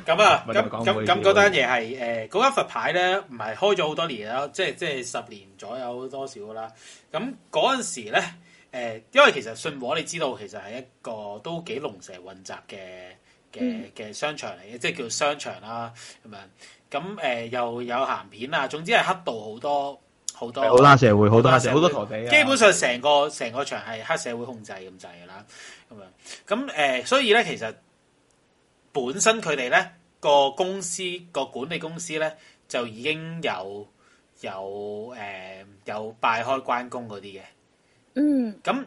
咁啊， 咁咁咁嗰單嘢係誒嗰間佛牌咧，唔係開咗好多年啦，即係即係十年左右多少啦。咁嗰陣時咧，誒、呃，因為其實信和你知道，其實係一個都幾龍蛇混雜嘅嘅嘅商場嚟嘅，即係叫商場啦，係咪？咁誒、呃、又有鹹片啊，總之係黑道好多。好多黑社會，好多好多陀地。基本上成個成個場係黑社會控制咁滯啦，咁樣咁誒，所以咧，其實本身佢哋咧，個公司個管理公司咧，就已經有有誒有拜開關公嗰啲嘅，嗯。咁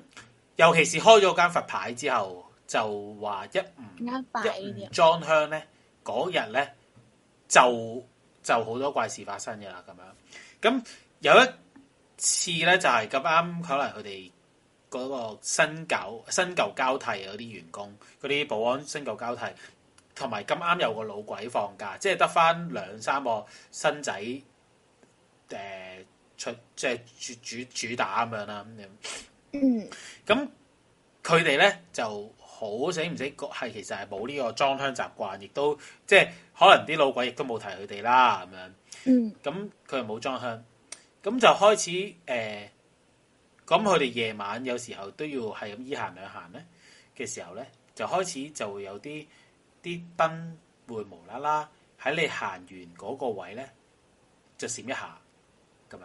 尤其是開咗間佛牌之後，就話一啱擺裝香咧嗰日咧就就好多怪事發生嘅啦，咁樣咁。有一次咧，就係咁啱，可能佢哋嗰個新舊新舊交替嗰啲員工，嗰啲保安新舊交替，同埋咁啱有個老鬼放假，即係得翻兩三個新仔、呃，出即係主主主打咁樣啦，咁樣嗯，咁佢哋咧就好死唔死，係其實係冇呢個裝香習慣，亦都即係可能啲老鬼亦都冇提佢哋啦，咁樣。嗯，咁佢係冇裝香。咁就開始誒，咁佢哋夜晚有時候都要係咁依行兩行咧嘅時候咧，就開始就會有啲啲燈會無啦啦喺你行完嗰個位咧，就閃一下咁樣，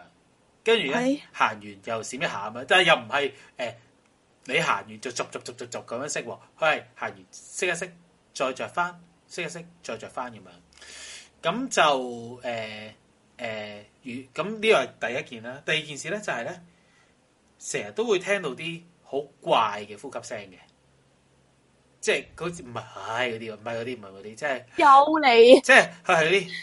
跟住咧是行完又閃一下啊嘛，但係又唔係誒，你行完就逐逐逐逐逐咁樣熄喎，佢係行完熄一熄，再着翻熄一熄，再着翻咁樣，咁就誒。呃誒，如咁呢個係第一件啦，第二件事咧就係咧，成日都會聽到啲好怪嘅呼吸聲嘅，即係好似唔係嗰啲，唔係嗰啲，唔係嗰啲，即係有你，即係係嗰啲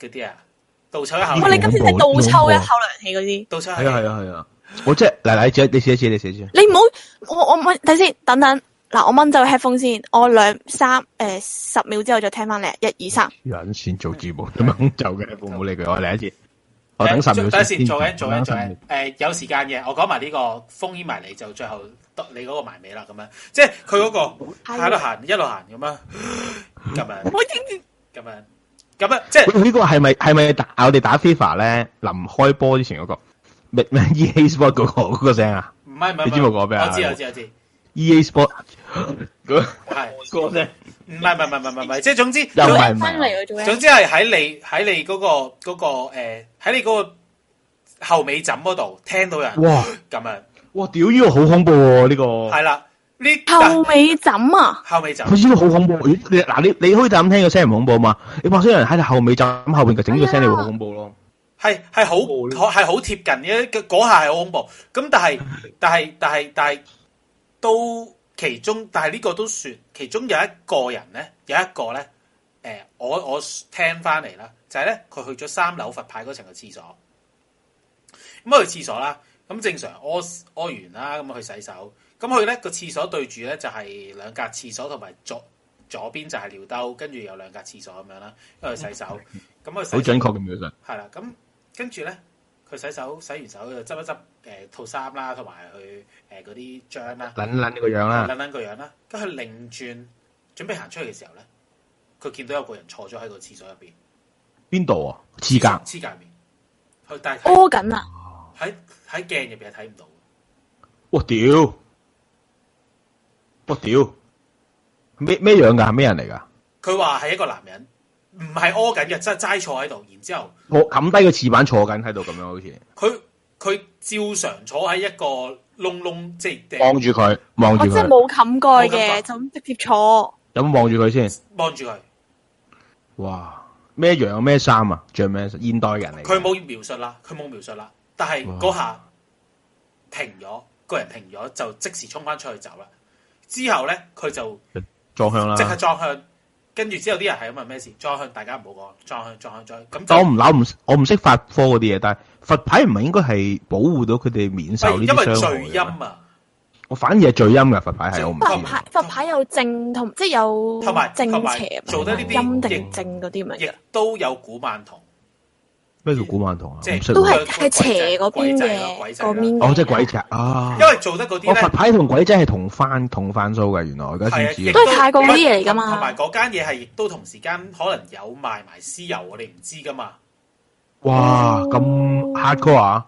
嗰啲啊，倒抽一口，我你今次係倒抽一口涼氣嗰啲，倒抽係啊係啊係啊，我即係奶奶，你寫你寫一次你寫一次，你唔好我我唔係睇先等等。嗱，我掹走 headphone 先，我兩三誒十秒之後再聽翻你，一二三。人先做字幕，咁掹走嘅唔好理佢，我嚟一次。等十秒。等做緊做緊做緊，誒有時間嘅，我講埋呢個，封煙埋你就最後得你嗰個埋尾啦，咁樣，即係佢嗰個一路行一路行咁樣咁樣，喂，咁樣，咁樣即係呢個係咪係咪我哋打 FIFA 咧？臨開波之前嗰個咩咩 EA Sports 嗰個嗰個聲啊？唔係唔係，你知冇講咩啊？我知我知我知。E.A. Sport，係唔係唔係唔係唔係唔係， 即係總之又唔係，總之係喺你喺你嗰、嗰個、嗰個誒，喺、呃、你嗰個後尾枕嗰度聽到人。哇，咁樣、這個、啊，哇屌呢個好恐怖哦，呢個係啦，呢後尾枕啊，後尾枕，佢知個好恐怖。你嗱你你，你可以咁聽個聲唔恐怖啊嘛？你話雖然喺你後尾枕後邊個整個聲你會好恐怖咯、啊，係係好係好貼近嘅，嗰下係好恐怖。咁但係 但係但係但係。都其中，但係呢個都算，其中有一個人咧，有一個咧，誒、呃，我我聽翻嚟啦，就係、是、咧，佢去咗三樓佛派嗰層嘅廁所，咁去廁所啦，咁正常屙屙完啦，咁去洗手，咁去咧個廁所對住咧就係兩格廁所，同埋左左邊就係尿兜，跟住有兩格廁所咁樣啦，去洗手，咁去好準確咁樣係啦，咁跟住咧。佢洗手，洗完手就執一執誒套衫啦，同埋去誒嗰啲章啦，攆攆呢個樣啦，攆攆個樣啦。跟住佢擰轉，準備行出去嘅時候咧，佢見到有個人坐咗喺個廁所入邊。邊度啊？廁隔廁隔入面。佢但係屙緊啦，喺喺鏡入邊係睇唔到。我屌！我屌！咩咩樣噶？係咩人嚟噶？佢話係一個男人。唔係屙緊嘅，即係齋坐喺度，然之後冇冚低個廁板坐緊喺度，咁樣好似。佢佢照常坐喺一個窿窿，即係望住佢，望住佢，即係冇冚蓋嘅，就咁、是、直接坐。有冇望住佢先？望住佢。哇！咩樣咩衫啊？着咩？現代人嚟。佢冇描述啦，佢冇描述啦。但係嗰下停咗，哇個人停咗，就即時衝翻出去走啦。之後咧，佢就，就撞向啦，即係撞向。跟住之後啲人係咁問咩事，再向大家唔好講，再向再向再咁。我唔諗我唔識發科嗰啲嘢，但係佛牌唔係應該係保護到佢哋免受呢啲傷害嘅？因為罪陰啊，我反而係罪陰嘅佛牌係。佛牌，正？佛牌，佛牌有正同，即係有正邪，做得呢啲，陰定正嗰啲咪？都有古曼童。咩叫古曼童啊？就是、啊都係係斜嗰邊嘅嗰邊。鬼仔鬼仔哦，即、就、係、是、鬼仔啊！因為做得嗰啲咧，佛牌同鬼仔係同翻同翻數嘅，原來。係啊，都係泰國啲嘢嚟噶嘛。同埋嗰間嘢係亦都同時間，可能有賣埋屍油，我哋唔知噶嘛。哇，咁黑噶啊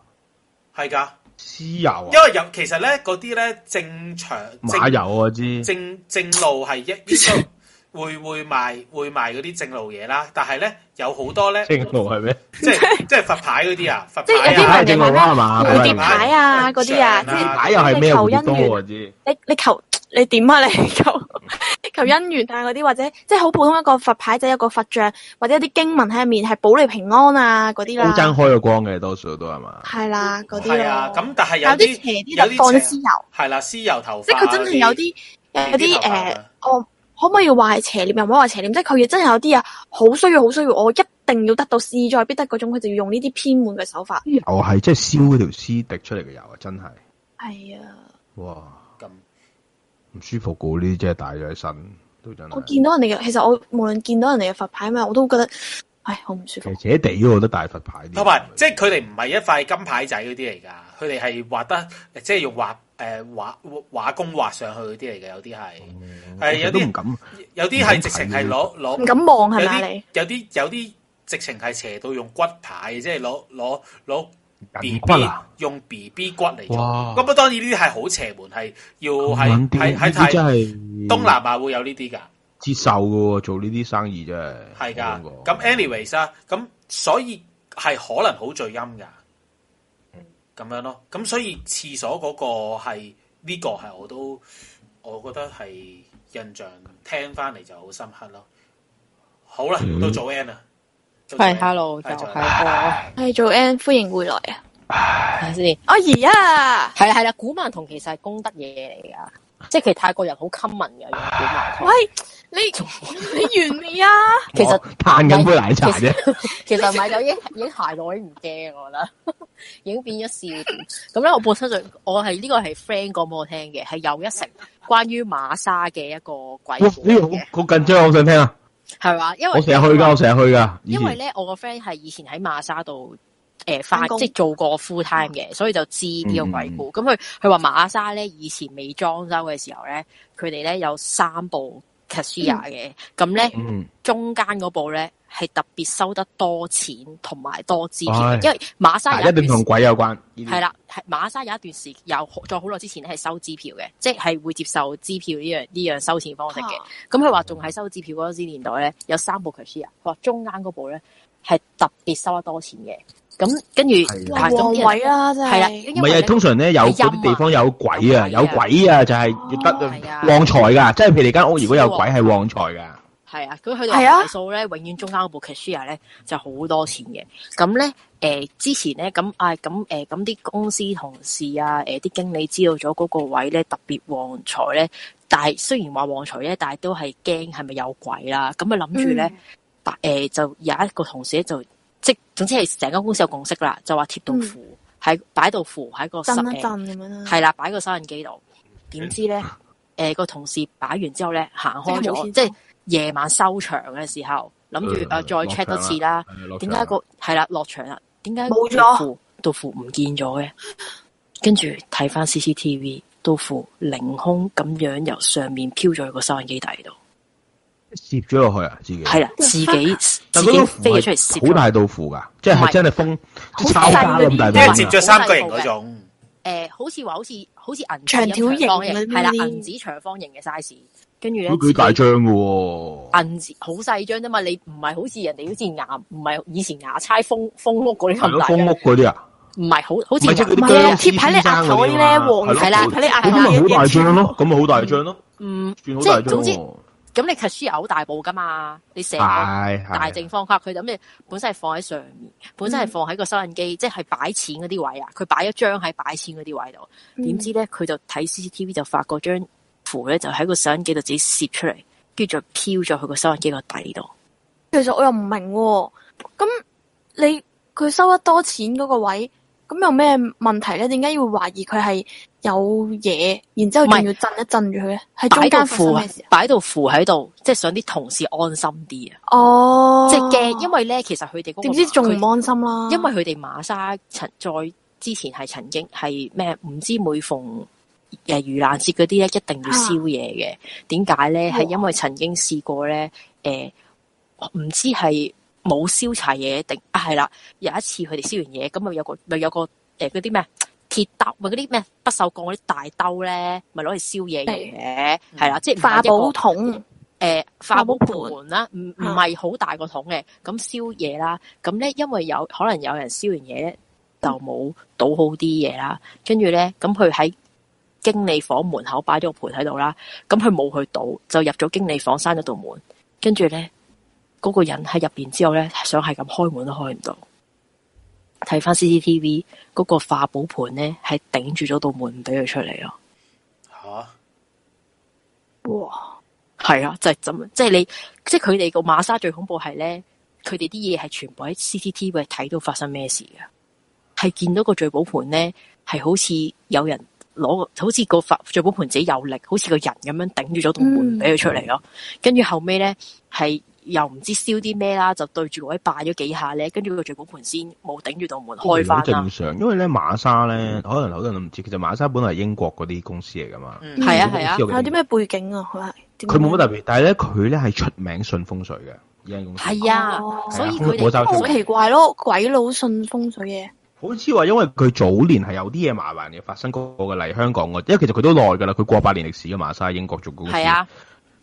係噶的屍油，啊。啊因為有，其實咧嗰啲咧正常馬油我知。正、啊、知正，正路係一。 會會賣會賣嗰啲正路嘢啦，但係咧有好多咧正路係咩？即係即係佛牌嗰啲啊，佛牌啊，正路啦係嘛？貼牌啊嗰啲啊，即係牌又係咩？求姻緣，你你求你點啊？你求求姻緣啊嗰啲，或者即係好普通一個佛牌仔，一個佛像，或者一啲經文喺入面，係保你平安啊嗰啲啦。爭開個光嘅多數都係嘛？係啦，嗰啲咯。係啊，咁但係有啲邪啲就放屍油。係啦，屍油頭。即係佢真係有啲有啲誒，可唔可以話係邪念？又唔好話邪念，即係佢真係有啲呀，好需要，好需要，我一定要得到，勢在必得嗰種，佢就要用呢啲偏門嘅手法。哦，係即係燒嗰條絲滴出嚟嘅油啊，真係哇。係樣啊。哇，咁唔舒服喎，呢啲真係帶咗喺身，都真係。我見到人哋嘅，其實我無論見到人哋嘅佛牌啊嘛，我都覺得唉，好唔舒服。斜斜地我都戴佛牌。同埋，即係佢哋唔係一塊金牌仔嗰啲嚟噶，佢哋係畫得，即係要畫。誒，畫畫畫工畫上去嗰啲嚟嘅，有啲係係有啲唔敢，有啲係直情係攞攞唔敢望係咪？你有啲有啲直情係斜到用骨牌，即係攞攞攞 B B 用 B B 骨嚟做。咁不，當然呢啲係好邪門，係要係係係東南亞會有呢啲噶，接受噶做呢啲生意啫。係噶，咁 anyways 啊，咁所以係可能好聚陰噶。咁樣咯，咁所以廁所嗰個係呢、呢個係我都，我覺得係印象聽翻嚟就好深刻咯。好啦，都做 N 啊。係，hello，又係，係做 N，歡迎回來啊！阿姨啊，係啦係啦，古曼童其實係功德嘢嚟噶，即係其實泰國人好 common 噶，古曼童。Bye 你你完未啊？ 其實歎緊杯奶茶啫。其實買咗已經已經鞋到我唔驚，我覺得已經變咗笑。咁咧，我本身就是，我係呢，這個係 friend 講俾我聽嘅，係有一成關於馬莎嘅一個鬼故事。呢個好緊張，我想聽啊。係嘛？因為，因為我成日去噶，我成日去噶。因為咧，我個 friend 係以前喺馬莎度誒發即係做過 full time 嘅，所以就知呢個鬼故。咁佢佢話馬莎咧以前未裝修嘅時候咧，佢哋咧有三部。cashier 嘅、嗯，咁咧中間嗰部咧係特別收得多錢同埋多支票，唉因為馬莎有一段同鬼有關，係啦、嗯，係馬莎有一段時有再好耐之前咧係收支票嘅，即、就、係、是、會接受支票呢樣呢樣收錢方式嘅。咁佢話仲係收支票嗰陣時年代咧，有三部 cashier，佢話中間嗰部咧係特別收得多錢嘅。咁跟住旺位啦，真係。唔係啊，通常咧有嗰啲地方有鬼啊，有鬼啊，就係要得嘅旺財噶。即係譬如你間屋如果有鬼，係旺財噶。係啊，佢去到排數咧，永遠中間嗰部劇書入咧就好多錢嘅。咁咧誒之前咧咁啊咁誒咁啲公司同事啊誒啲經理知道咗嗰個位咧特別旺財咧，但係雖然話旺財咧，但係都係驚係咪有鬼啦？咁啊諗住咧，但誒就有一個同事咧就。即係，總之係成間公司有共識啦，就話貼到符，喺擺、嗯、到符喺個收。震一震咁樣啦。係啦，擺個收銀機度，點知咧？誒、 呃，個同事擺完之後咧，行開，咗即係夜晚收場嘅時候，諗住誒再 check 多次啦。點解、嗯個係啦？落場啦？點解冇咗？到符唔見咗嘅？跟住睇翻 CCTV，到符凌空咁樣由上面飄咗去個收銀機底度。攝咗落去啊！自己係啦，自己自己飛出嚟，好大道符噶，即係真係封抄家咁大即一疊着三角形嗰種，誒，好似話好似好似銀紙長方形，係啦，銀紙長方形嘅 size，跟住咧都幾大張噶喎。銀紙好細張啫嘛，你唔係好似人哋好似牙，唔係以前牙差封封屋嗰啲咁大嘅。封屋嗰啲啊？唔係好好似唔貼喺你額頭啲咧，係啦，喺你額頭咁咪好大張咯？嗯。好大張嗯，總之。咁你其 u t 有好大部噶嘛？你成大正方法佢咁咩？本身係放喺上面，的本身係放喺個收音機，嗯、即係擺錢嗰啲位啊。佢擺咗張喺擺錢嗰啲位度，點、嗯、知咧佢就睇 CCTV 就發覺張符咧就喺個收音機度自己攝出嚟，跟住就飄咗去個收音機個底度。其實我又唔明喎、哦，咁你佢收得多錢嗰個位，咁有咩問題咧？點解要懷疑佢係？有嘢，然之後要震一震住佢咧，係是擺到扶擺到扶喺度，即係想啲同事安心啲啊。哦，即係驚，因為咧，其實佢哋嗰點知仲唔安心啦、啊。因為佢哋馬莎曾再之前係曾經係咩唔知每逢誒愚難節嗰啲咧一定要燒嘢嘅，點解咧？係、oh. 因為曾經試過咧，誒、呃、唔知係冇燒柴嘢定啊係啦，有一次佢哋燒完嘢，咁啊有個咪有個誒嗰啲咩？呃搭，嗰啲咩不銹鋼嗰啲大兜咧，咪攞嚟燒嘢嘅，係啦，即係化寶桶，誒，化寶盆啦，唔唔係好大個桶嘅，咁燒嘢啦，咁咧因為有可能有人燒完嘢咧就冇倒好啲嘢啦，跟住咧，咁佢喺經理房門口擺咗個盆喺度啦，咁佢冇去倒，就入咗經理房閂咗道門，跟住咧嗰個人喺入邊之後咧，想係咁開門都開唔到。睇翻 CCTV 嗰個化寶盤咧，係頂住咗道門俾佢出嚟咯。吓、啊！哇！係啊，就係、是、咁，即、就、係、是、你，即係佢哋個馬莎最恐怖係咧，佢哋啲嘢係全部喺 CCTV 睇到發生咩事噶，係見到個聚寶盤咧係好似有人攞，好似個化聚寶盤自己有力，好似個人咁樣頂住咗道門俾佢出嚟咯，嗯、跟住後尾咧係。又唔知燒啲咩啦，就對住嗰位拜咗幾下咧，跟住佢聚寶盆先冇頂住到門開翻正常，因為咧馬莎咧，可能好多人都唔知，其實馬莎本來係英國嗰啲公司嚟噶嘛。嗯，係啊係啊。啊有啲咩背景啊？佢係佢冇乜特別，但係咧佢咧係出名信風水嘅呢間公司。係啊，哦、啊所以佢就好奇怪咯，鬼佬信風水嘢。好似話因為佢早年係有啲嘢麻煩嘅發生過嘅嚟香港嘅，因為其實佢都耐㗎啦，佢過百年歷史嘅馬莎英國做公司。係啊。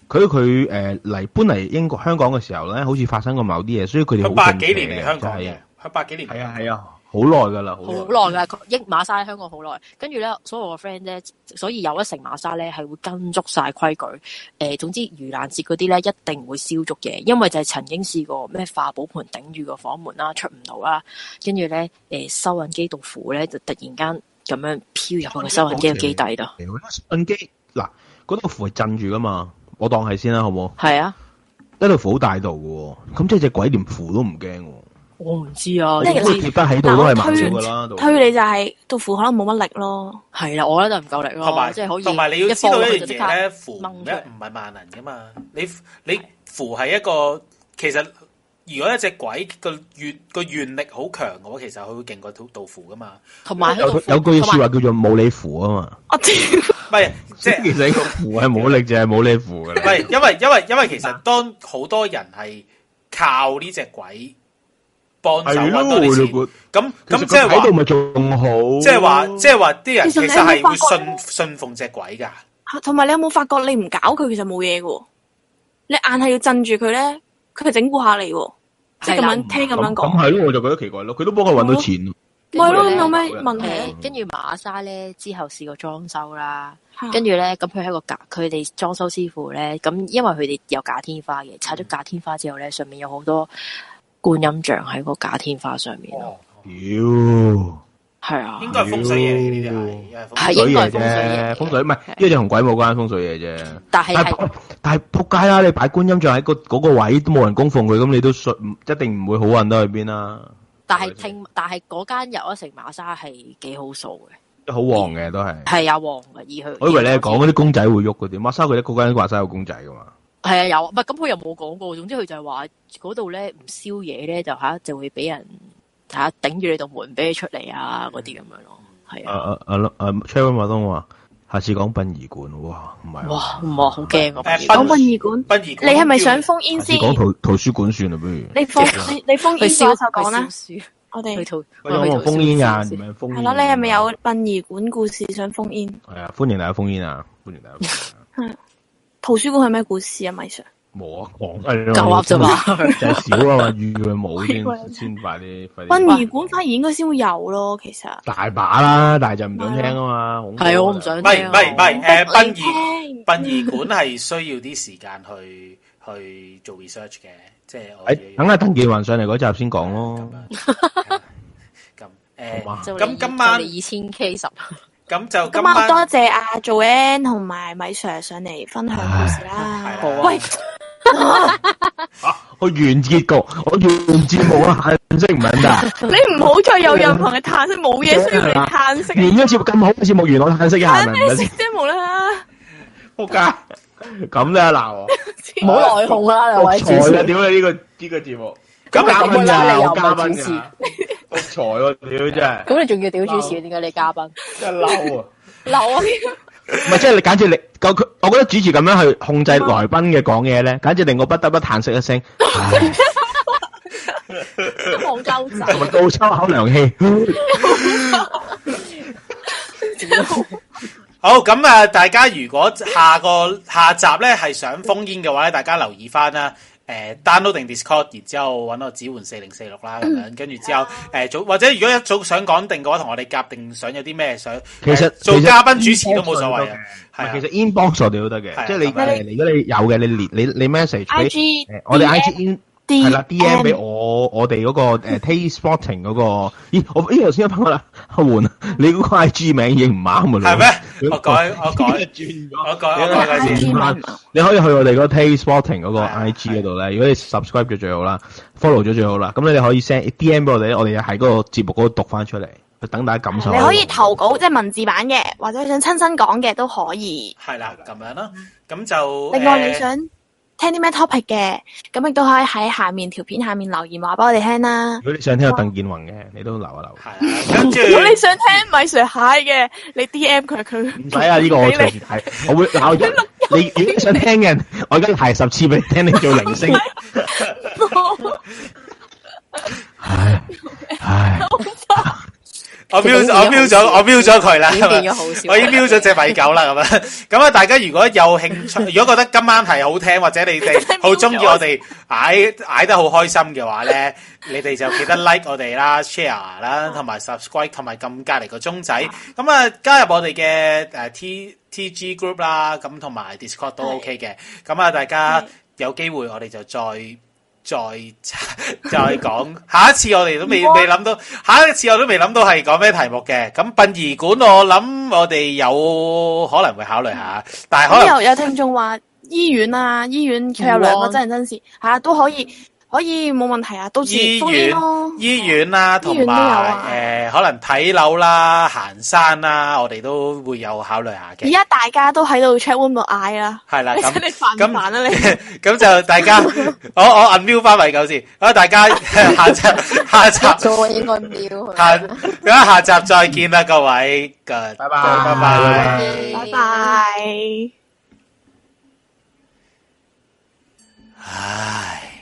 佢佢誒嚟搬嚟英國香港嘅時候咧，好似發生過某啲嘢，所以佢哋好神奇嘅就係啊，佢八幾年嚟香港，係啊係啊，好耐㗎啦，好耐好耐㗎。佢益馬莎喺香港好耐，跟住咧，所有我個 friend 咧，所以有一成馬莎咧係會跟足晒規矩誒、呃。總之盂蘭節嗰啲咧一定會燒足嘅，因為就係曾經試過咩化寶盆頂住個房門啦，出唔到啦，跟住咧誒收銀機道符咧就突然間咁樣飄入去個收銀機嘅機底度，收銀機嗱嗰個符係震住㗎嘛。我當係先啦、啊，好唔好？係啊，一路符好大度嘅，咁即係隻鬼連符都唔驚。我唔知道啊，即係你推喺度都係萬能噶啦，到吧推你就係、是、到符可能冇乜力咯。係啦，我覺得就唔、是、夠力咯，即係同埋你要知道一樣嘢咧，符咧唔係萬能噶嘛。你你符係的一個其實。如果一隻鬼個怨個怨力好強嘅話，其實佢會勁過杜杜甫噶嘛。同埋有有句說話叫做冇你符啊嘛。我知，唔係，即係其實個符係冇力，就係冇你符噶啦。唔係，因為因為因為其實當好多人係靠呢隻鬼幫手揾多啲錢。咁咁即係喺度咪仲好？即係話即係話啲人其實係會信信奉隻鬼噶吓。同埋你有冇發覺你唔搞佢其實冇嘢嘅？你硬係要鎮住佢咧。佢咪整蠱下你喎，即係咁樣聽這樣說，咁樣講。咁係咯，我就覺得奇怪咯。佢都幫佢揾到錢咯。唔係咯、哦，有咩問題？嗯、跟住馬莎咧，之後試過裝修啦。啊、跟住咧，咁佢喺個假，佢哋裝修師傅咧，咁因為佢哋有假天花嘅，拆咗假天花之後咧，上面有好多觀音像喺個假天花上面啊。係啊，應該風水嘢嚟嘅，係應該風水嘢，風水唔係因為同鬼冇關，風水嘢啫。但係但係仆街啦！你擺觀音像喺個嗰個位都冇人供奉佢，咁你都信一定唔會好運到去邊啦。但係聽，但係嗰間有一成馬沙係幾好數嘅，好旺嘅都係，係啊，旺嘅而佢。我以為你係講嗰啲公仔會喐嗰啲，馬沙佢咧嗰間掛晒個公仔噶嘛。係啊，有唔係咁佢又冇講過，總之佢就係話嗰度咧唔燒嘢咧，就吓就會俾人。下頂住你度門俾你出嚟啊！嗰啲咁樣咯，係啊。Charles 東話：，下次講殯儀館，哇，唔係、啊。哇，唔係好驚。講殯儀館，你係咪想封煙先？講圖圖書館算啦，不如。你，放吧你封你封煙時候講啦。我哋。我，們我，我封煙啊！係咯、啊，你係咪、啊啊、有殯儀館故事想封煙？係啊，歡迎大家封煙啊！歡迎大家、啊。嗯， 圖書館係咩故事啊？米 Sir？冇啊，講得少啊，就少咯。如果冇先，先快啲，快啲。殯儀館反而應該先會有咯，其實。大把啦，但係就唔想聽啊嘛。係啊，我唔想。唔係唔係唔係，誒，殯儀殯儀館係需要啲時間去去做 research 嘅，即係。誒，等下鄧健泓上嚟嗰集先講咯。咁誒，咁今晚二千 K 十。咁就今晚多謝阿 Joanne 同埋米 Sir 上嚟分享故事啦。好啊。喂。 啊、我完結局，我完節目啦，嘆息唔得。 你唔好再有任何嘅嘆息，冇嘢需要你嘆息。完咗節目咁好嘅節目原我嘆息一下唔得。嘆息冇啦。仆街，咁你阿鬧我冇內訌啊，劉偉杰。錯、這、啦、個，點啊？呢個呢個節目。咁嘉賓啊，罵我嘉賓。錯喎，屌真係。咁你仲要屌主持？點解你嘉賓？真係嬲啊！嬲啊！唔係，即係你簡直你，我佢，我覺得主持咁樣去控制來賓嘅講嘢咧，簡直令我不得不嘆息一聲，冇夠仔，同埋倒抽口涼氣。好，咁啊， 大家如果下個下集咧係想封煙嘅話咧，大家留意翻啦。誒、呃、download 定 Discord，然之後揾我指換四零四六啦，咁樣跟住之後。誒、呃，早或者如果一早想講定嘅話，同我哋夾定想有啲咩想、呃其。其實做嘉賓主持都冇所謂，嘅、er，係、啊、其實 inbox 我哋、er、都得嘅，啊、即係你誒，如果你有嘅你連你你，你 message，IG、呃、我哋 IG 係啦，D M 俾我，我哋嗰個誒 Taste Spotting 嗰個，咦，我咦頭先有拍啦，阿紅你嗰個 I G 名已經唔啱喎，係咩？我改，我改，轉咗，我改。你可以去我哋嗰 Taste Spotting 嗰個 I G 嗰度咧，如果你 subscribe 咗最好啦，follow 咗最好啦，咁你哋可以 send D M 俾我哋，我哋喺嗰個節目嗰度讀翻出嚟，等大家感受。你可以投稿，即係文字版嘅，或者你想親身講嘅都可以。係啦，咁樣啦，咁就另外你想。聽啲咩 topic 嘅，咁亦都可以喺下面條片下面留言話俾我哋聽啦。如果你想聽鄧健泓嘅，你都留一留，一留一。係跟住。 如果你想聽 不米雪蟹嘅，你 D M 佢佢。唔使啊，呢、這個我隨時睇，我會鬧你。如果你想聽嘅， 我而家排十次俾你聽，你做鈴聲。 唉，唉。我瞄，我瞄咗，我瞄咗佢啦，我已經瞄咗隻米狗啦，咁啊！咁啊，大家如果有興趣，如果覺得今晚係好聽，或者你哋好中意我哋，嗌嗌得好開心嘅話咧，你哋就記得 like 我哋啦，share 啦，同埋 subscribe，同埋撳隔籬個鐘仔，咁啊加入我哋嘅誒 T T G Group 啦，咁同埋 Discord 都 OK 嘅，咁啊大家有機會我哋就再～再再講，下一次我哋都未未諗到，下一次我都未諗到係講咩題目嘅。咁殯儀館我諗我哋有可能會考慮下，但係可能又有聽眾話醫院啊，醫院佢有兩個忘真人真事嚇都可以。可以冇問題啊，到醫院醫院啊，同埋誒，可能睇樓啦、行山啦，我哋都會有考慮下嘅。而家大家都喺度 check 溫唔挨啊，係啦，咁你煩啦，咁就大家，我我 unmute 翻埋佢先。好，大家下集下集再 unmute，咁下集再見啦，各位 good，拜拜拜拜拜拜拜。唉。